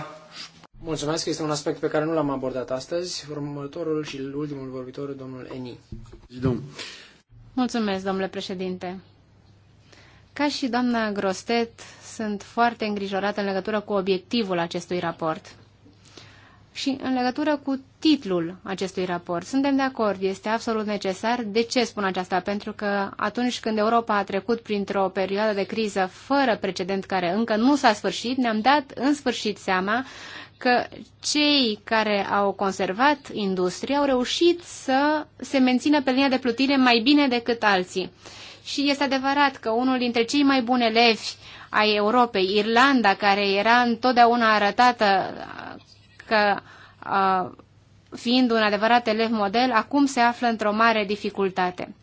Mulțumesc, este un aspect pe care nu l-am abordat astăzi. Următorul și ultimul vorbitor, domnul Eni. Mulțumesc, domnule președinte. Ca și doamna Grostet, sunt foarte îngrijorată în legătură cu obiectivul acestui raport și în legătură cu titlul acestui raport. Suntem de acord, este absolut necesar. De ce spun aceasta? Pentru că atunci când Europa a trecut printr-o perioadă de criză fără precedent care încă nu s-a sfârșit, ne-am dat în sfârșit seama că cei care au conservat industria au reușit să se mențină pe linia de plutire mai bine decât alții. Și este adevărat că unul dintre cei mai buni elevi ai Europei, Irlanda, care era întotdeauna arătată că fiind un adevărat elev model, acum se află într-o mare dificultate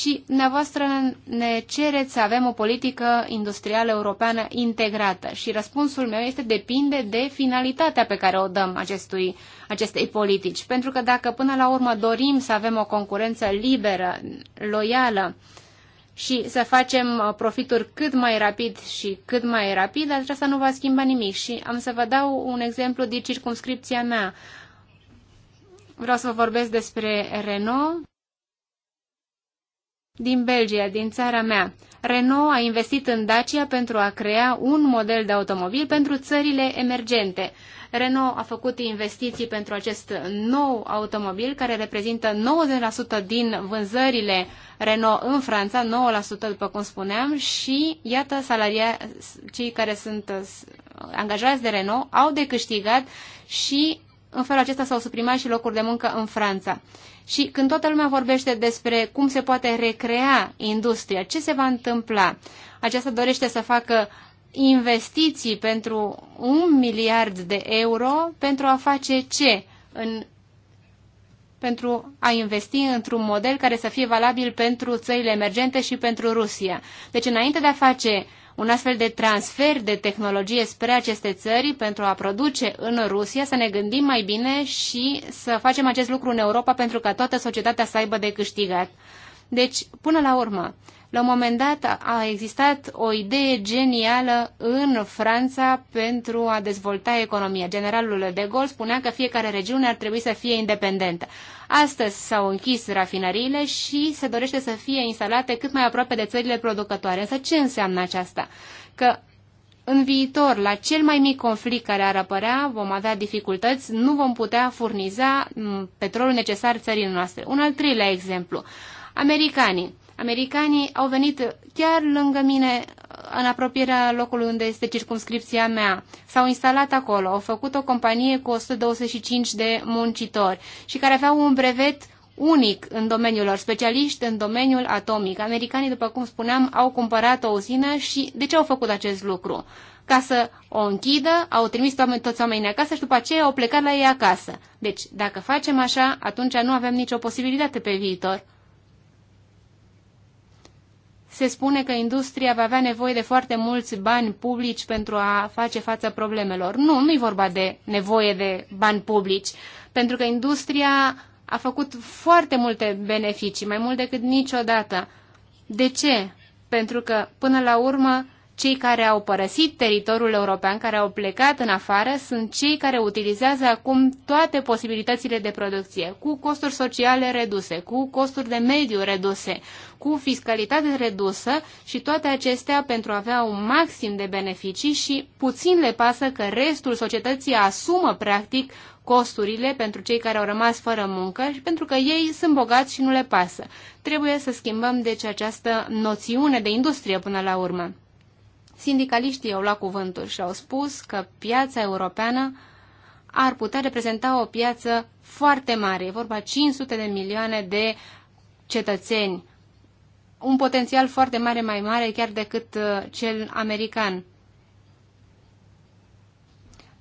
și dumneavoastră ne cereți să avem o politică industrială europeană integrată și răspunsul meu este depinde de finalitatea pe care o dăm acestui, acestei politici. Pentru că dacă până la urmă dorim să avem o concurență liberă, loială și să facem uh, profituri cât mai rapid și cât mai rapid, aceasta nu va schimba nimic. Și am să vă dau un exemplu din circumscripția mea. Vreau să vă vorbesc despre Renault din Belgia, din țara mea. Renault a investit în Dacia pentru a crea un model de automobil pentru țările emergente. Renault a făcut investiții pentru acest nou automobil care reprezintă 90% din vânzările Renault în Franța, 9% după cum spuneam, și iată salaria, cei care sunt angajați de Renault au de câștigat și în felul acesta s-au suprimat și locuri de muncă în Franța. Și când toată lumea vorbește despre cum se poate recrea industria, ce se va întâmpla? Aceasta dorește să facă investiții pentru un miliard de euro pentru a face ce? În, pentru a investi într-un model care să fie valabil pentru țările emergente și pentru Rusia. Deci înainte de a face uh, un astfel de transfer de tehnologie spre aceste țări pentru a produce în Rusia, să ne gândim mai bine și să facem acest lucru în Europa pentru ca toată societatea să aibă de câștigat. Deci, până la urmă, la un moment dat a existat o idee genială în Franța pentru a dezvolta economia. Generalul de Gaulle spunea că fiecare regiune ar trebui să fie independentă. Astăzi s-au închis rafinăriile și se dorește să fie instalate cât mai aproape de țările producătoare. Însă ce înseamnă aceasta? Că în viitor, la cel mai mic conflict care ar apărea, vom avea dificultăți, nu vom putea furniza petrolul necesar țării noastre. Un al treilea exemplu. Americanii Americanii au venit chiar lângă mine, în apropierea locului unde este circumscripția mea. S-au instalat acolo, au făcut o companie cu 125 de muncitori și care aveau un brevet unic în domeniul lor, specialiști în domeniul atomic. Americanii, după cum spuneam, au cumpărat o uzină și de ce au făcut acest lucru? Ca să o închidă, au trimis toți oamenii acasă și după aceea au plecat la ei acasă. Deci, dacă facem așa, atunci nu avem nicio posibilitate pe viitor se spune că industria va avea nevoie de foarte mulți bani publici pentru a face față problemelor. Nu, nu-i vorba de nevoie de bani publici, pentru că industria a făcut foarte multe beneficii, mai mult decât niciodată. De ce? Pentru că, până la urmă, cei care au părăsit teritoriul european, care au plecat în afară, sunt cei care utilizează acum toate posibilitățile de producție, cu costuri sociale reduse, cu costuri de mediu reduse, cu fiscalitate redusă și toate acestea pentru a avea un maxim de beneficii și puțin le pasă că restul societății asumă practic costurile pentru cei care au rămas fără muncă și pentru că ei sunt bogați și nu le pasă. Trebuie să schimbăm deci această noțiune de industrie până la urmă. Sindicaliștii au luat cuvântul și au spus că piața europeană ar putea reprezenta o piață foarte mare, e vorba 500 de milioane de cetățeni, un potențial foarte mare, mai mare chiar decât uh, cel american.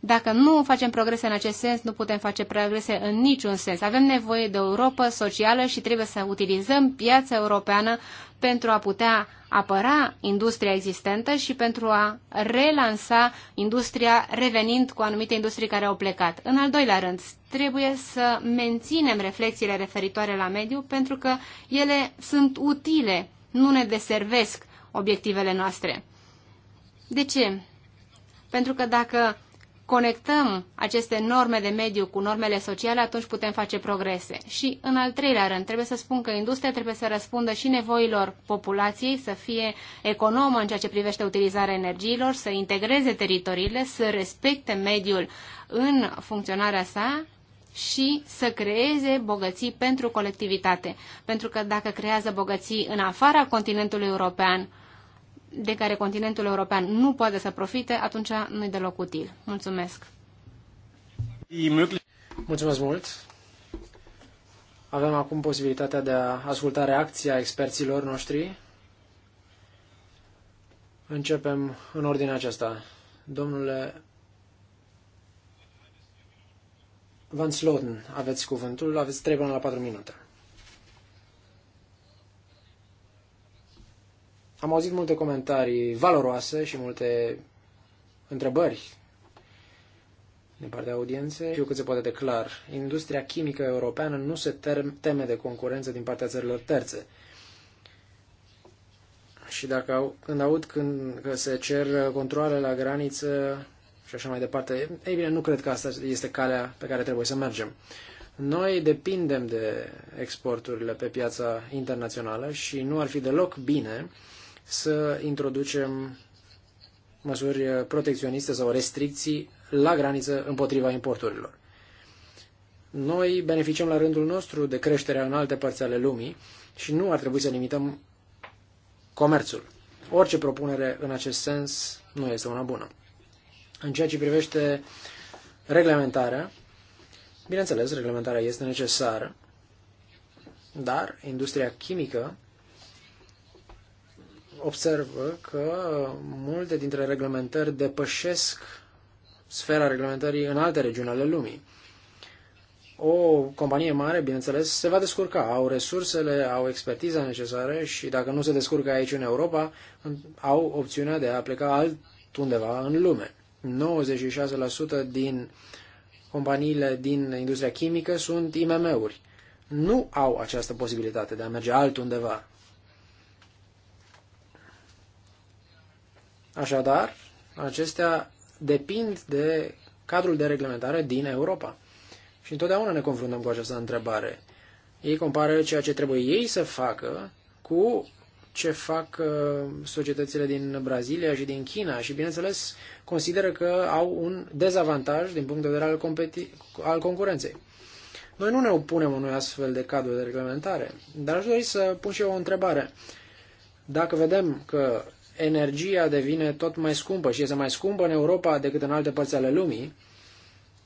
Dacă nu facem progrese în acest sens, nu putem face progrese în niciun sens. Avem nevoie de Europa socială și trebuie să utilizăm piața europeană pentru a putea apăra industria existentă și pentru a relansa industria revenind cu anumite industrii care au plecat. În al doilea rând, trebuie să menținem reflexiile referitoare la mediu pentru că ele sunt utile, nu ne deservesc obiectivele noastre. De ce? Pentru că dacă conectăm aceste norme de mediu cu normele sociale, atunci putem face progrese. Și, în al treilea rând, trebuie să spun că industria trebuie să răspundă și nevoilor populației, să fie economă în ceea ce privește utilizarea energiilor, să integreze teritoriile, să respecte mediul în funcționarea sa și să creeze bogății pentru colectivitate. Pentru că dacă creează bogății în afara continentului european, de care continentul european nu poate să profite, atunci nu-i deloc util. Mulțumesc! Mulțumesc mult! Avem acum posibilitatea de a asculta reacția experților noștri. Începem în ordinea aceasta. Domnule Van Sloten, aveți cuvântul, aveți 3 până la 4 minute. Am auzit multe comentarii valoroase și multe întrebări din partea audienței. Știu cât se poate de clar. Industria chimică europeană nu se teme de concurență din partea țărilor terțe. Și dacă au, când aud când, că se cer controle la graniță și așa mai departe, ei bine, nu cred că asta este calea pe care trebuie să mergem. Noi depindem de exporturile pe piața internațională și nu ar fi deloc bine să introducem măsuri protecționiste sau restricții la graniță împotriva importurilor. Noi beneficiem la rândul nostru de creșterea în alte părți ale lumii și nu ar trebui să limităm comerțul. Orice propunere în acest sens nu este una bună. În ceea ce privește reglementarea, bineînțeles, reglementarea este necesară, dar industria chimică observă că multe dintre reglementări depășesc sfera reglementării în alte regiuni ale lumii. O companie mare, bineînțeles, se va descurca, au resursele, au expertiza necesară și dacă nu se descurcă aici în Europa, au opțiunea de a pleca altundeva în lume. 96% din companiile din industria chimică sunt IMM-uri. Nu au această posibilitate de a merge altundeva. Așadar, acestea depind de cadrul de reglementare din Europa. Și întotdeauna ne confruntăm cu această întrebare. Ei compară ceea ce trebuie ei să facă cu ce fac uh, societățile din Brazilia și din China și, bineînțeles, consideră că au un dezavantaj din punct de vedere al, competi- al concurenței. Noi nu ne opunem unui astfel de cadru de reglementare, dar aș dori să pun și eu o întrebare. Dacă vedem că energia devine tot mai scumpă și este mai scumpă în Europa decât în alte părți ale lumii,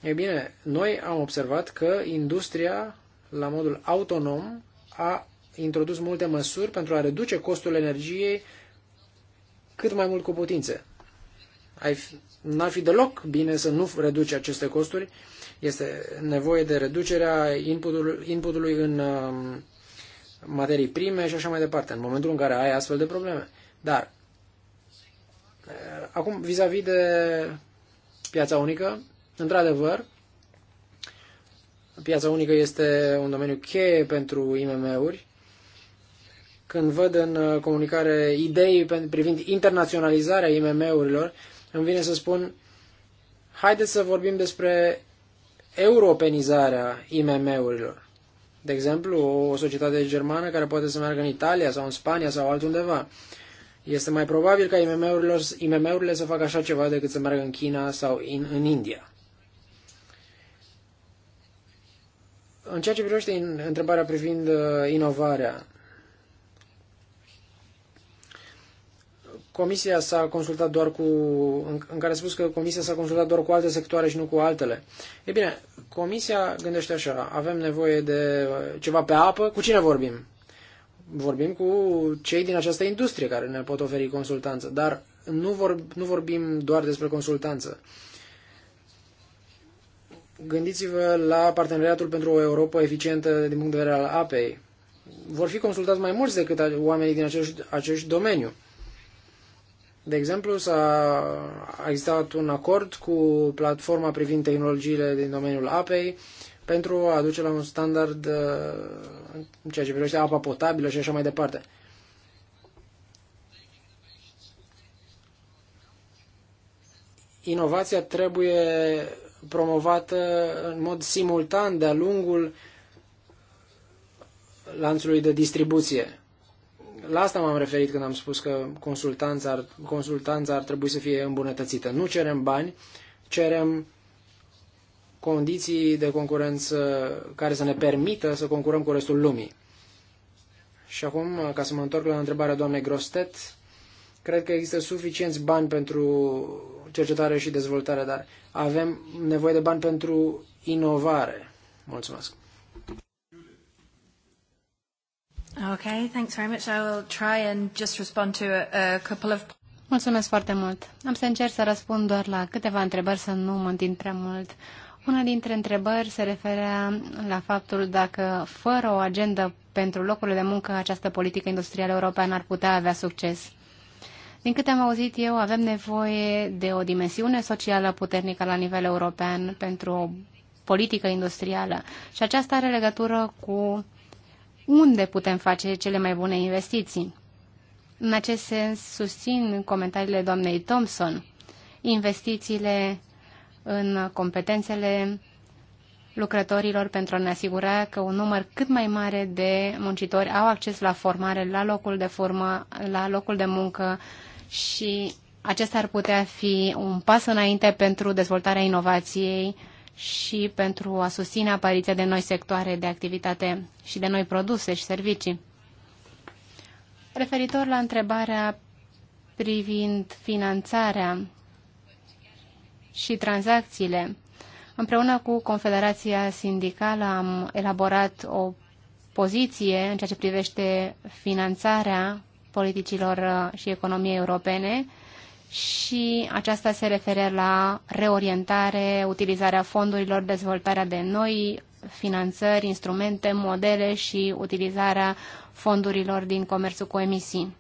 e bine, noi am observat că industria, la modul autonom, a introdus multe măsuri pentru a reduce costul energiei cât mai mult cu putință. N-ar fi deloc bine să nu reduci aceste costuri. Este nevoie de reducerea inputului, inputului în um, materii prime și așa mai departe, în momentul în care ai astfel de probleme. Dar Eh, acum, vis-a-vis -vis de piața unică, într-adevăr, piața unică este un domeniu cheie pentru IMM-uri. Când văd în uh, comunicare idei privind internaționalizarea IMM-urilor, îmi vine să spun, haideți să vorbim despre europenizarea IMM-urilor. De exemplu, o societate germană care poate să meargă în Italia sau în Spania sau altundeva. Este mai probabil ca IMM-urile, IMM să facă așa ceva decât să meargă în China sau in, în India. În ceea ce privește în, întrebarea privind uh, inovarea, Comisia s-a consultat doar cu, în, în care a spus că Comisia s-a consultat doar cu alte sectoare și nu cu altele. E bine, Comisia gândește așa, avem nevoie de uh, ceva pe apă, cu cine vorbim? vorbim cu cei din această industrie care ne pot oferi consultanță, dar nu, vor, nu vorbim doar despre consultanță. Gândiți-vă la parteneriatul pentru o Europa eficientă din punct de vedere al apei. Vor fi consultați mai mulți decât oamenii din acești, acești domeniu. De exemplu, s-a a existat un acord cu platforma privind tehnologiile din domeniul apei pentru a aduce la un standard uh, în ceea ce privește apa potabilă și așa mai departe. Inovația trebuie promovată în mod simultan de-a lungul lanțului de distribuție. La asta m-am referit când am spus că consultanța ar, consultanța ar trebui să fie îmbunătățită. Nu cerem bani, cerem condiții de concurență care să ne permită să concurăm cu restul lumii. Și acum, ca să mă întorc la întrebarea doamnei Grostet, cred că există suficienți bani pentru cercetare și dezvoltare, dar avem nevoie de bani pentru inovare. Mulțumesc. Okay, thanks very much. I will try and just respond to a, a couple of Mulțumesc foarte mult. Am să încerc să răspund doar la câteva întrebări, să nu mă întind prea mult. Una dintre întrebări se referea la faptul dacă, fără o agendă pentru locurile de muncă, această politică industrială europeană ar putea avea succes. Din câte am auzit eu, avem nevoie de o dimensiune socială puternică la nivel european pentru o politică industrială și aceasta are legătură cu unde putem face cele mai bune investiții. În acest sens, susțin comentariile doamnei Thompson. Investițiile în competențele lucrătorilor pentru a ne asigura că un număr cât mai mare de muncitori au acces la formare, la locul de formă, la locul de muncă și acesta ar putea fi un pas înainte pentru dezvoltarea inovației și pentru a susține apariția de noi sectoare de activitate și de noi produse și servicii. Referitor la întrebarea privind finanțarea și tranzacțiile. Împreună cu Confederația Sindicală am elaborat o poziție în ceea ce privește finanțarea politicilor uh, și economiei europene și aceasta se referă la reorientare, utilizarea fondurilor, dezvoltarea de noi finanțări, instrumente, modele și utilizarea fondurilor din comerțul cu emisii.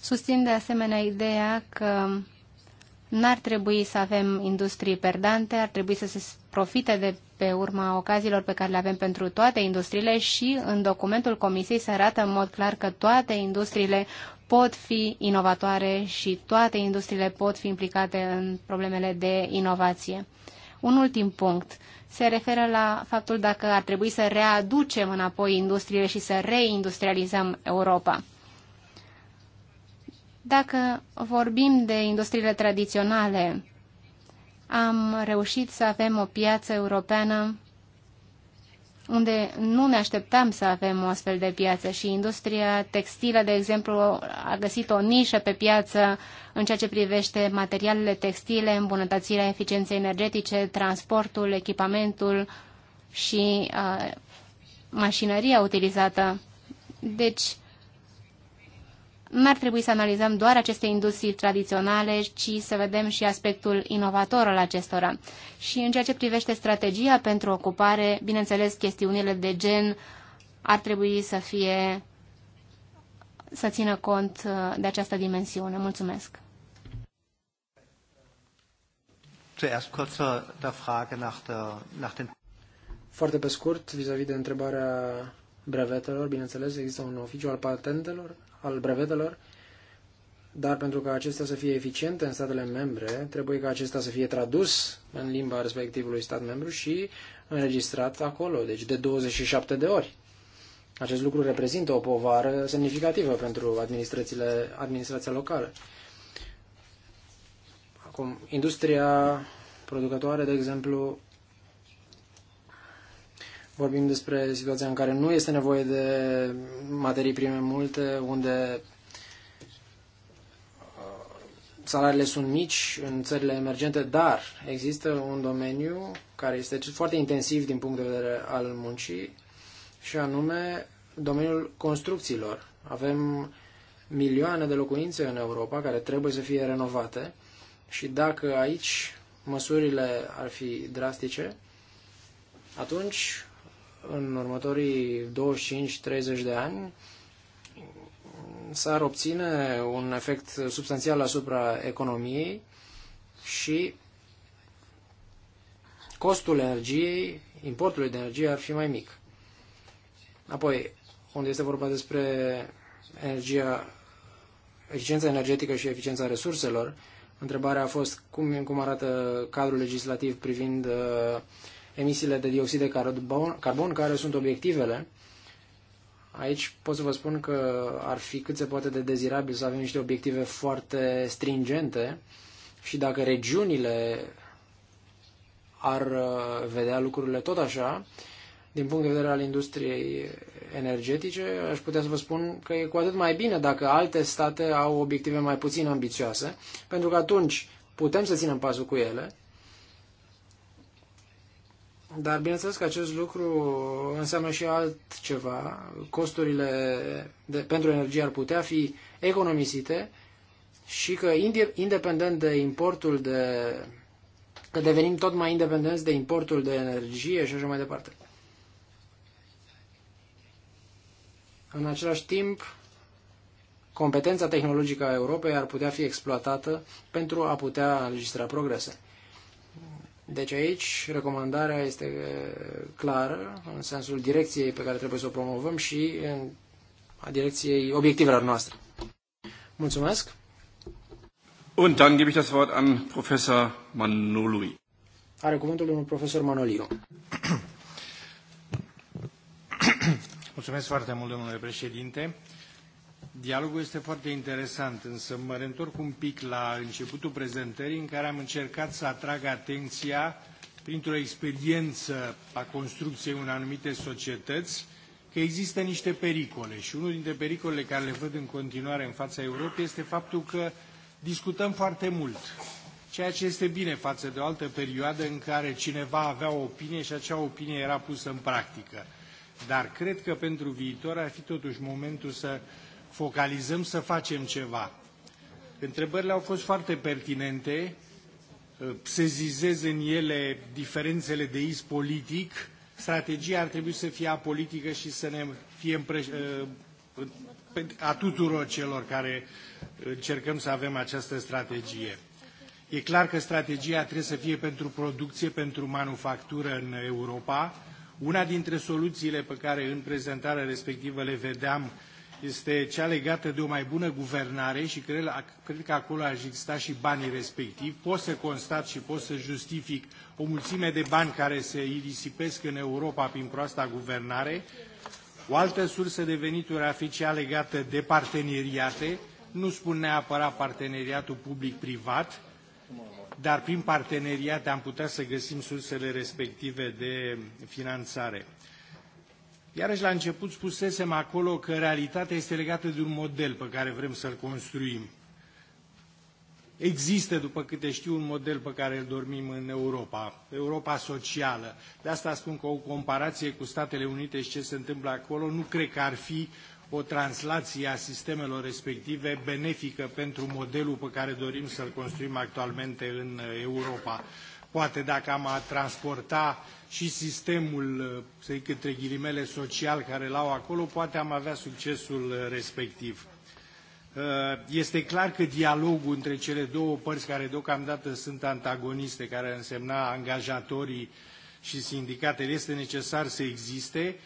Susțin de asemenea ideea că N-ar trebui să avem industrii perdante, ar trebui să se profite de pe urma ocaziilor pe care le avem pentru toate industriile și în documentul Comisiei se arată în mod clar că toate industriile pot fi inovatoare și toate industriile pot fi implicate în problemele de inovație. Un ultim punct se referă la faptul dacă ar trebui să readucem înapoi industriile și să reindustrializăm Europa. Dacă vorbim de industriile tradiționale, am reușit să avem o piață europeană unde nu ne așteptam să avem o astfel de piață și industria textilă, de exemplu, a găsit o nișă pe piață în ceea ce privește materialele textile, îmbunătățirea eficienței energetice, transportul, echipamentul și uh, mașinăria utilizată. Deci, nu ar trebui să analizăm doar aceste industrii tradiționale, ci să vedem și aspectul inovator al acestora. Și în ceea ce privește strategia pentru ocupare, bineînțeles, chestiunile de gen ar trebui să fie să țină cont uh, de această dimensiune. Mulțumesc. Foarte pe scurt, vis-a-vis -vis de întrebarea brevetelor, bineînțeles, există un oficiu al patentelor al brevetelor, dar pentru ca acestea să fie eficiente în statele membre, trebuie ca acesta să fie tradus în limba respectivului stat membru și înregistrat acolo, deci de 27 de ori. Acest lucru reprezintă o povară semnificativă pentru administrațiile, administrația locală. Acum, industria producătoare, de exemplu, Vorbim despre situația în care nu este nevoie de materii prime multe, unde uh, salariile sunt mici în țările emergente, dar există un domeniu care este foarte intensiv din punct de vedere al muncii și anume domeniul construcțiilor. Avem milioane de locuințe în Europa care trebuie să fie renovate și dacă aici măsurile ar fi drastice, atunci în următorii 25-30 de ani s-ar obține un efect substanțial asupra economiei și costul energiei, importului de energie ar fi mai mic. Apoi, unde este vorba despre energia, eficiența energetică și eficiența resurselor, întrebarea a fost cum, cum arată cadrul legislativ privind uh, emisiile de dioxid de carbon, care sunt obiectivele. Aici pot să vă spun că ar fi cât se poate de dezirabil să avem niște obiective foarte stringente și dacă regiunile ar uh, vedea lucrurile tot așa, din punct de vedere al industriei energetice, aș putea să vă spun că e cu atât mai bine dacă alte state au obiective mai puțin ambițioase, pentru că atunci putem să ținem pasul cu ele dar bineînțeles că acest lucru înseamnă și altceva. Costurile de, pentru energie ar putea fi economisite și că independent de importul de... că devenim tot mai independenți de importul de energie și așa mai departe. În același timp, competența tehnologică a Europei ar putea fi exploatată pentru a putea înregistra progrese. Deci aici recomandarea este clară în sensul direcției pe care trebuie să o promovăm și în a direcției obiectivelor noastre. Mulțumesc! Und dann gebe ich das Wort an Professor Manolui. Are cuvântul domnul profesor Manoliu. Mulțumesc foarte mult, domnule președinte. Dialogul este foarte interesant, însă mă reîntorc un pic la începutul prezentării în care am încercat să atrag atenția printr-o experiență a construcției unei anumite societăți că există niște pericole și unul dintre pericolele care le văd în continuare în fața Europei este faptul că discutăm foarte mult, ceea ce este bine față de o altă perioadă în care cineva avea o opinie și acea opinie era pusă în practică. Dar cred că pentru viitor ar fi totuși momentul să focalizăm să facem ceva. Întrebările au fost foarte pertinente, uh, se zizez în ele diferențele de iz politic, strategia ar trebui să fie apolitică și să ne fie uh, a tuturor celor care încercăm să avem această strategie. E clar că strategia trebuie să fie pentru producție, pentru manufactură în Europa. Una dintre soluțiile pe care în prezentarea respectivă le vedeam este cea legată de o mai bună guvernare și cred, cred că acolo aș exista și banii respectivi. Pot să constat și pot să justific o mulțime de bani care se irisipesc în Europa prin proasta guvernare. O altă sursă de venituri ar fi cea legată de parteneriate. Nu spun neapărat parteneriatul public-privat, dar prin parteneriate am putea să găsim sursele respective de finanțare. Iarăși la început spusesem acolo că realitatea este legată de un model pe care vrem să-l construim. Există, după câte știu, un model pe care îl dormim în Europa, Europa socială. De asta spun că o comparație cu Statele Unite și ce se întâmplă acolo nu cred că ar fi o translație a sistemelor respective benefică pentru modelul pe care dorim să-l construim actualmente în Europa. Poate dacă am transporta și sistemul, uh, să zic între ghilimele, social care l-au acolo, poate am avea succesul uh, respectiv. Uh, este clar că dialogul între cele două părți care deocamdată sunt antagoniste, care însemna angajatorii și sindicatele, este necesar să existe,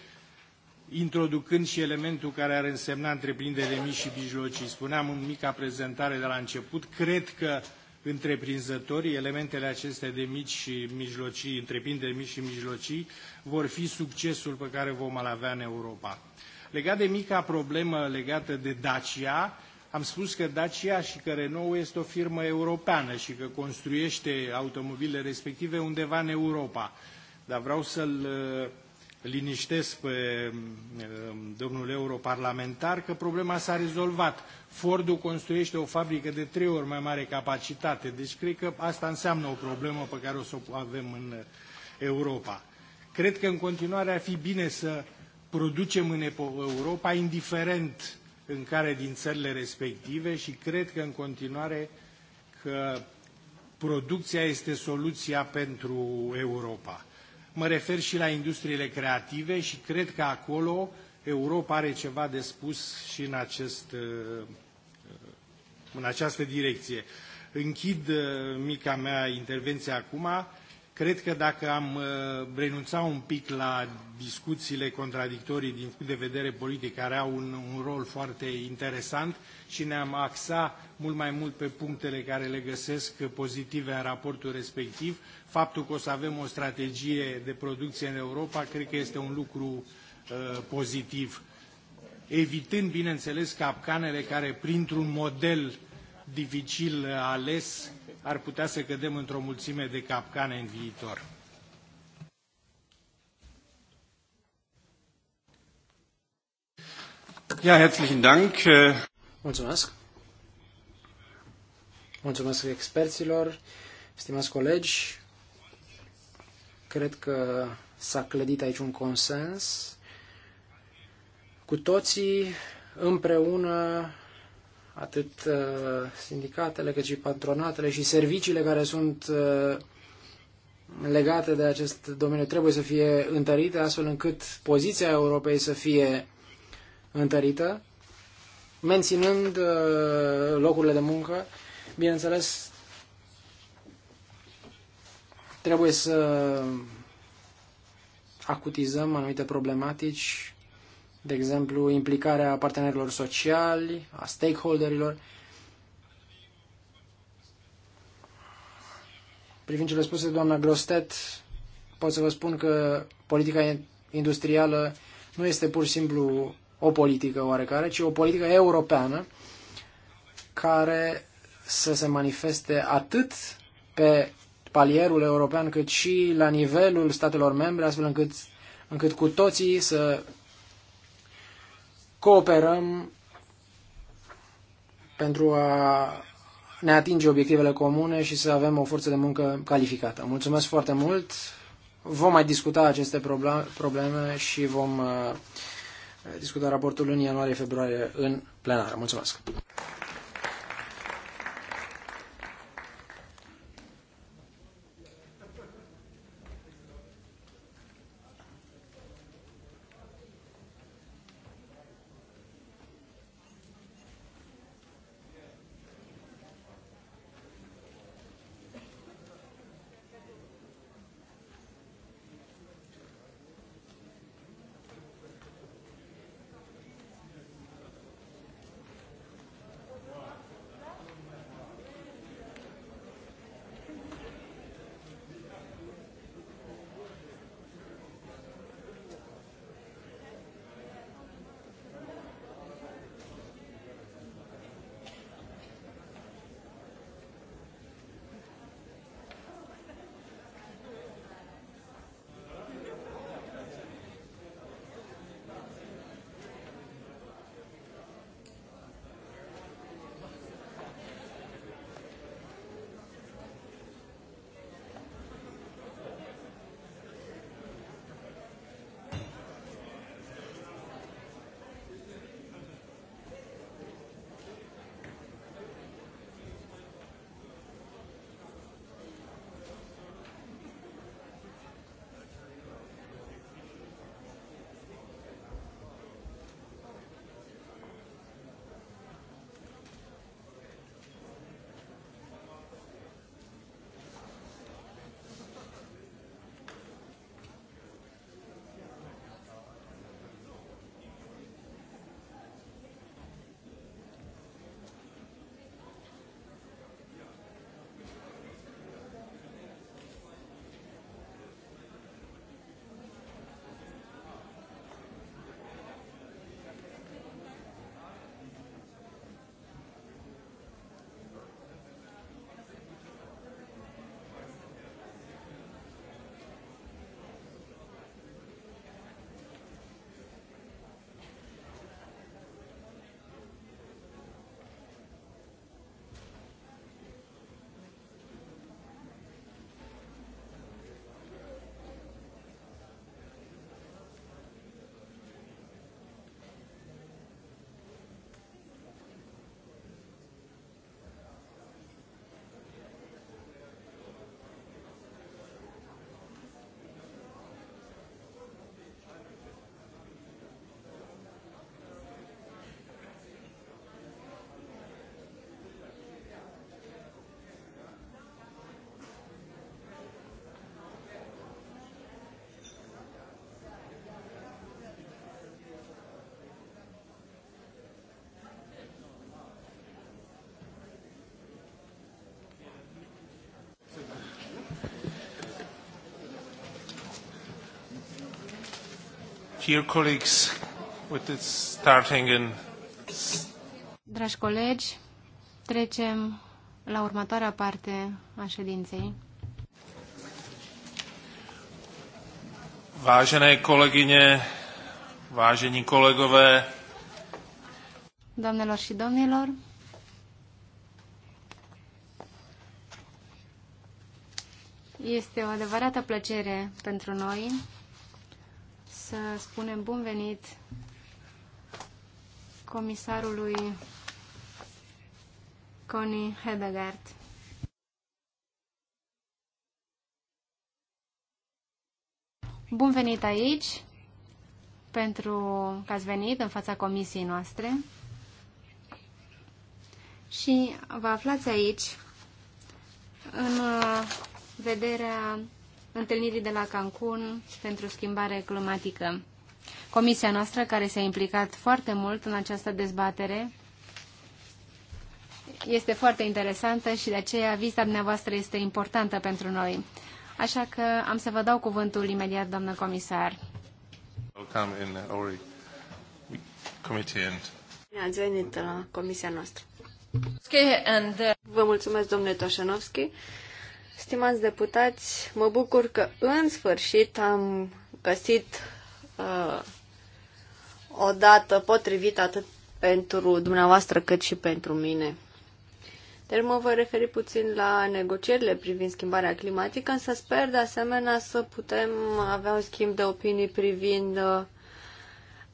introducând și elementul care ar însemna întreprindere mici și mijlocii. Spuneam în mica prezentare de la început, cred că uh, întreprinzători, elementele acestea de mici și mijlocii, întreprinderi mici și mijlocii, vor fi succesul pe care vom avea în Europa. Legat de mica problemă legată de Dacia, am spus că Dacia și că Renault este o firmă europeană și că construiește automobile respective undeva în Europa. Dar vreau să-l liniștesc pe um, domnul europarlamentar că problema s-a rezolvat. Fordul construiește o fabrică de trei ori mai mare capacitate, deci cred că asta înseamnă o problemă pe care o să o avem în uh, Europa. Cred că în continuare ar fi bine să producem în Europa, indiferent în care din țările respective și cred că în continuare că producția este soluția pentru Europa. Mă refer și la industriile creative și cred că acolo Europa are ceva de spus și în, acest, uh, uh, în această direcție. Închid uh, mica mea intervenție acum Cred că dacă am uh, renunțat un pic la discuțiile contradictorii din punct de vedere politic, care au un, un rol foarte interesant și ne-am axa mult mai mult pe punctele care le găsesc pozitive în raportul respectiv, faptul că o să avem o strategie de producție în Europa, cred că este un lucru uh, pozitiv. Evitând, bineînțeles, capcanele care, printr-un model dificil uh, ales, ar putea să cădem într-o mulțime de capcane în viitor. Ja, herzlichen Dank. Eh. Mulțumesc. Mulțumesc experților, stimați colegi. Cred că s-a clădit aici un consens. Cu toții împreună atât uh, sindicatele cât și patronatele și serviciile care sunt uh, legate de acest domeniu trebuie să fie întărite, astfel încât poziția Europei să fie întărită, menținând uh, locurile de muncă. Bineînțeles, trebuie să acutizăm anumite problematici de exemplu, implicarea partenerilor sociali, a stakeholderilor. Privind cele spuse de doamna Grostet, pot să vă spun că politica industrială nu este pur și simplu o politică oarecare, ci o politică europeană care să se manifeste atât pe palierul european cât și la nivelul statelor membre, astfel încât, încât cu toții să cooperăm pentru a ne atinge obiectivele comune și să avem o forță de muncă calificată. Mulțumesc foarte mult! Vom mai discuta aceste probleme și vom uh, discuta raportul în ianuarie-februarie în plenară. Mulțumesc! Dear colleagues, with starting in... Dragi colegi, trecem la următoarea parte a ședinței. Vážené kolegyně, vážení kolegové, Doamnelor și domnilor, este o adevărată plăcere pentru noi să spunem bun venit comisarului Connie Hedegaard. Bun venit aici pentru că ați venit în fața comisiei noastre și vă aflați aici în uh, vederea întâlnirii de la Cancun pentru schimbare climatică. Comisia noastră, care s-a implicat foarte mult în această dezbatere, este foarte interesantă și de aceea vizita dumneavoastră este importantă pentru noi. Așa că am să vă dau cuvântul imediat, doamnă comisar. Bine ați venit la comisia noastră. Uh, vă mulțumesc, domnule Toșanovski. Stimați deputați, mă bucur că în sfârșit am găsit uh, o dată potrivită atât pentru dumneavoastră cât și pentru mine. Dar deci mă voi referi puțin la negocierile privind schimbarea climatică, însă sper de asemenea să putem avea un schimb de opinii privind uh,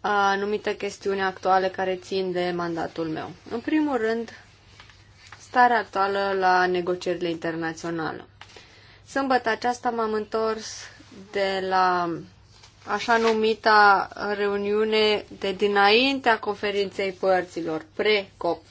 anumite chestiuni actuale care țin de mandatul meu. În primul rând, starea actuală la negocierile internaționale. Sâmbătă aceasta m-am întors de la așa numita reuniune de dinaintea conferinței părților, pre-COP.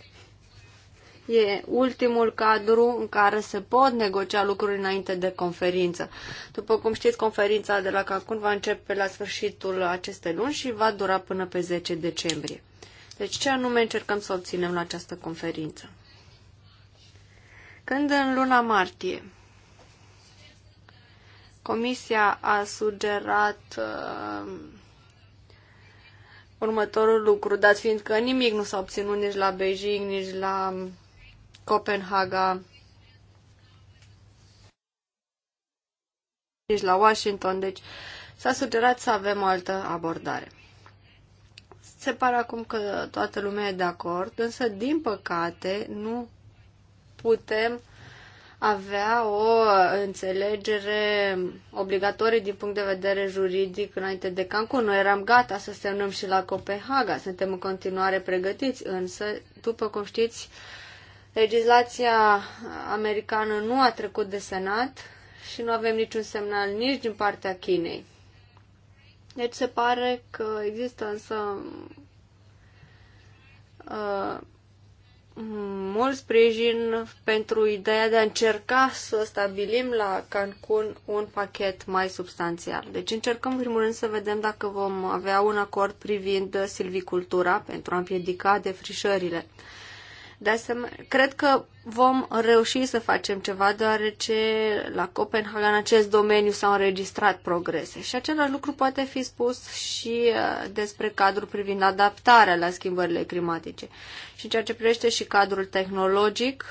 E ultimul cadru în care se pot negocia lucruri înainte de conferință. După cum știți, conferința de la Cancun va începe la sfârșitul acestei luni și va dura până pe 10 decembrie. Deci ce anume încercăm să obținem la această conferință? Când în luna martie Comisia a sugerat uh, următorul lucru, dat fiind că nimic nu s-a obținut nici la Beijing, nici la Copenhaga, nici la Washington, deci s-a sugerat să avem o altă abordare. Se pare acum că toată lumea e de acord, însă, din păcate, nu putem avea o înțelegere obligatorie din punct de vedere juridic înainte de Cancun. Noi eram gata să semnăm și la Copenhaga, suntem în continuare pregătiți, însă, după cum știți, legislația americană nu a trecut de Senat și nu avem niciun semnal nici din partea Chinei. Deci se pare că există însă uh, mult sprijin pentru ideea de a încerca să stabilim la Cancun un pachet mai substanțial. Deci încercăm, în primul rând, să vedem dacă vom avea un acord privind silvicultura pentru a împiedica defrișările. De asemenea, cred că vom reuși să facem ceva, deoarece la Copenhaga în acest domeniu s-au înregistrat progrese. Și același lucru poate fi spus și uh, despre cadrul privind adaptarea la schimbările climatice. Și în ceea ce privește și cadrul tehnologic,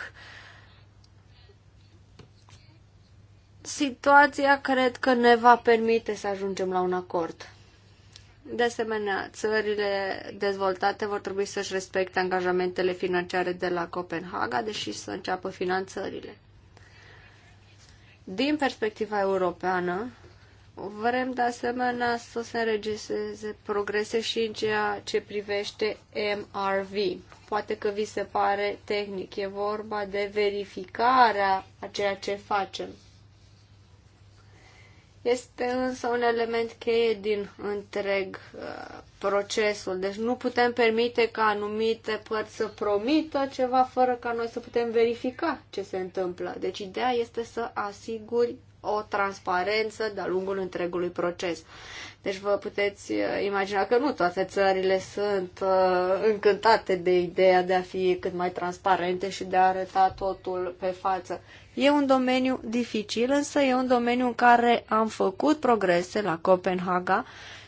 situația cred că ne va permite să ajungem la un acord. De asemenea, țările dezvoltate vor trebui să-și respecte angajamentele financiare de la Copenhaga, deși să înceapă finanțările. Din perspectiva europeană, vrem de asemenea să se înregistreze progrese și în ceea ce privește MRV. Poate că vi se pare tehnic, e vorba de verificarea a ceea ce facem este însă un element cheie din întreg uh, procesul. Deci nu putem permite ca anumite părți să promită ceva fără ca noi să putem verifica ce se întâmplă. Deci ideea este să asiguri o transparență de-a lungul întregului proces. Deci vă puteți uh, imagina că nu toate țările sunt uh, încântate de ideea de a fi cât mai transparente și de a arăta totul pe față. E un domeniu dificil, însă e un domeniu în care am făcut progrese la Copenhaga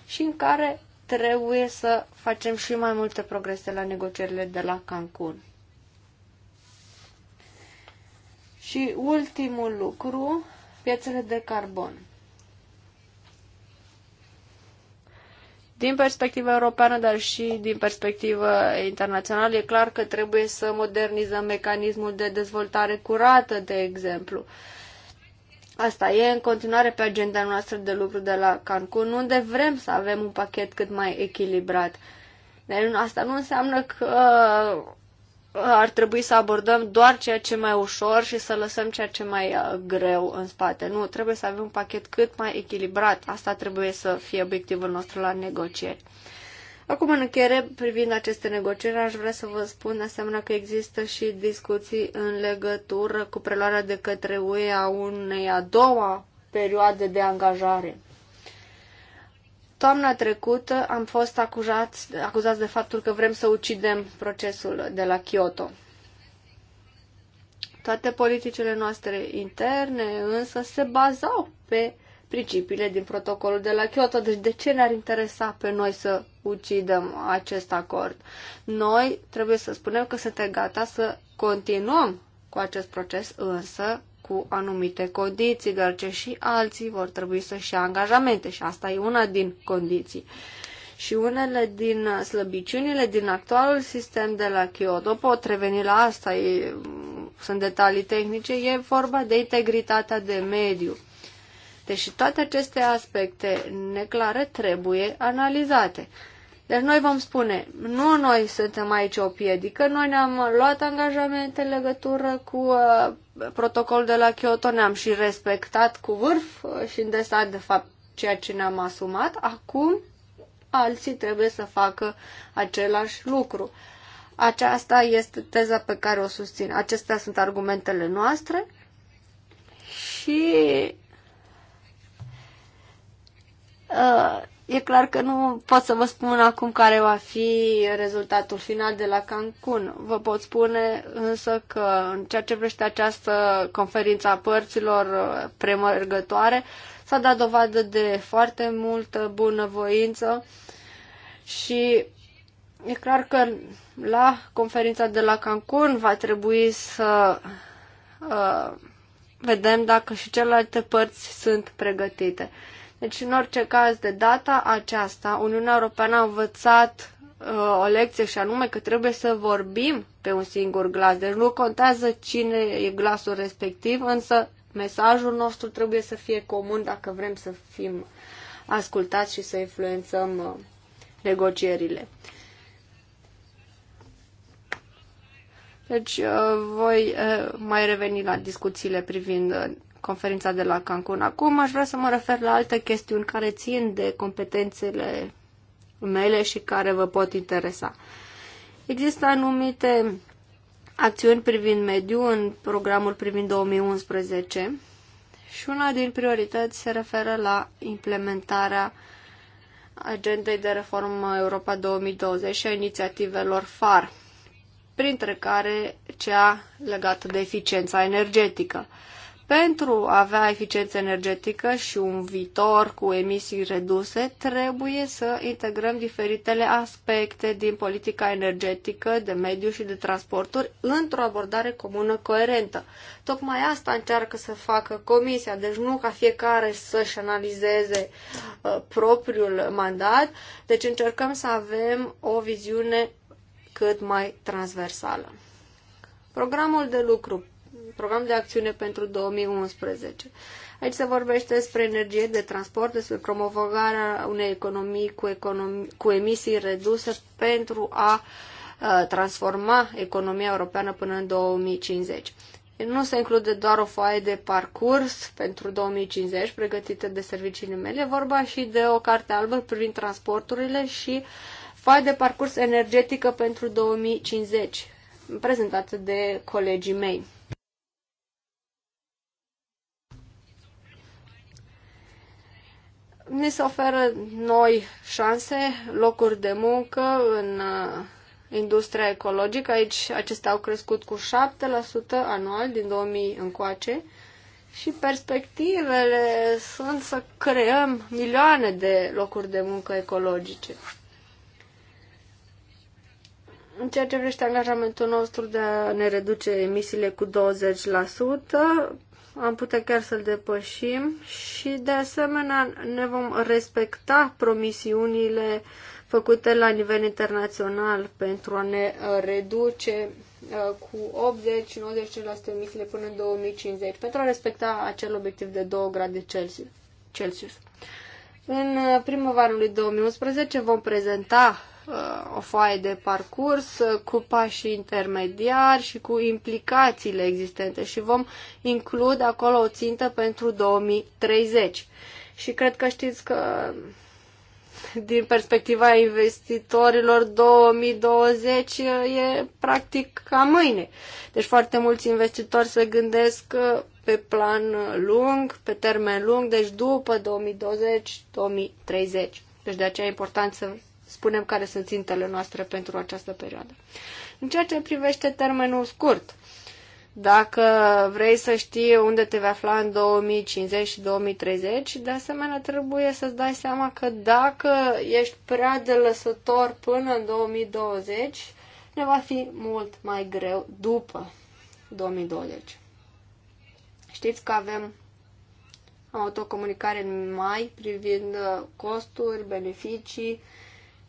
și în care trebuie să facem și mai multe progrese la negocierile de la Cancun. Și ultimul lucru, piețele de carbon. Din perspectivă europeană, dar și din perspectivă internațională, e clar că trebuie să modernizăm mecanismul de dezvoltare curată, de exemplu. Asta e în continuare pe agenda noastră de lucru de la Cancun, unde vrem să avem un pachet cât mai echilibrat. Dar asta nu înseamnă că ar trebui să abordăm doar ceea ce mai ușor și să lăsăm ceea ce mai uh, greu în spate. Nu, trebuie să avem un pachet cât mai echilibrat. Asta trebuie să fie obiectivul nostru la negocieri. Acum, în încheiere, privind aceste negocieri, aș vrea să vă spun de asemenea că există și discuții în legătură cu preluarea de către UE a unei a doua perioade de angajare Toamna trecută am fost acuzați, acuzați de faptul că vrem să ucidem procesul de la Kyoto. Toate politicile noastre interne însă se bazau pe principiile din protocolul de la Kyoto, deci de ce ne-ar interesa pe noi să ucidem acest acord? Noi trebuie să spunem că suntem gata să continuăm cu acest proces, însă cu anumite condiții, deoarece și alții vor trebui să-și ia angajamente și asta e una din condiții. Și unele din slăbiciunile din actualul sistem de la Kyoto pot reveni la asta, e, sunt detalii tehnice, e vorba de integritatea de mediu. Deși toate aceste aspecte neclare trebuie analizate. Deci noi vom spune, nu noi suntem aici o piedică, noi ne-am luat angajamente în legătură cu uh, protocolul de la Kyoto, ne-am și respectat cu vârf uh, și îndesat de fapt ceea ce ne-am asumat. Acum alții trebuie să facă același lucru. Aceasta este teza pe care o susțin. Acestea sunt argumentele noastre și uh, E clar că nu pot să vă spun acum care va fi rezultatul final de la Cancun. Vă pot spune însă că în ceea ce vrește această conferință a părților premergătoare s-a dat dovadă de foarte multă bunăvoință și e clar că la conferința de la Cancun va trebui să uh, vedem dacă și celelalte părți sunt pregătite. Uh, deci, în orice caz, de data aceasta, Uniunea Europeană a învățat uh, o lecție și anume că trebuie să vorbim pe un singur glas. Deci nu contează cine e glasul respectiv, însă mesajul nostru trebuie să fie comun dacă vrem să fim ascultați și să influențăm uh, negocierile. Deci uh, voi uh, mai reveni la discuțiile privind uh, conferința de la Cancun. Acum aș vrea să mă refer la alte chestiuni care țin de competențele mele și care vă pot interesa. Există anumite acțiuni privind mediu în programul privind 2011 și una din priorități se referă la implementarea agendei de reformă Europa 2020 și a inițiativelor FAR, printre care cea legată de eficiența energetică. Pentru a avea eficiență energetică și un viitor cu emisii reduse, trebuie să integrăm diferitele aspecte din politica energetică, de mediu și de transporturi într-o abordare comună coerentă. Tocmai asta încearcă să facă comisia, deci nu ca fiecare să-și analizeze uh, propriul mandat, deci încercăm să avem o viziune cât mai transversală. Programul de lucru program de acțiune pentru 2011. Aici se vorbește despre energie de transport, despre promovarea unei economii cu, economii, cu emisii reduse pentru a transforma economia europeană până în 2050. Nu se include doar o foaie de parcurs pentru 2050 pregătită de serviciile mele, vorba și de o carte albă privind transporturile și foaie de parcurs energetică pentru 2050, prezentată de colegii mei. ni se oferă noi șanse, locuri de muncă în uh, industria ecologică. Aici acestea au crescut cu 7% anual din 2000 încoace și perspectivele sunt să creăm milioane de locuri de muncă ecologice. În ceea ce vrește angajamentul nostru de a ne reduce emisiile cu 20%, am putea chiar să-l depășim și de asemenea ne vom respecta promisiunile făcute la nivel internațional pentru a ne uh, reduce uh, cu 80-90% emisiile până în 2050 pentru a respecta acel obiectiv de 2 grade Celsius. În uh, primăvara lui 2011 vom prezenta Uh, o foaie de parcurs uh, cu pași intermediari și cu implicațiile existente și vom include acolo o țintă pentru 2030. Și cred că știți că din perspectiva investitorilor 2020 uh, e practic ca mâine. Deci foarte mulți investitori se gândesc pe plan lung, pe termen lung, deci după 2020-2030. Deci de aceea e important să spunem care sunt țintele noastre pentru această perioadă. În ceea ce privește termenul scurt, dacă vrei să știi unde te vei afla în 2050 și 2030, de asemenea trebuie să-ți dai seama că dacă ești prea de lăsător până în 2020, ne va fi mult mai greu după 2020. Știți că avem autocomunicare în mai privind costuri, beneficii,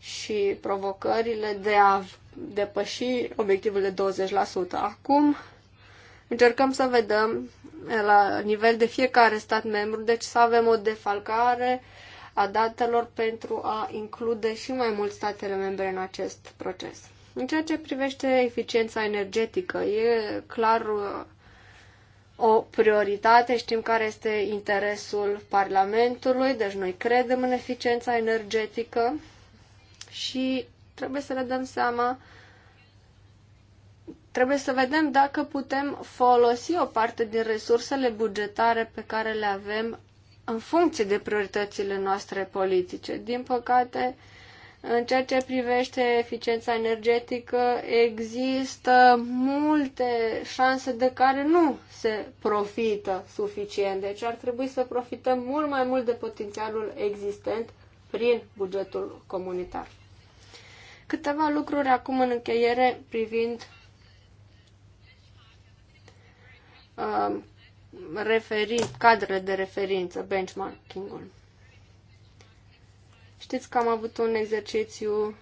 și provocările de a depăși obiectivul de 20%. Acum încercăm să vedem la nivel de fiecare stat membru, deci să avem o defalcare a datelor pentru a include și mai mult statele membre în acest proces. În ceea ce privește eficiența energetică, e clar uh, o prioritate, știm care este interesul Parlamentului, deci noi credem în eficiența energetică și trebuie să ne dăm seama, trebuie să vedem dacă putem folosi o parte din resursele bugetare pe care le avem în funcție de prioritățile noastre politice. Din păcate, în ceea ce privește eficiența energetică, există multe șanse de care nu se profită suficient. Deci ar trebui să profităm mult mai mult de potențialul existent prin bugetul comunitar. Câteva lucruri acum în încheiere privind uh, referin, de referință, benchmarking-ul. Știți că am avut un exercițiu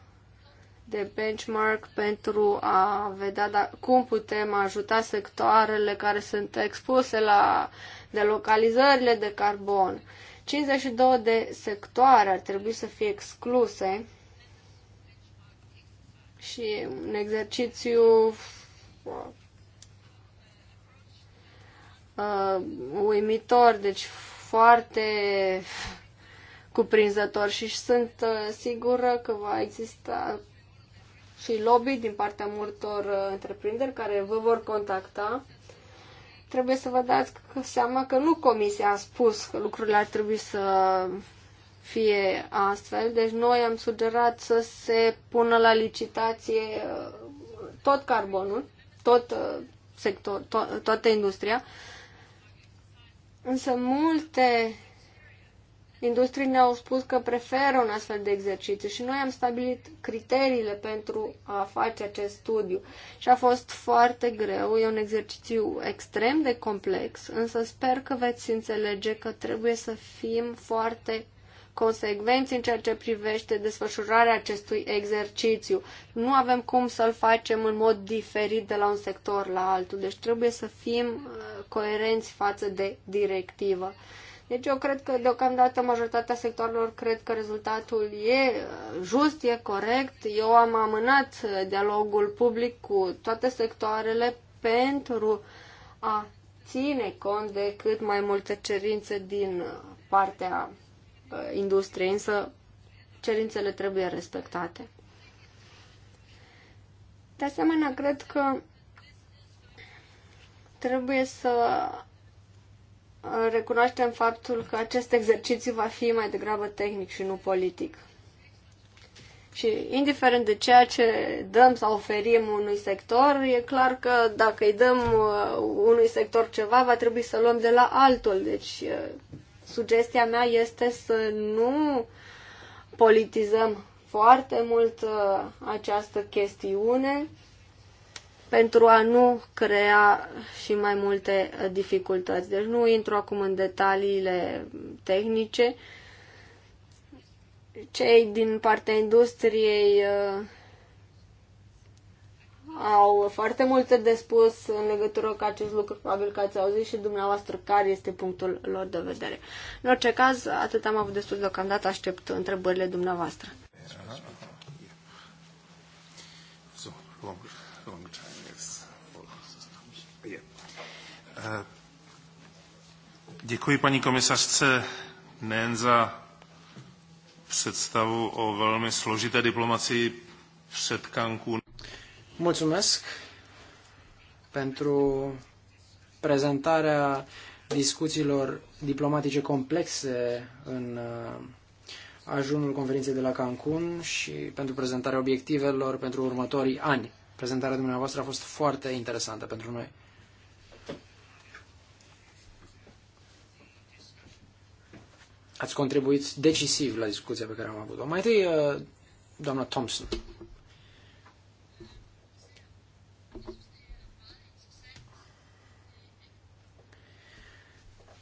de benchmark pentru a vedea da, cum putem ajuta sectoarele care sunt expuse la delocalizările de carbon. 52 de sectoare ar trebui să fie excluse și un exercițiu uh, uimitor, deci foarte cuprinzător și sunt uh, sigură că va exista și lobby din partea multor uh, întreprinderi care vă vor contacta. Trebuie să vă dați seama că nu comisia a spus că lucrurile ar trebui să fie astfel. Deci noi am sugerat să se pună la licitație uh, tot carbonul, tot uh, sector, to- uh, toată industria. Însă multe industrii ne-au spus că preferă un astfel de exercițiu și noi am stabilit criteriile pentru a face acest studiu și a fost foarte greu, e un exercițiu extrem de complex, însă sper că veți înțelege că trebuie să fim foarte consecvenți în ceea ce privește desfășurarea acestui exercițiu. Nu avem cum să-l facem în mod diferit de la un sector la altul, deci trebuie să fim uh, coerenți față de directivă. Deci eu cred că deocamdată majoritatea sectoarelor cred că rezultatul e uh, just, e corect. Eu am amânat uh, dialogul public cu toate sectoarele pentru a ține cont de cât mai multe cerințe din partea Uh, industriei, însă cerințele trebuie respectate. De asemenea, cred că trebuie să uh, recunoaștem faptul că acest exercițiu va fi mai degrabă tehnic și nu politic. Și indiferent de ceea ce dăm sau oferim unui sector, e clar că dacă îi dăm uh, unui sector ceva, va trebui să luăm de la altul. Deci sugestia mea este să nu politizăm foarte mult uh, această chestiune pentru a nu crea și mai multe uh, dificultăți. Deci nu intru acum în detaliile tehnice. Cei din partea industriei uh, au foarte multe de spus în legătură cu acest lucru. Probabil că ați auzit și dumneavoastră care este punctul lor de vedere. În orice caz, atât am avut destul deocamdată. Aștept întrebările dumneavoastră. Uh, děkuji paní komisařce nejen za představu o velmi složité diplomaci před Cancún. Mulțumesc pentru prezentarea discuțiilor diplomatice complexe în uh, ajunul conferinței de la Cancun și pentru prezentarea obiectivelor pentru următorii ani. Prezentarea dumneavoastră a fost foarte interesantă pentru noi. Ați contribuit decisiv la discuția pe care am avut-o. Mai întâi, uh, doamna Thompson.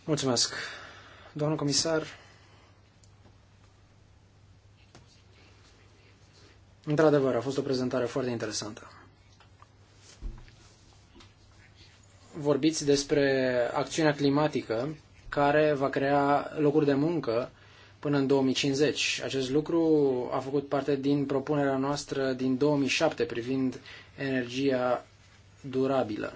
Mulțumesc. Domnul comisar, într-adevăr, a fost o prezentare foarte interesantă. Vorbiți despre acțiunea climatică care va crea locuri de muncă până în 2050. Acest lucru a făcut parte din propunerea noastră din 2007 privind energia durabilă.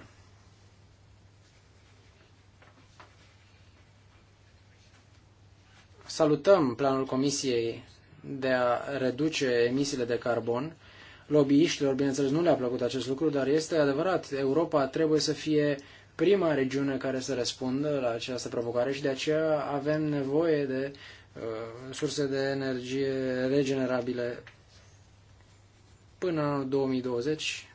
Salutăm planul Comisiei de a reduce emisiile de carbon. Lobbyiștilor, bineînțeles, nu le-a plăcut acest lucru, dar este adevărat. Europa trebuie să fie prima regiune care să răspundă la această provocare și de aceea avem nevoie de uh, surse de energie regenerabile până în 2020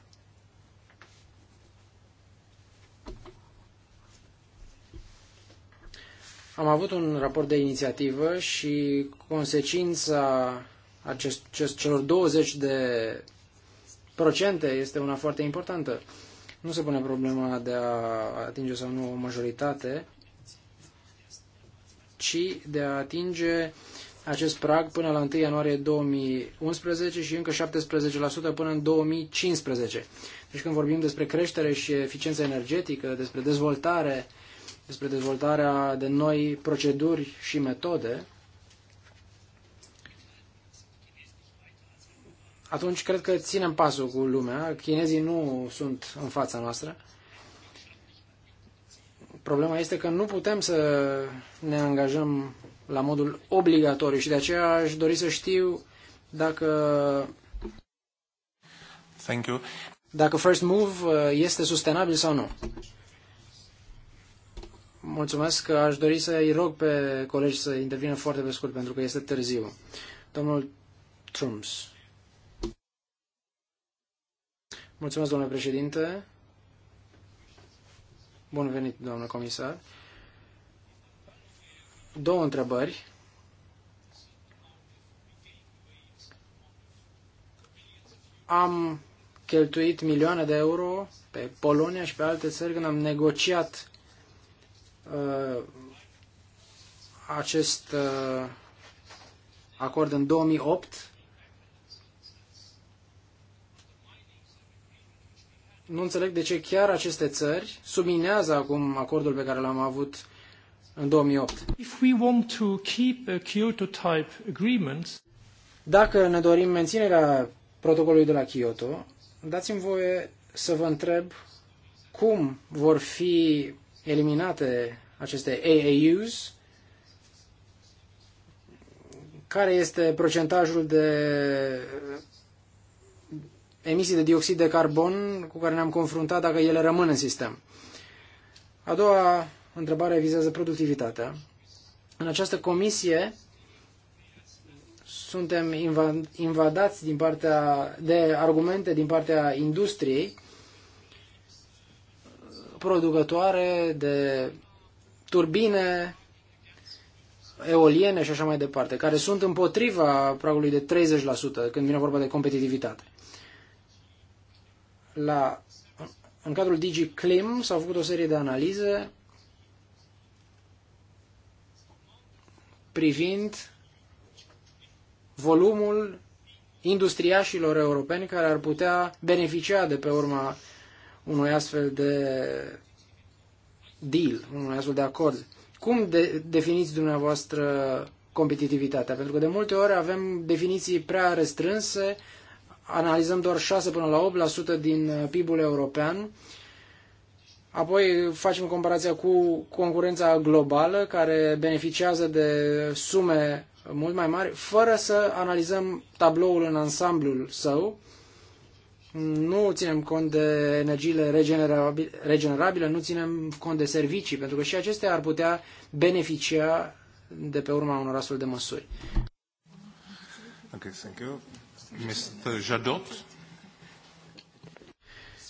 Am avut un raport de inițiativă și consecința acest, acest, celor 20 de procente este una foarte importantă. Nu se pune problema de a atinge sau nu o majoritate, ci de a atinge acest prag până la 1 ianuarie 2011 și încă 17% până în 2015. Deci când vorbim despre creștere și eficiență energetică, despre dezvoltare, despre dezvoltarea de noi proceduri și metode, atunci cred că ținem pasul cu lumea. Chinezii nu sunt în fața noastră. Problema este că nu putem să ne angajăm la modul obligatoriu și de aceea aș dori să știu dacă Thank you. dacă First Move uh, este sustenabil sau nu. Mulțumesc că aș dori să îi rog pe colegi să intervină foarte pe scurt, pentru că este târziu. Domnul Trumps. Mulțumesc, domnule președinte. Bun venit, domnule comisar. Două întrebări. Am cheltuit milioane de euro pe Polonia și pe alte țări când am negociat Uh, acest uh, acord în 2008. Nu înțeleg de ce chiar aceste țări subminează acum acordul pe care l-am avut în 2008. If we want to keep a Kyoto type agreement, dacă ne dorim menținerea protocolului de la Kyoto, dați-mi voie să vă întreb cum vor fi eliminate aceste AAUs, care este procentajul de uh, emisii de dioxid de carbon cu care ne-am confruntat dacă ele rămân în sistem. A doua întrebare vizează productivitatea. În această comisie suntem invadați din partea, de argumente din partea industriei producătoare de turbine eoliene și așa mai departe, care sunt împotriva pragului de 30% când vine vorba de competitivitate. La, în cadrul DigiClim s-au făcut o serie de analize privind volumul industriașilor europeni care ar putea beneficia de pe urma unui astfel de deal, unui astfel de acord. Cum de- definiți dumneavoastră competitivitatea? Pentru că de multe ori avem definiții prea restrânse, analizăm doar 6 până la 8% din PIB-ul european, apoi facem comparația cu concurența globală care beneficiază de sume mult mai mari, fără să analizăm tabloul în ansamblul său nu ținem cont de energiile regenerabile, regenerabile, nu ținem cont de servicii, pentru că și acestea ar putea beneficia de pe urma unor astfel de măsuri. Ok, thank you. Mr. Jadot.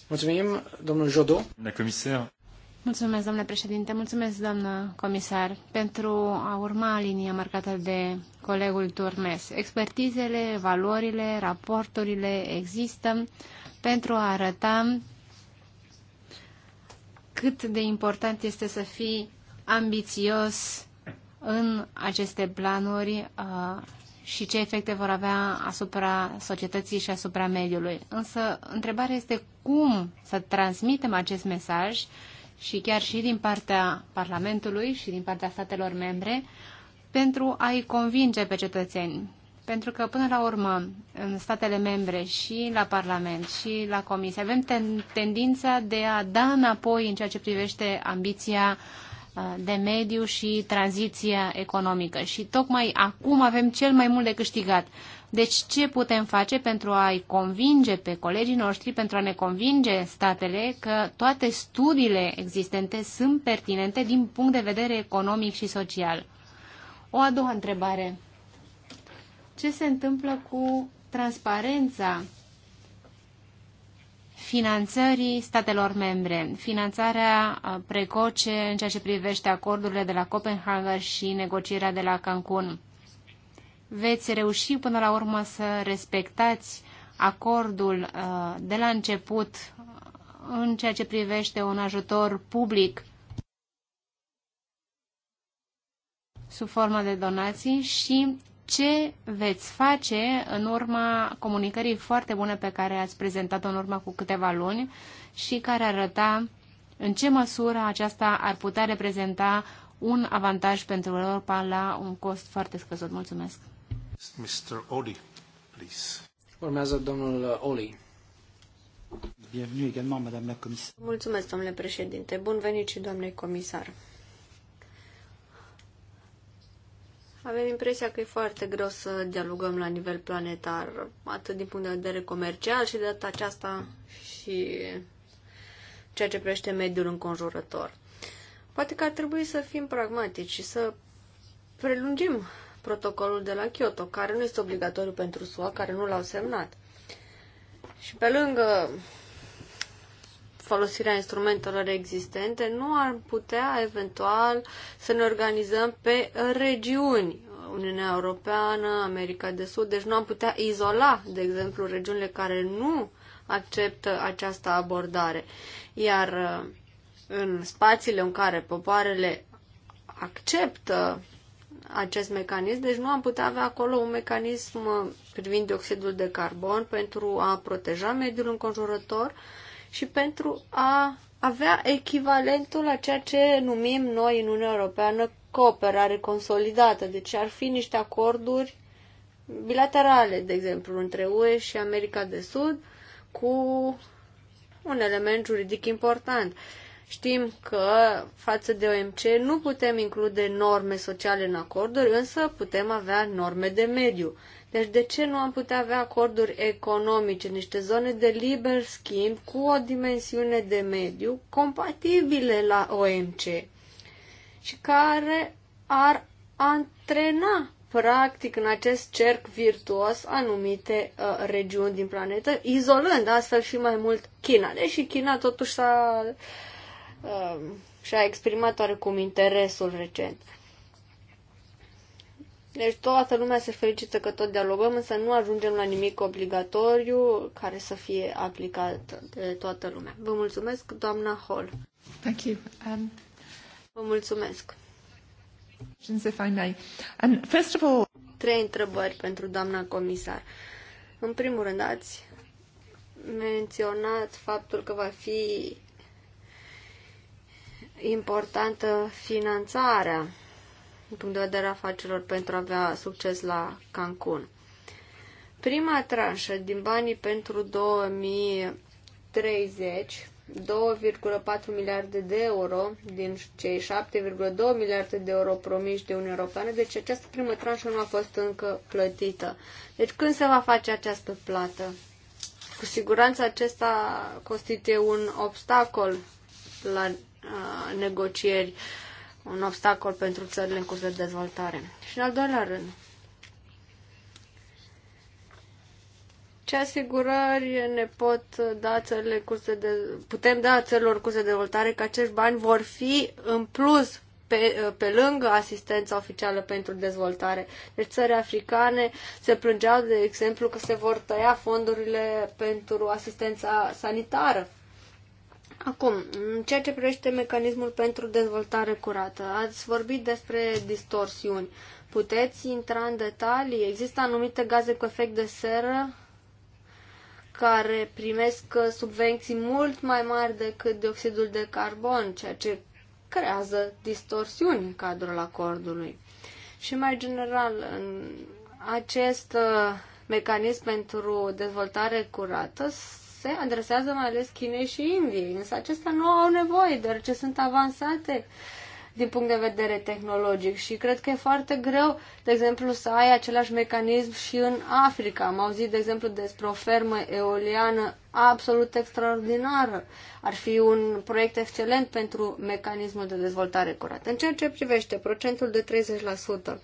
Mulțumim, domnul Jodot. Domnule comisar. Mulțumesc, domnule președinte, mulțumesc, doamnă comisar, pentru a urma linia marcată de colegul Turmes. Expertizele, valorile, raporturile există pentru a arăta cât de important este să fii ambițios în aceste planuri uh, și ce efecte vor avea asupra societății și asupra mediului. Însă, întrebarea este cum să transmitem acest mesaj și chiar și din partea Parlamentului și din partea statelor membre pentru a-i convinge pe cetățeni. Pentru că, până la urmă, în statele membre și la Parlament și la Comisie avem ten tendința de a da înapoi în ceea ce privește ambiția uh, de mediu și tranziția economică. Și tocmai acum avem cel mai mult de câștigat. Deci ce putem face pentru a-i convinge pe colegii noștri, pentru a ne convinge statele că toate studiile existente sunt pertinente din punct de vedere economic și social? O a doua întrebare. Ce se întâmplă cu transparența finanțării statelor membre, finanțarea uh, precoce în ceea ce privește acordurile de la Copenhaga și negocierea de la Cancun. Veți reuși până la urmă să respectați acordul uh, de la început uh, în ceea ce privește un ajutor public sub formă de donații și ce veți face în urma comunicării foarte bune pe care ați prezentat-o în urma cu câteva luni și care arăta în ce măsură aceasta ar putea reprezenta un avantaj pentru Europa la un cost foarte scăzut. Mulțumesc. Mr. Oli, please. Urmează domnul Oli. comisar. Mulțumesc, domnule președinte. Bun venit și doamnei comisar. Avem impresia că e foarte greu să dialogăm la nivel planetar, atât din punct de vedere comercial și de data aceasta și ceea ce privește mediul înconjurător. Poate că ar trebui să fim pragmatici și să prelungim protocolul de la Kyoto, care nu este obligatoriu pentru SUA, care nu l-au semnat. Și pe lângă folosirea instrumentelor existente, nu ar putea eventual să ne organizăm pe regiuni. Uniunea Europeană, America de Sud, deci nu am putea izola, de exemplu, regiunile care nu acceptă această abordare. Iar uh, în spațiile în care popoarele acceptă acest mecanism, deci nu am putea avea acolo un mecanism uh, privind dioxidul de carbon pentru a proteja mediul înconjurător, și pentru a avea echivalentul la ceea ce numim noi în Uniunea Europeană cooperare consolidată. Deci ar fi niște acorduri bilaterale, de exemplu, între UE și America de Sud, cu un element juridic important. Știm că față de OMC nu putem include norme sociale în acorduri, însă putem avea norme de mediu. Deci de ce nu am putea avea acorduri economice, niște zone de liber schimb cu o dimensiune de mediu compatibile la OMC și care ar antrena practic în acest cerc virtuos anumite uh, regiuni din planetă, izolând astfel și mai mult China. Deși China totuși s-a, uh, și-a exprimat oarecum interesul recent. Uh, deci toată lumea se felicită că tot dialogăm, însă nu ajungem la nimic obligatoriu care să fie aplicat de toată lumea. Vă mulțumesc, doamna Hall. Thank you. Um... Vă mulțumesc. If I may. And um, first of all... Trei întrebări pentru doamna comisar. În primul rând, ați menționat faptul că va fi importantă finanțarea din punct de vedere afacerilor pentru a avea succes la Cancun. Prima tranșă din banii pentru 2030, 2,4 miliarde de euro din cei 7,2 miliarde de euro promiși de Uniunea Europeană, deci această primă tranșă nu a fost încă plătită. Deci când se va face această plată? Cu siguranță acesta constituie un obstacol la uh, negocieri uh, un obstacol pentru țările în curs de dezvoltare. Și în al doilea rând, ce asigurări ne pot da țările curse de, putem da țărilor curse de dezvoltare că acești bani vor fi în plus pe, pe lângă asistența oficială pentru dezvoltare. Deci țări africane se plângeau, de exemplu, că se vor tăia fondurile pentru asistența sanitară. Acum, în ceea ce privește mecanismul pentru dezvoltare curată, ați vorbit despre distorsiuni. Puteți intra în detalii? Există anumite gaze cu efect de seră care primesc subvenții mult mai mari decât dioxidul de carbon, ceea ce creează distorsiuni în cadrul acordului. Și mai general, în acest uh, mecanism pentru dezvoltare curată se adresează mai ales Chinei și Indiei, însă acestea nu au nevoie, deoarece sunt avansate din punct de vedere tehnologic și cred că e foarte greu, de exemplu, să ai același mecanism și în Africa. Am auzit, de exemplu, despre o fermă eoliană absolut extraordinară. Ar fi un proiect excelent pentru mecanismul de dezvoltare curată. În ceea ce privește procentul de 30%,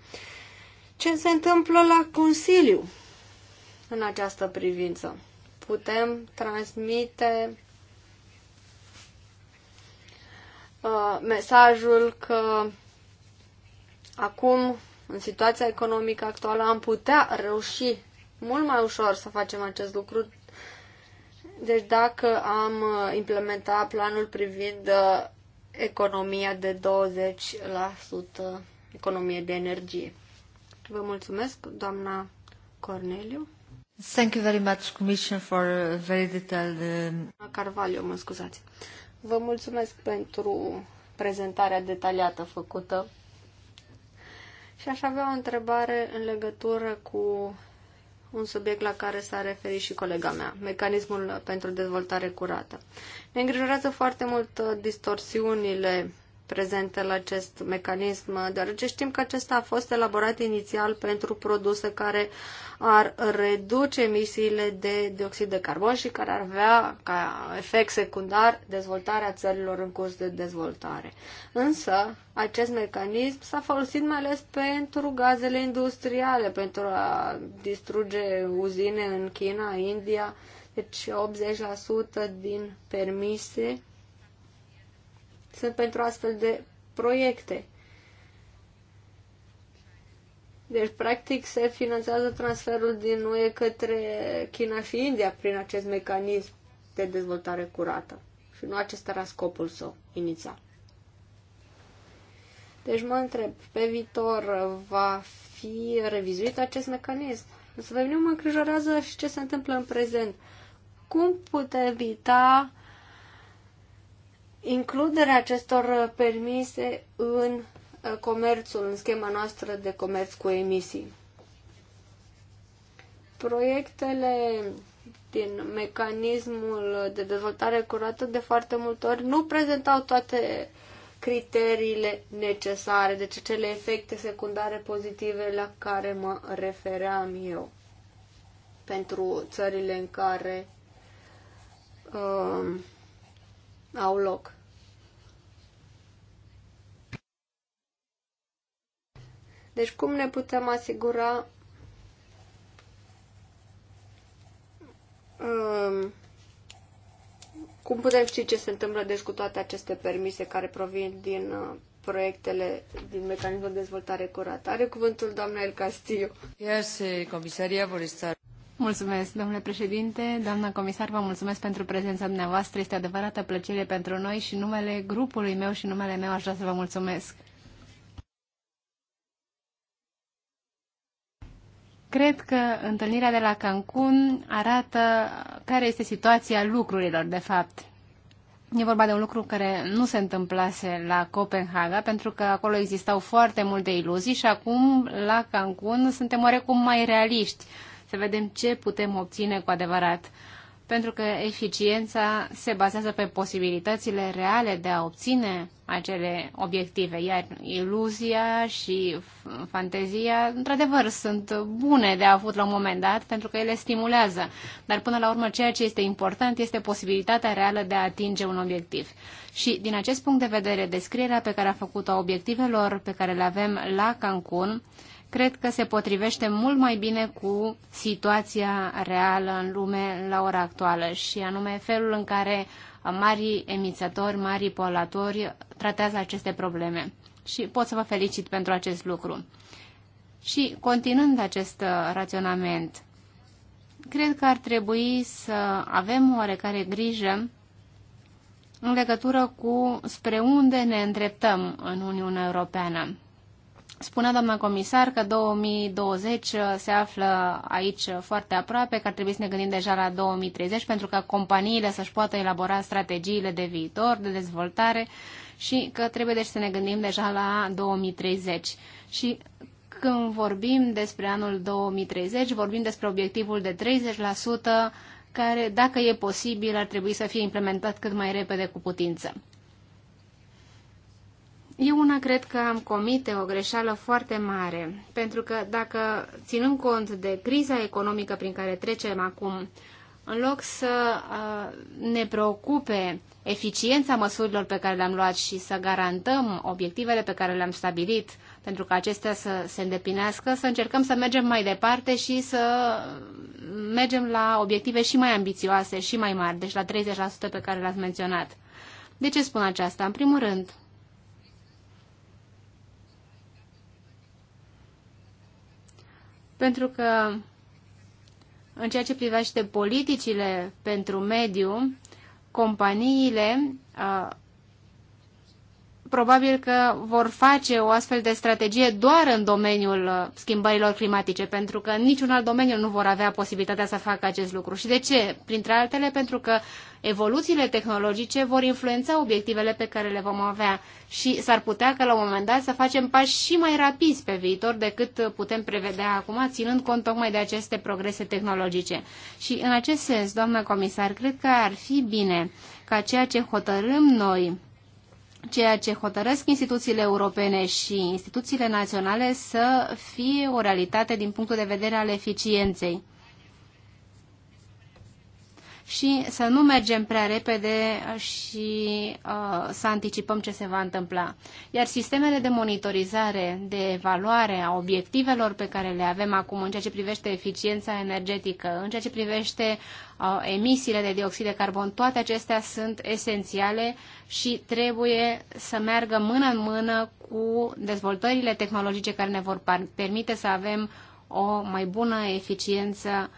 ce se întâmplă la Consiliu în această privință? putem transmite uh, mesajul că acum, în situația economică actuală, am putea reuși mult mai ușor să facem acest lucru. Deci dacă am uh, implementat planul privind uh, economia de 20%, economie de energie. Vă mulțumesc, doamna Corneliu. Thank you very much, Commission, for a very detailed... Um, Carvalho, mă scuzați. Vă mulțumesc pentru prezentarea detaliată făcută. Și aș avea o întrebare în legătură cu un subiect la care s-a referit și colega mea, mecanismul pentru dezvoltare curată. Ne îngrijorează foarte mult uh, distorsiunile prezente la acest mecanism, deoarece știm că acesta a fost elaborat inițial pentru produse care ar reduce emisiile de dioxid de carbon și care ar avea ca efect secundar dezvoltarea țărilor în curs de dezvoltare. Însă, acest mecanism s-a folosit mai ales pentru gazele industriale, pentru a distruge uzine în China, India, deci 80% din permise sunt pentru astfel de proiecte. Deci, practic, se finanțează transferul din UE către China și India prin acest mecanism de dezvoltare curată. Și nu acesta era scopul său inițial. Deci mă întreb, pe viitor va fi revizuit acest mecanism? Să vedem, mă îngrijorează și ce se întâmplă în prezent. Cum putem evita Includerea acestor uh, permise în uh, comerțul, în schema noastră de comerț cu emisii. Proiectele din mecanismul de dezvoltare curată de foarte multe ori nu prezentau toate criteriile necesare, deci cele efecte secundare pozitive la care mă refeream eu pentru țările în care uh, au loc. Deci cum ne putem asigura um, cum putem ști ce se întâmplă deci cu toate aceste permise care provin din uh, proiectele din mecanismul de dezvoltare curată. Are cuvântul doamna El Castillo. Yes, comisaria, por Mulțumesc, domnule președinte, doamna comisar, vă mulțumesc pentru prezența dumneavoastră. Este adevărată plăcere pentru noi și numele grupului meu și numele meu aș vrea să vă mulțumesc. Cred că întâlnirea de la Cancun arată care este situația lucrurilor, de fapt. E vorba de un lucru care nu se întâmplase la Copenhaga, pentru că acolo existau foarte multe iluzii și acum, la Cancun, suntem oarecum mai realiști să vedem ce putem obține cu adevărat. Pentru că eficiența se bazează pe posibilitățile reale de a obține acele obiective, iar iluzia și fantezia, într-adevăr, sunt bune de avut la un moment dat, pentru că ele stimulează. Dar până la urmă, ceea ce este important este posibilitatea reală de a atinge un obiectiv. Și din acest punct de vedere, descrierea pe care a făcut-o obiectivelor pe care le avem la Cancun, uh, cred că se potrivește mult mai bine cu situația reală în lume la ora actuală și anume felul în care mari emițători, mari polatori tratează aceste probleme. Și pot să vă felicit pentru acest lucru. Și continuând acest uh, raționament, cred că ar trebui să avem oarecare grijă în legătură cu spre unde ne îndreptăm în Uniunea Europeană. Spunea doamna comisar că 2020 uh, se află aici uh, foarte aproape, că ar trebui să ne gândim deja la 2030 pentru ca companiile să-și poată elabora strategiile de viitor, de dezvoltare și că trebuie deci să ne gândim deja la 2030. Și când vorbim despre anul 2030, vorbim despre obiectivul de 30% care, dacă e posibil, ar trebui să fie implementat cât mai repede cu putință. Eu una cred că am comite o greșeală foarte mare, pentru că dacă ținând cont de criza economică prin care trecem acum, în loc să uh, ne preocupe eficiența măsurilor pe care le-am luat și să garantăm obiectivele pe care le-am stabilit pentru că acestea să se îndeplinească, să încercăm să mergem mai departe și să mergem la obiective și mai ambițioase și mai mari, deci la 30% pe care l-ați menționat. De ce spun aceasta? În primul rând, pentru că în ceea ce privește politicile pentru mediu, companiile a, probabil că vor face o astfel de strategie doar în domeniul schimbărilor climatice, pentru că în niciun alt domeniu nu vor avea posibilitatea să facă acest lucru. Și de ce? Printre altele, pentru că evoluțiile tehnologice vor influența obiectivele pe care le vom avea și s-ar putea că la un moment dat să facem pași și mai rapizi pe viitor decât putem prevedea acum, ținând cont tocmai de aceste progrese tehnologice. Și în acest sens, doamnă comisar, cred că ar fi bine ca ceea ce hotărâm noi ceea ce hotărăsc instituțiile europene și instituțiile naționale să fie o realitate din punctul de vedere al eficienței și să nu mergem prea repede și uh, să anticipăm ce se va întâmpla. Iar sistemele de monitorizare, de evaluare a obiectivelor pe care le avem acum în ceea ce privește eficiența energetică, în ceea ce privește uh, emisiile de dioxid de carbon, toate acestea sunt esențiale și trebuie să meargă mână în mână cu dezvoltările tehnologice care ne vor permite să avem o mai bună eficiență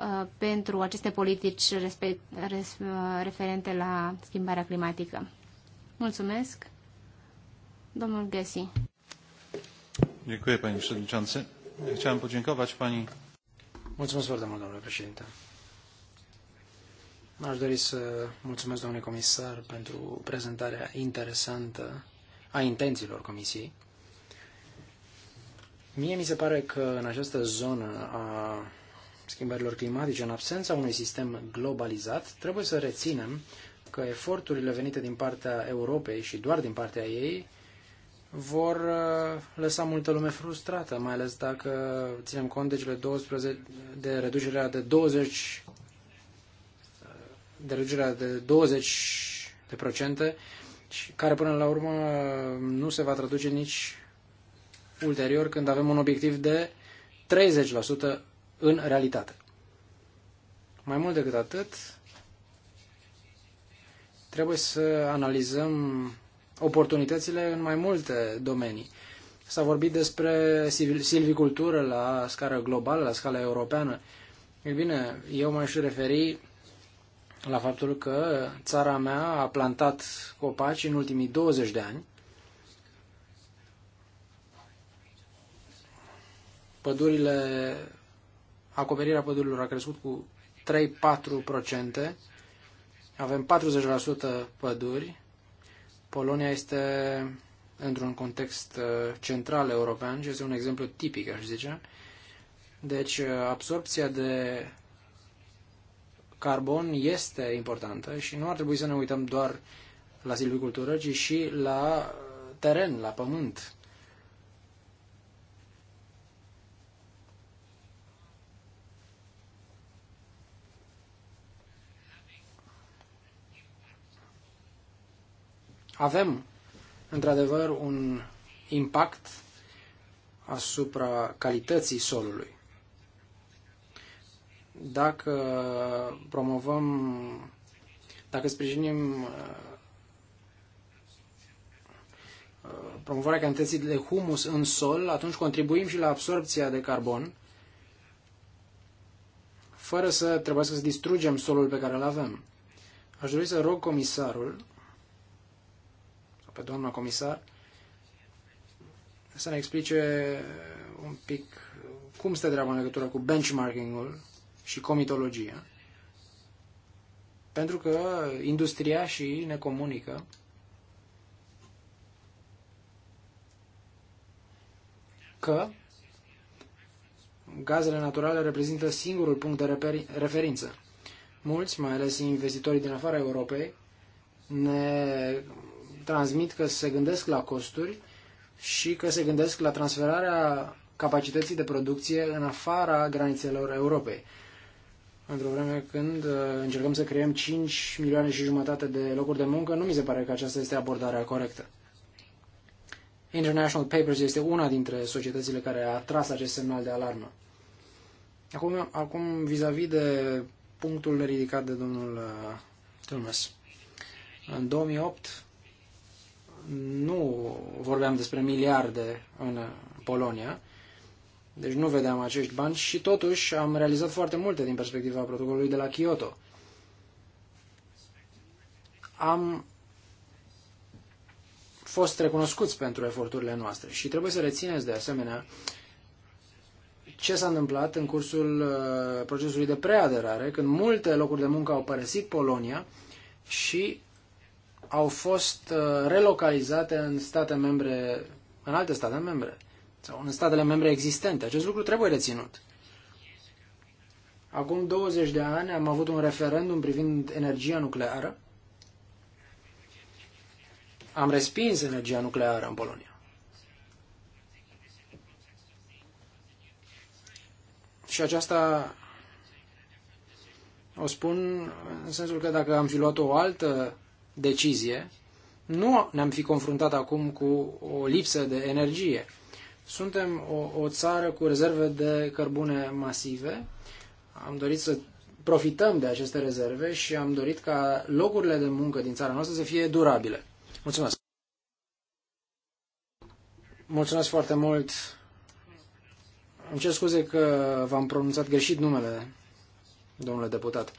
Uh, pentru aceste politici uh, referente la schimbarea climatică. Mulțumesc. Domnul Găsi. Dziękuję, panie przewodniczący. Chciałem podziękować pani. Mulțumesc foarte mult, domnule președinte. Aș dori să mulțumesc domnului comisar pentru prezentarea interesantă a intențiilor comisiei. Mie mi se pare că în această zonă a schimbărilor climatice, în absența unui sistem globalizat, trebuie să reținem că eforturile venite din partea Europei și doar din partea ei vor uh, lăsa multă lume frustrată, mai ales dacă ținem cont de cele 12 de reducerea de 20 uh, de reducerea de 20 de procente care până la urmă uh, nu se va traduce nici ulterior când avem un obiectiv de 30% în realitate. Mai mult decât atât, trebuie să analizăm oportunitățile în mai multe domenii. S-a vorbit despre silvicultură la scară globală, la scala europeană. Ei bine, eu m-aș referi la faptul că țara mea a plantat copaci în ultimii 20 de ani. Pădurile acoperirea pădurilor a crescut cu 3-4%. Avem 40% păduri. Polonia este într-un context uh, central european și este un exemplu tipic, aș zice. Deci, uh, absorpția de carbon este importantă și nu ar trebui să ne uităm doar la silvicultură, ci și la uh, teren, la pământ. Avem, într-adevăr, un impact asupra calității solului. Dacă promovăm, dacă sprijinim promovarea cantității de humus în sol, atunci contribuim și la absorpția de carbon, fără să trebuiască să distrugem solul pe care îl avem. Aș dori să rog comisarul pe doamna comisar să ne explice un pic cum stă treaba în legătură cu benchmarking-ul și comitologia. Pentru că industria și ne comunică că gazele naturale reprezintă singurul punct de referință. Mulți, mai ales investitorii din afara Europei, ne transmit că se gândesc la costuri și că se gândesc la transferarea capacității de producție în afara granițelor Europei. Într-o vreme când uh, încercăm să creăm 5 milioane și jumătate de locuri de muncă, nu mi se pare că aceasta este abordarea corectă. International Papers este una dintre societățile care a tras acest semnal de alarmă. Acum, acum vis-a-vis -vis de punctul ridicat de domnul uh, Thomas În 2008, nu vorbeam despre miliarde în Polonia, deci nu vedeam acești bani și totuși am realizat foarte multe din perspectiva protocolului de la Kyoto. Am fost recunoscuți pentru eforturile noastre și trebuie să rețineți de asemenea ce s-a întâmplat în cursul uh, procesului de preaderare, când multe locuri de muncă au părăsit Polonia și au fost uh, relocalizate în state membre, în alte state membre sau în statele membre existente. Acest lucru trebuie reținut. Acum 20 de ani am avut un referendum privind energia nucleară. Am respins energia nucleară în Polonia. Și aceasta o spun în sensul că dacă am fi luat o altă decizie, nu ne-am fi confruntat acum cu o lipsă de energie. Suntem o, o țară cu rezerve de cărbune masive. Am dorit să profităm de aceste rezerve și am dorit ca locurile de muncă din țara noastră să fie durabile. Mulțumesc! Mulțumesc foarte mult! Îmi cer scuze că v-am pronunțat greșit numele, domnule deputat.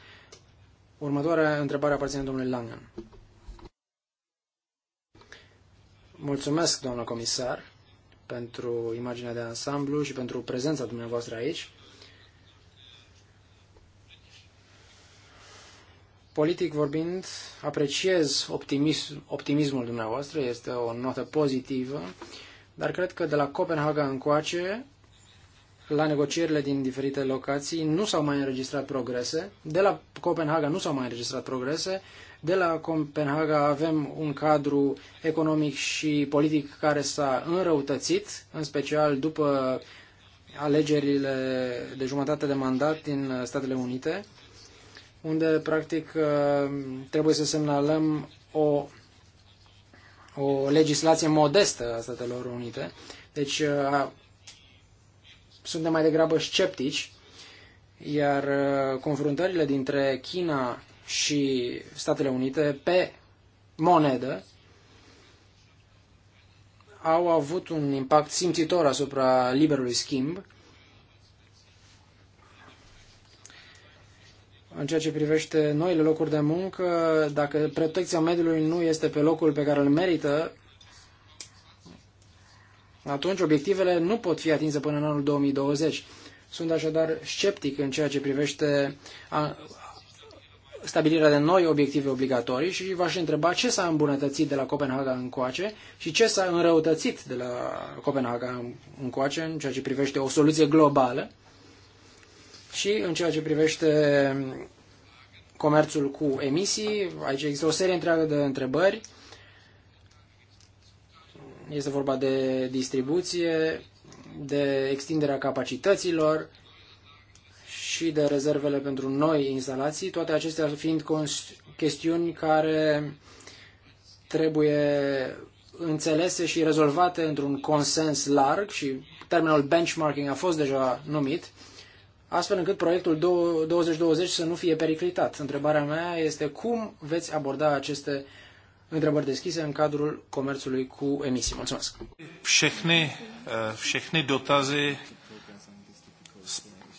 Următoarea întrebare aparține domnului Langen. Mulțumesc, doamnă comisar, pentru imaginea de ansamblu și pentru prezența dumneavoastră aici. Politic vorbind, apreciez optimism, optimismul dumneavoastră, este o notă pozitivă, dar cred că de la Copenhaga încoace, la negocierile din diferite locații, nu s-au mai înregistrat progrese. De la Copenhaga nu s-au mai înregistrat progrese, de la Copenhaga avem un cadru economic și politic care s-a înrăutățit, în special după alegerile de jumătate de mandat din Statele Unite, unde practic uh, trebuie să semnalăm o, o legislație modestă a Statelor Unite. Deci uh, suntem mai degrabă sceptici, iar uh, confruntările dintre China și Statele Unite pe monedă au avut un impact simțitor asupra liberului schimb. În ceea ce privește noile locuri de muncă, dacă protecția mediului nu este pe locul pe care îl merită, atunci obiectivele nu pot fi atinse până în anul 2020. Sunt așadar sceptic în ceea ce privește stabilirea de noi obiective obligatorii și v-aș întreba ce s-a îmbunătățit de la Copenhaga încoace și ce s-a înrăutățit de la Copenhaga încoace în ceea ce privește o soluție globală și în ceea ce privește comerțul cu emisii. Aici există o serie întreagă de întrebări. Este vorba de distribuție, de extinderea capacităților, și de rezervele pentru noi instalații, toate acestea fiind chestiuni care trebuie înțelese și rezolvate într-un consens larg și termenul benchmarking a fost deja numit, astfel încât proiectul 2020 să nu fie periclitat. Întrebarea mea este cum veți aborda aceste întrebări deschise în cadrul comerțului cu emisii. Mulțumesc! Všechny, eh, všechny dotazy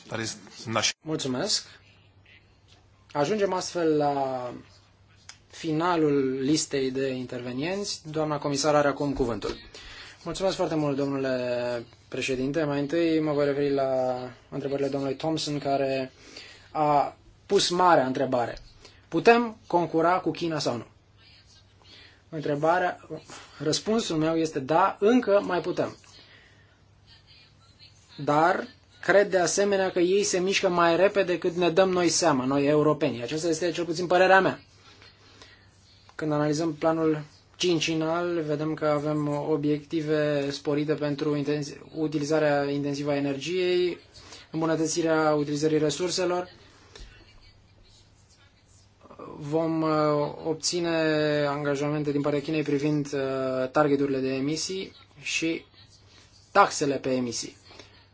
tady Mulțumesc. Ajungem astfel la finalul listei de intervenienți. Doamna comisar are acum cuvântul. Mulțumesc foarte mult, domnule președinte. Mai întâi mă voi referi la întrebările domnului Thompson, care a pus marea întrebare. Putem concura cu China sau nu? Întrebarea, răspunsul meu este da, încă mai putem. Dar Cred de asemenea că ei se mișcă mai repede decât ne dăm noi seama, noi europenii. Aceasta este cel puțin părerea mea. Când analizăm planul cincinal, vedem că avem obiective sporite pentru intenzi- utilizarea intensivă a energiei, îmbunătățirea utilizării resurselor. Vom uh, obține angajamente din partea Chinei privind uh, targeturile de emisii și taxele pe emisii.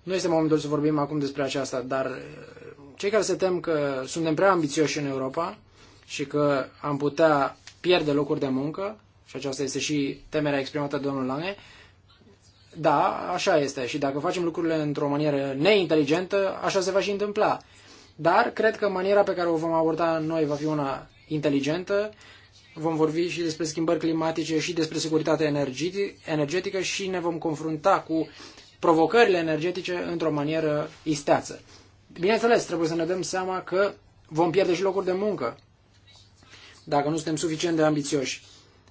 Nu este momentul să vorbim acum despre aceasta, dar uh, cei care se tem că suntem prea ambițioși în Europa și că am putea pierde locuri de muncă, și aceasta este și temerea exprimată de domnul Lange, da, așa este. Și dacă facem lucrurile într-o manieră neinteligentă, așa se va și întâmpla. Dar cred că maniera pe care o vom aborda noi va fi una inteligentă. Vom vorbi și despre schimbări climatice și despre securitatea energetică și ne vom confrunta cu provocările energetice într-o manieră isteață. Bineînțeles, trebuie să ne dăm seama că vom pierde și locuri de muncă dacă nu suntem suficient de ambițioși.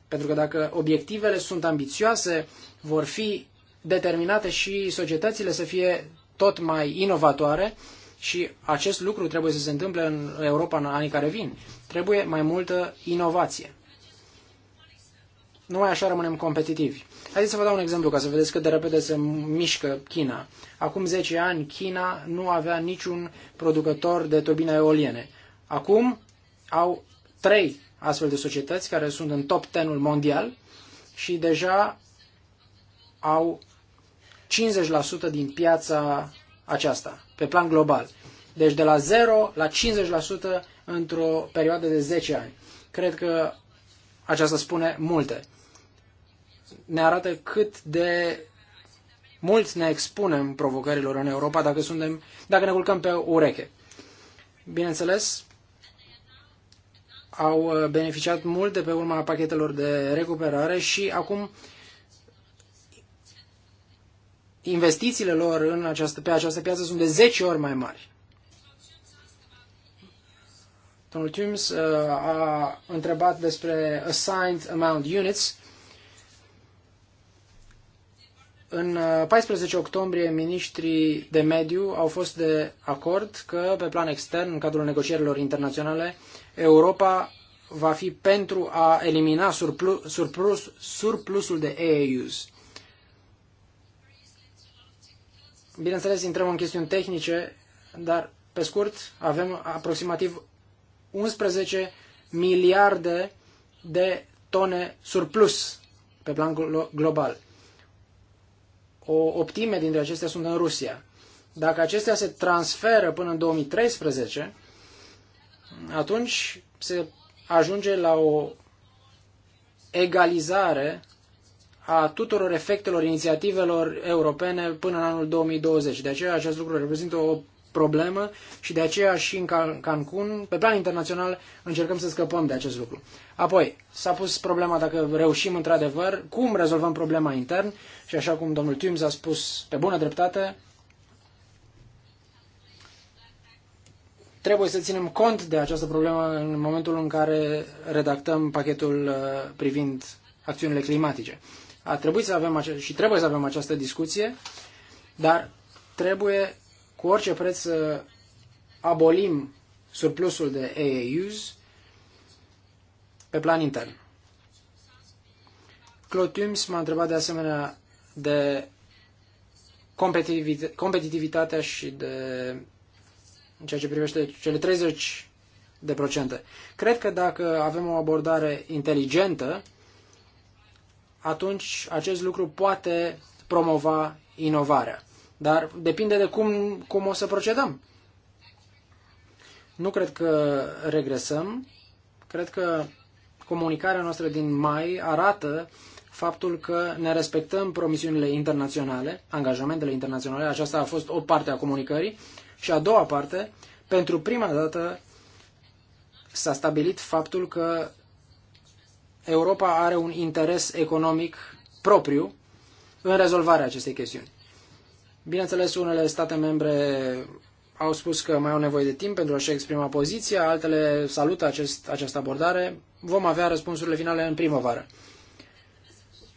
Pentru că dacă obiectivele sunt ambițioase, vor fi determinate și societățile să fie tot mai inovatoare și acest lucru trebuie să se întâmple în Europa în anii care vin. Trebuie mai multă inovație. Numai așa rămânem competitivi. Haideți să vă dau un exemplu ca să vedeți cât de repede se mișcă China. Acum 10 ani China nu avea niciun producător de turbine eoliene. Acum au 3 astfel de societăți care sunt în top 10-ul mondial și deja au 50% din piața aceasta, pe plan global. Deci de la 0 la 50% într-o perioadă de 10 ani. Cred că aceasta spune multe ne arată cât de mulți ne expunem provocărilor în Europa dacă, suntem, dacă ne culcăm pe ureche. Bineînțeles, au uh, beneficiat mult de pe urma pachetelor de recuperare și acum investițiile lor în această, pe această piață sunt de 10 ori mai mari. Domnul Tums uh, a întrebat despre assigned amount units. În 14 uh, octombrie, ministrii de mediu au fost de acord că, pe plan extern, în cadrul negocierilor internaționale, Europa va fi pentru a elimina surplus, surplus, surplusul de EUs. Bineînțeles, intrăm în chestiuni tehnice, dar, pe scurt, avem aproximativ 11 miliarde de tone surplus pe plan global o optime dintre acestea sunt în Rusia. Dacă acestea se transferă până în 2013, atunci se ajunge la o egalizare a tuturor efectelor inițiativelor europene până în anul 2020. De aceea acest lucru reprezintă o problemă și de aceea și în Cancun, pe plan internațional, încercăm să scăpăm de acest lucru. Apoi, s-a pus problema dacă reușim într-adevăr, cum rezolvăm problema intern și așa cum domnul Tims a spus pe bună dreptate, trebuie să ținem cont de această problemă în momentul în care redactăm pachetul uh, privind acțiunile climatice. A trebuit să avem ace- și trebuie să avem această discuție, dar trebuie cu orice preț să abolim surplusul de AAUs pe plan intern. Clotims m-a întrebat de asemenea de competitivitatea și de în ceea ce privește cele 30 de procente. Cred că dacă avem o abordare inteligentă, atunci acest lucru poate promova inovarea. Dar depinde de cum, cum o să procedăm. Nu cred că regresăm. Cred că comunicarea noastră din mai arată faptul că ne respectăm promisiunile internaționale, angajamentele internaționale. Aceasta a fost o parte a comunicării. Și a doua parte, pentru prima dată s-a stabilit faptul că Europa are un interes economic propriu în rezolvarea acestei chestiuni. Bineînțeles, unele state membre au spus că mai au nevoie de timp pentru a-și exprima poziția, altele salută acest, această abordare. Vom avea răspunsurile finale în primăvară.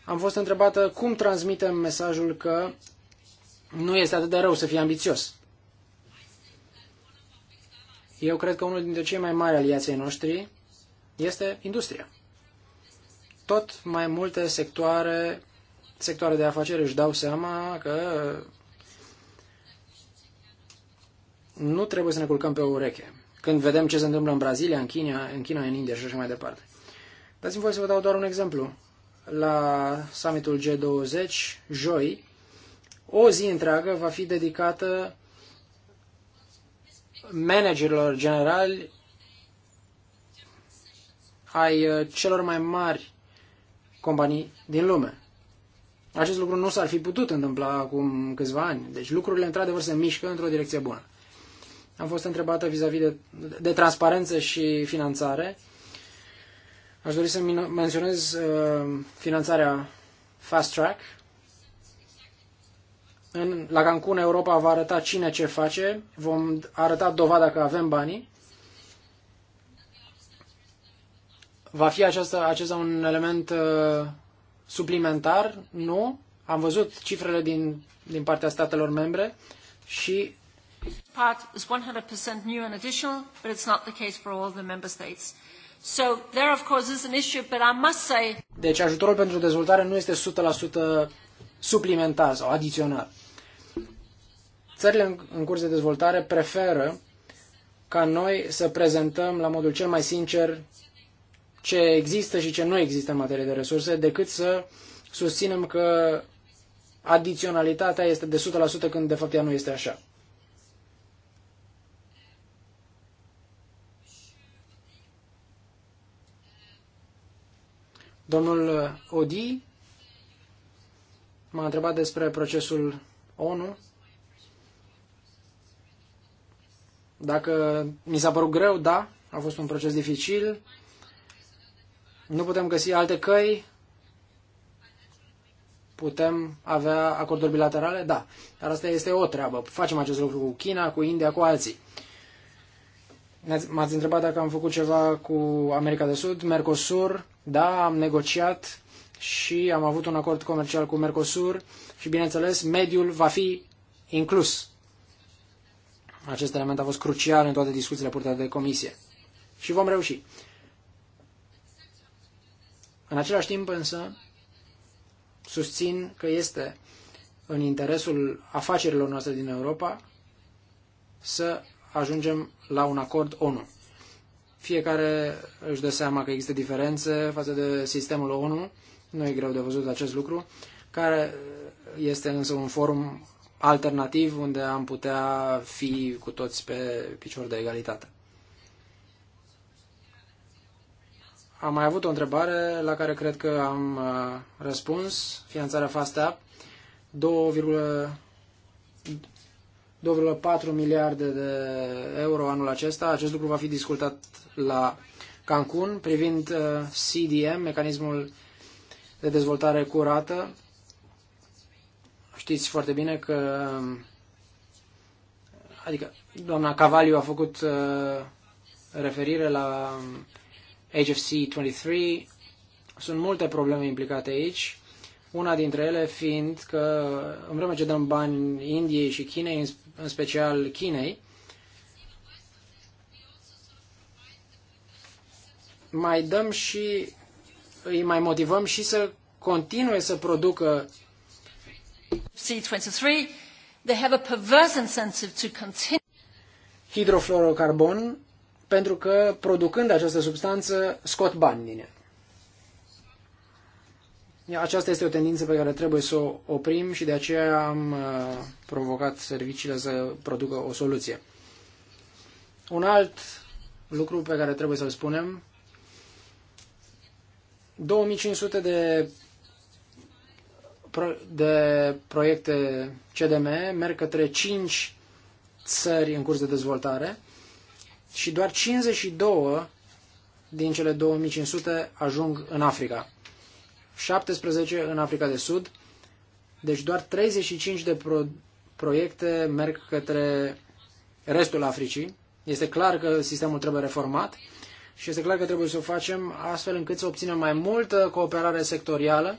Am fost întrebată cum transmitem mesajul că nu este atât de rău să fii ambițios. Eu cred că unul dintre cei mai mari aliații noștri este industria. Tot mai multe sectoare, sectoare de afaceri își dau seama că nu trebuie să ne culcăm pe o ureche când vedem ce se întâmplă în Brazilia, în China, în, China, în India și așa mai departe. Dați-mi voi să vă dau doar un exemplu. La summitul G20, joi, o zi întreagă va fi dedicată managerilor generali ai uh, celor mai mari companii din lume. Acest lucru nu s-ar fi putut întâmpla acum câțiva ani. Deci lucrurile, într-adevăr, se mișcă într-o direcție bună. Am fost întrebată vis-a-vis -vis de, de transparență și finanțare. Aș dori să menționez uh, finanțarea Fast Track. În, la Cancun, Europa va arăta cine ce face. Vom arăta dovada că avem banii. Va fi aceasta, acesta un element uh, suplimentar? Nu. Am văzut cifrele din, din partea statelor membre și part is 100% new and additional, but it's not the case for all the member states. So there of course is an issue, but I must say Deci ajutorul pentru dezvoltare nu este 100% suplimentar sau adițional. Țările în curs de dezvoltare preferă ca noi să prezentăm la modul cel mai sincer ce există și ce nu există în materie de resurse, decât să susținem că adiționalitatea este de 100% când de fapt ea nu este așa. Domnul Odi m-a întrebat despre procesul ONU. Dacă mi s-a părut greu, da, a fost un proces dificil. Nu putem găsi alte căi. Putem avea acorduri bilaterale? Da. Dar asta este o treabă. Facem acest lucru cu China, cu India, cu alții. M-ați întrebat dacă am făcut ceva cu America de Sud, Mercosur. Da, am negociat și am avut un acord comercial cu Mercosur și, bineînțeles, mediul va fi inclus. Acest element a fost crucial în toate discuțiile purtate de comisie. Și vom reuși. În același timp, însă, susțin că este în interesul afacerilor noastre din Europa să ajungem la un acord ONU. Fiecare își dă seama că există diferențe față de sistemul ONU, nu e greu de văzut acest lucru, care este însă un forum alternativ unde am putea fi cu toți pe picior de egalitate. Am mai avut o întrebare la care cred că am uh, răspuns, finanțarea FastApp, 2, 2,4 miliarde de euro anul acesta. Acest lucru va fi discutat la Cancun privind uh, CDM, mecanismul de dezvoltare curată. Știți foarte bine că um, adică doamna Cavaliu a făcut uh, referire la um, HFC 23. Sunt multe probleme implicate aici. Una dintre ele fiind că în vreme ce dăm bani Indiei și Chinei, în special Chinei, mai dăm și îi mai motivăm și să continue să producă C23, they have a perverse incentive to continue hidrofluorocarbon pentru că producând această substanță scot bani din ea. Aceasta este o tendință pe care trebuie să o oprim și de aceea am uh, provocat serviciile să producă o soluție. Un alt lucru pe care trebuie să-l spunem, 2500 de, de proiecte CDM merg către 5 țări în curs de dezvoltare și doar 52 din cele 2500 ajung în Africa. 17 în Africa de Sud, deci doar 35 de pro- proiecte merg către restul Africii. Este clar că sistemul trebuie reformat și este clar că trebuie să o facem astfel încât să obținem mai multă cooperare sectorială,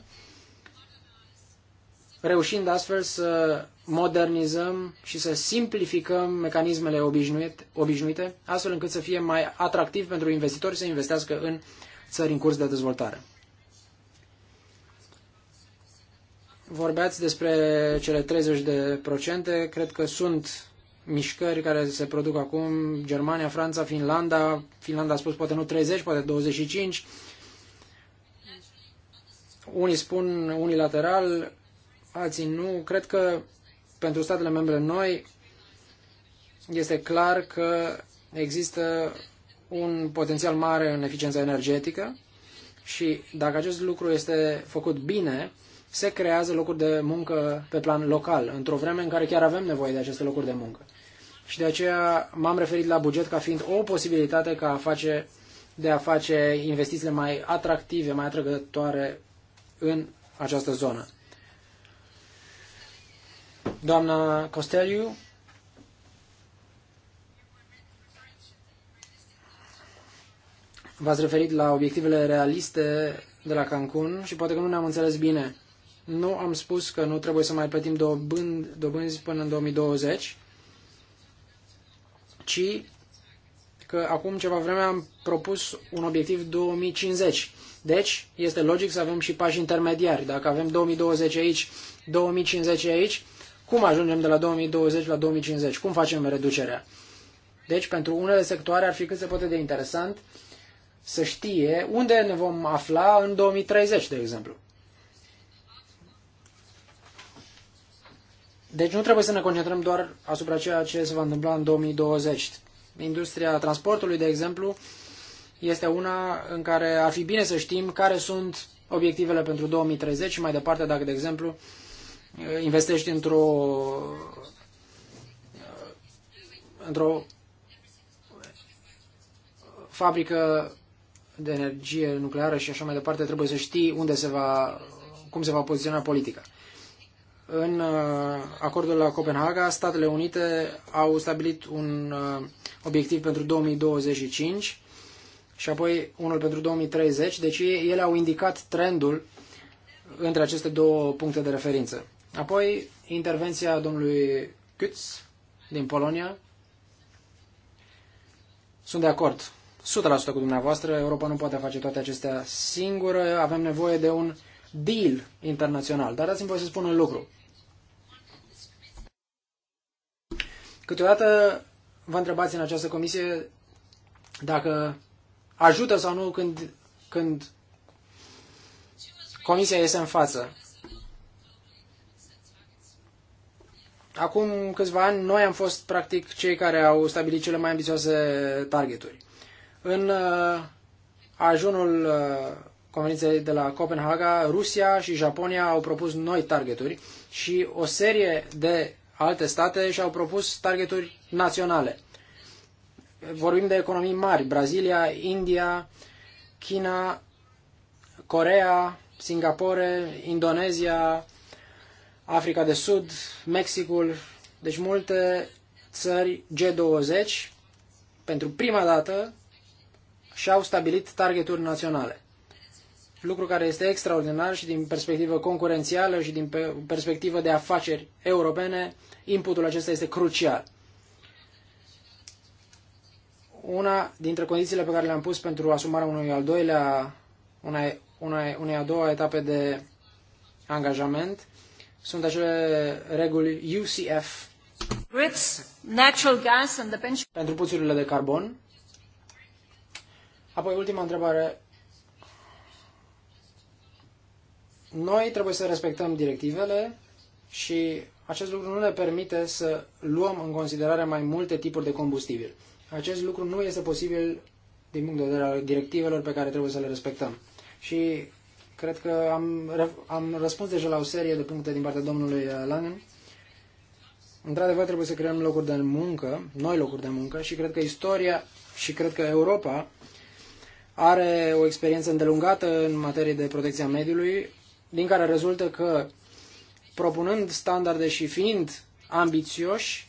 reușind astfel să modernizăm și să simplificăm mecanismele obișnuite, astfel încât să fie mai atractiv pentru investitori să investească în țări în curs de dezvoltare. Vorbeați despre cele 30 de procente. Cred că sunt mișcări care se produc acum. Germania, Franța, Finlanda. Finlanda a spus poate nu 30, poate 25. Unii spun unilateral, alții nu. Cred că pentru statele membre noi este clar că există un potențial mare în eficiența energetică și dacă acest lucru este făcut bine, se creează locuri de muncă pe plan local, într-o vreme în care chiar avem nevoie de aceste locuri de muncă. Și de aceea m-am referit la buget ca fiind o posibilitate ca a face, de a face investițiile mai atractive, mai atrăgătoare în această zonă. Doamna Costeliu, v-ați referit la obiectivele realiste de la Cancun și poate că nu ne-am înțeles bine. Nu am spus că nu trebuie să mai plătim dobând, dobânzi până în 2020, ci că acum ceva vreme am propus un obiectiv 2050. Deci, este logic să avem și pași intermediari. Dacă avem 2020 aici, 2050 aici, cum ajungem de la 2020 la 2050? Cum facem reducerea? Deci, pentru unele sectoare ar fi cât se poate de interesant să știe unde ne vom afla în 2030, de exemplu. Deci nu trebuie să ne concentrăm doar asupra ceea ce se va întâmpla în 2020. Industria transportului, de exemplu, este una în care ar fi bine să știm care sunt obiectivele pentru 2030 și mai departe dacă, de exemplu, investești într-o într-o fabrică de energie nucleară și așa mai departe, trebuie să știi unde se va, cum se va poziționa politica. În uh, acordul la Copenhaga, Statele Unite au stabilit un uh, obiectiv pentru 2025 și apoi unul pentru 2030, deci ele au indicat trendul între aceste două puncte de referință. Apoi, intervenția domnului Kutz din Polonia. Sunt de acord 100% cu dumneavoastră. Europa nu poate face toate acestea singură. Avem nevoie de un deal internațional. Dar dați-mi voi să spun un lucru. Câteodată vă întrebați în această comisie dacă ajută sau nu când, când comisia este în față. Acum câțiva ani, noi am fost practic cei care au stabilit cele mai ambițioase targeturi. În uh, ajunul uh, conferinței de la Copenhaga, Rusia și Japonia au propus noi targeturi și o serie de alte state și-au propus targeturi naționale. Vorbim de economii mari, Brazilia, India, China, Corea, Singapore, Indonezia, Africa de Sud, Mexicul, deci multe țări G20 pentru prima dată și-au stabilit targeturi naționale lucru care este extraordinar și din perspectivă concurențială și din perspectivă de afaceri europene, inputul acesta este crucial. Una dintre condițiile pe care le-am pus pentru asumarea unui al doilea, una, una, unei a doua etape de angajament sunt acele reguli UCF natural gas and the pension... pentru puțurile de carbon. Apoi, ultima întrebare Noi trebuie să respectăm directivele și acest lucru nu ne permite să luăm în considerare mai multe tipuri de combustibil. Acest lucru nu este posibil din punct de vedere al directivelor pe care trebuie să le respectăm. Și cred că am, am răspuns deja la o serie de puncte din partea domnului uh, Langen. Într-adevăr, trebuie să creăm locuri de muncă, noi locuri de muncă și cred că istoria și cred că Europa are o experiență îndelungată în materie de protecția mediului, din care rezultă că propunând standarde și fiind ambițioși,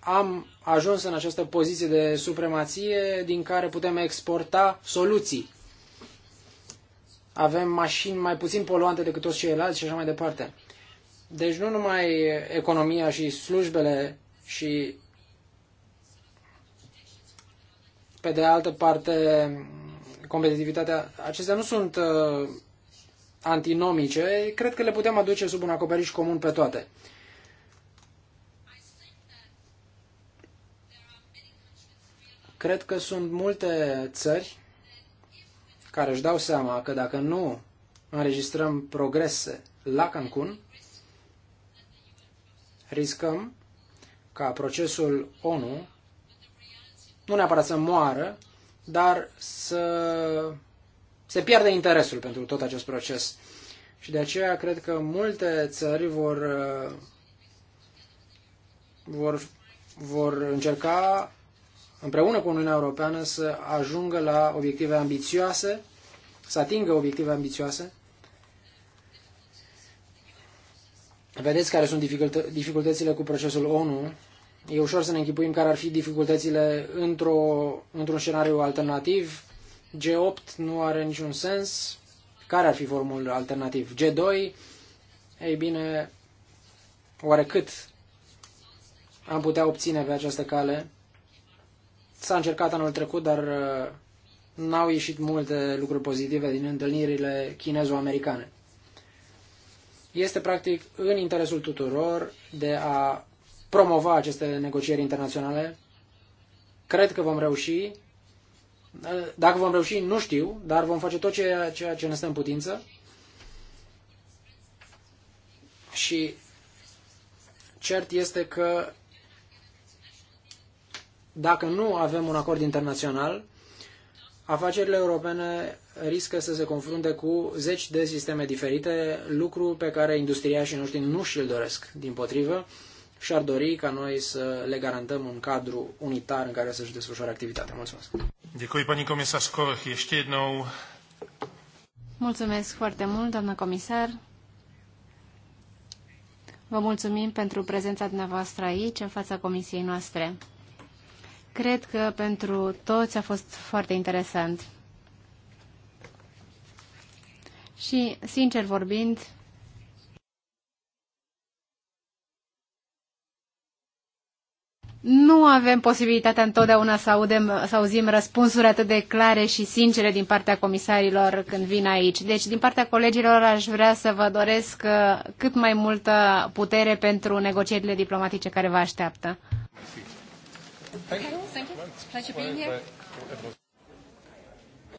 am ajuns în această poziție de supremație din care putem exporta soluții. Avem mașini mai puțin poluante decât toți ceilalți și așa mai departe. Deci nu numai economia și slujbele și pe de altă parte competitivitatea, acestea nu sunt uh, antinomice, cred că le putem aduce sub un acoperiș comun pe toate. Cred că sunt multe țări care își dau seama că dacă nu înregistrăm progrese la Cancun, riscăm ca procesul ONU nu neapărat să moară, dar să se pierde interesul pentru tot acest proces. Și de aceea cred că multe țări vor, uh, vor, vor încerca împreună cu Uniunea Europeană să ajungă la obiective ambițioase, să atingă obiective ambițioase. Vedeți care sunt dificultă, dificultățile cu procesul ONU. E ușor să ne închipuim care ar fi dificultățile într într-un scenariu alternativ, G8 nu are niciun sens. Care ar fi formul alternativ? G2? Ei bine, oarecât cât am putea obține pe această cale? S-a încercat anul trecut, dar uh, n-au ieșit multe lucruri pozitive din întâlnirile chinezo-americane. Este practic în interesul tuturor de a promova aceste negocieri internaționale. Cred că vom reuși dacă vom reuși, nu știu, dar vom face tot ceea, ceea ce ne stă în putință. Și cert este că dacă nu avem un acord internațional, afacerile europene riscă să se confrunte cu zeci de sisteme diferite, lucru pe care industriașii noștri nu și-l doresc. Din potrivă, și ar dori ca noi să le garantăm un cadru unitar în care să-și desfășoare activitatea. Mulțumesc! Děkuji, Mulțumesc foarte mult, doamnă comisar. Vă mulțumim pentru prezența dumneavoastră aici, în fața comisiei noastre. Cred că pentru toți a fost foarte interesant. Și, sincer vorbind, nu avem posibilitatea întotdeauna să, audem, să auzim răspunsuri atât de clare și sincere din partea comisarilor când vin aici. Deci, din partea colegilor, aș vrea să vă doresc uh, cât mai multă putere pentru negocierile diplomatice care vă așteaptă. Thank you. Thank you.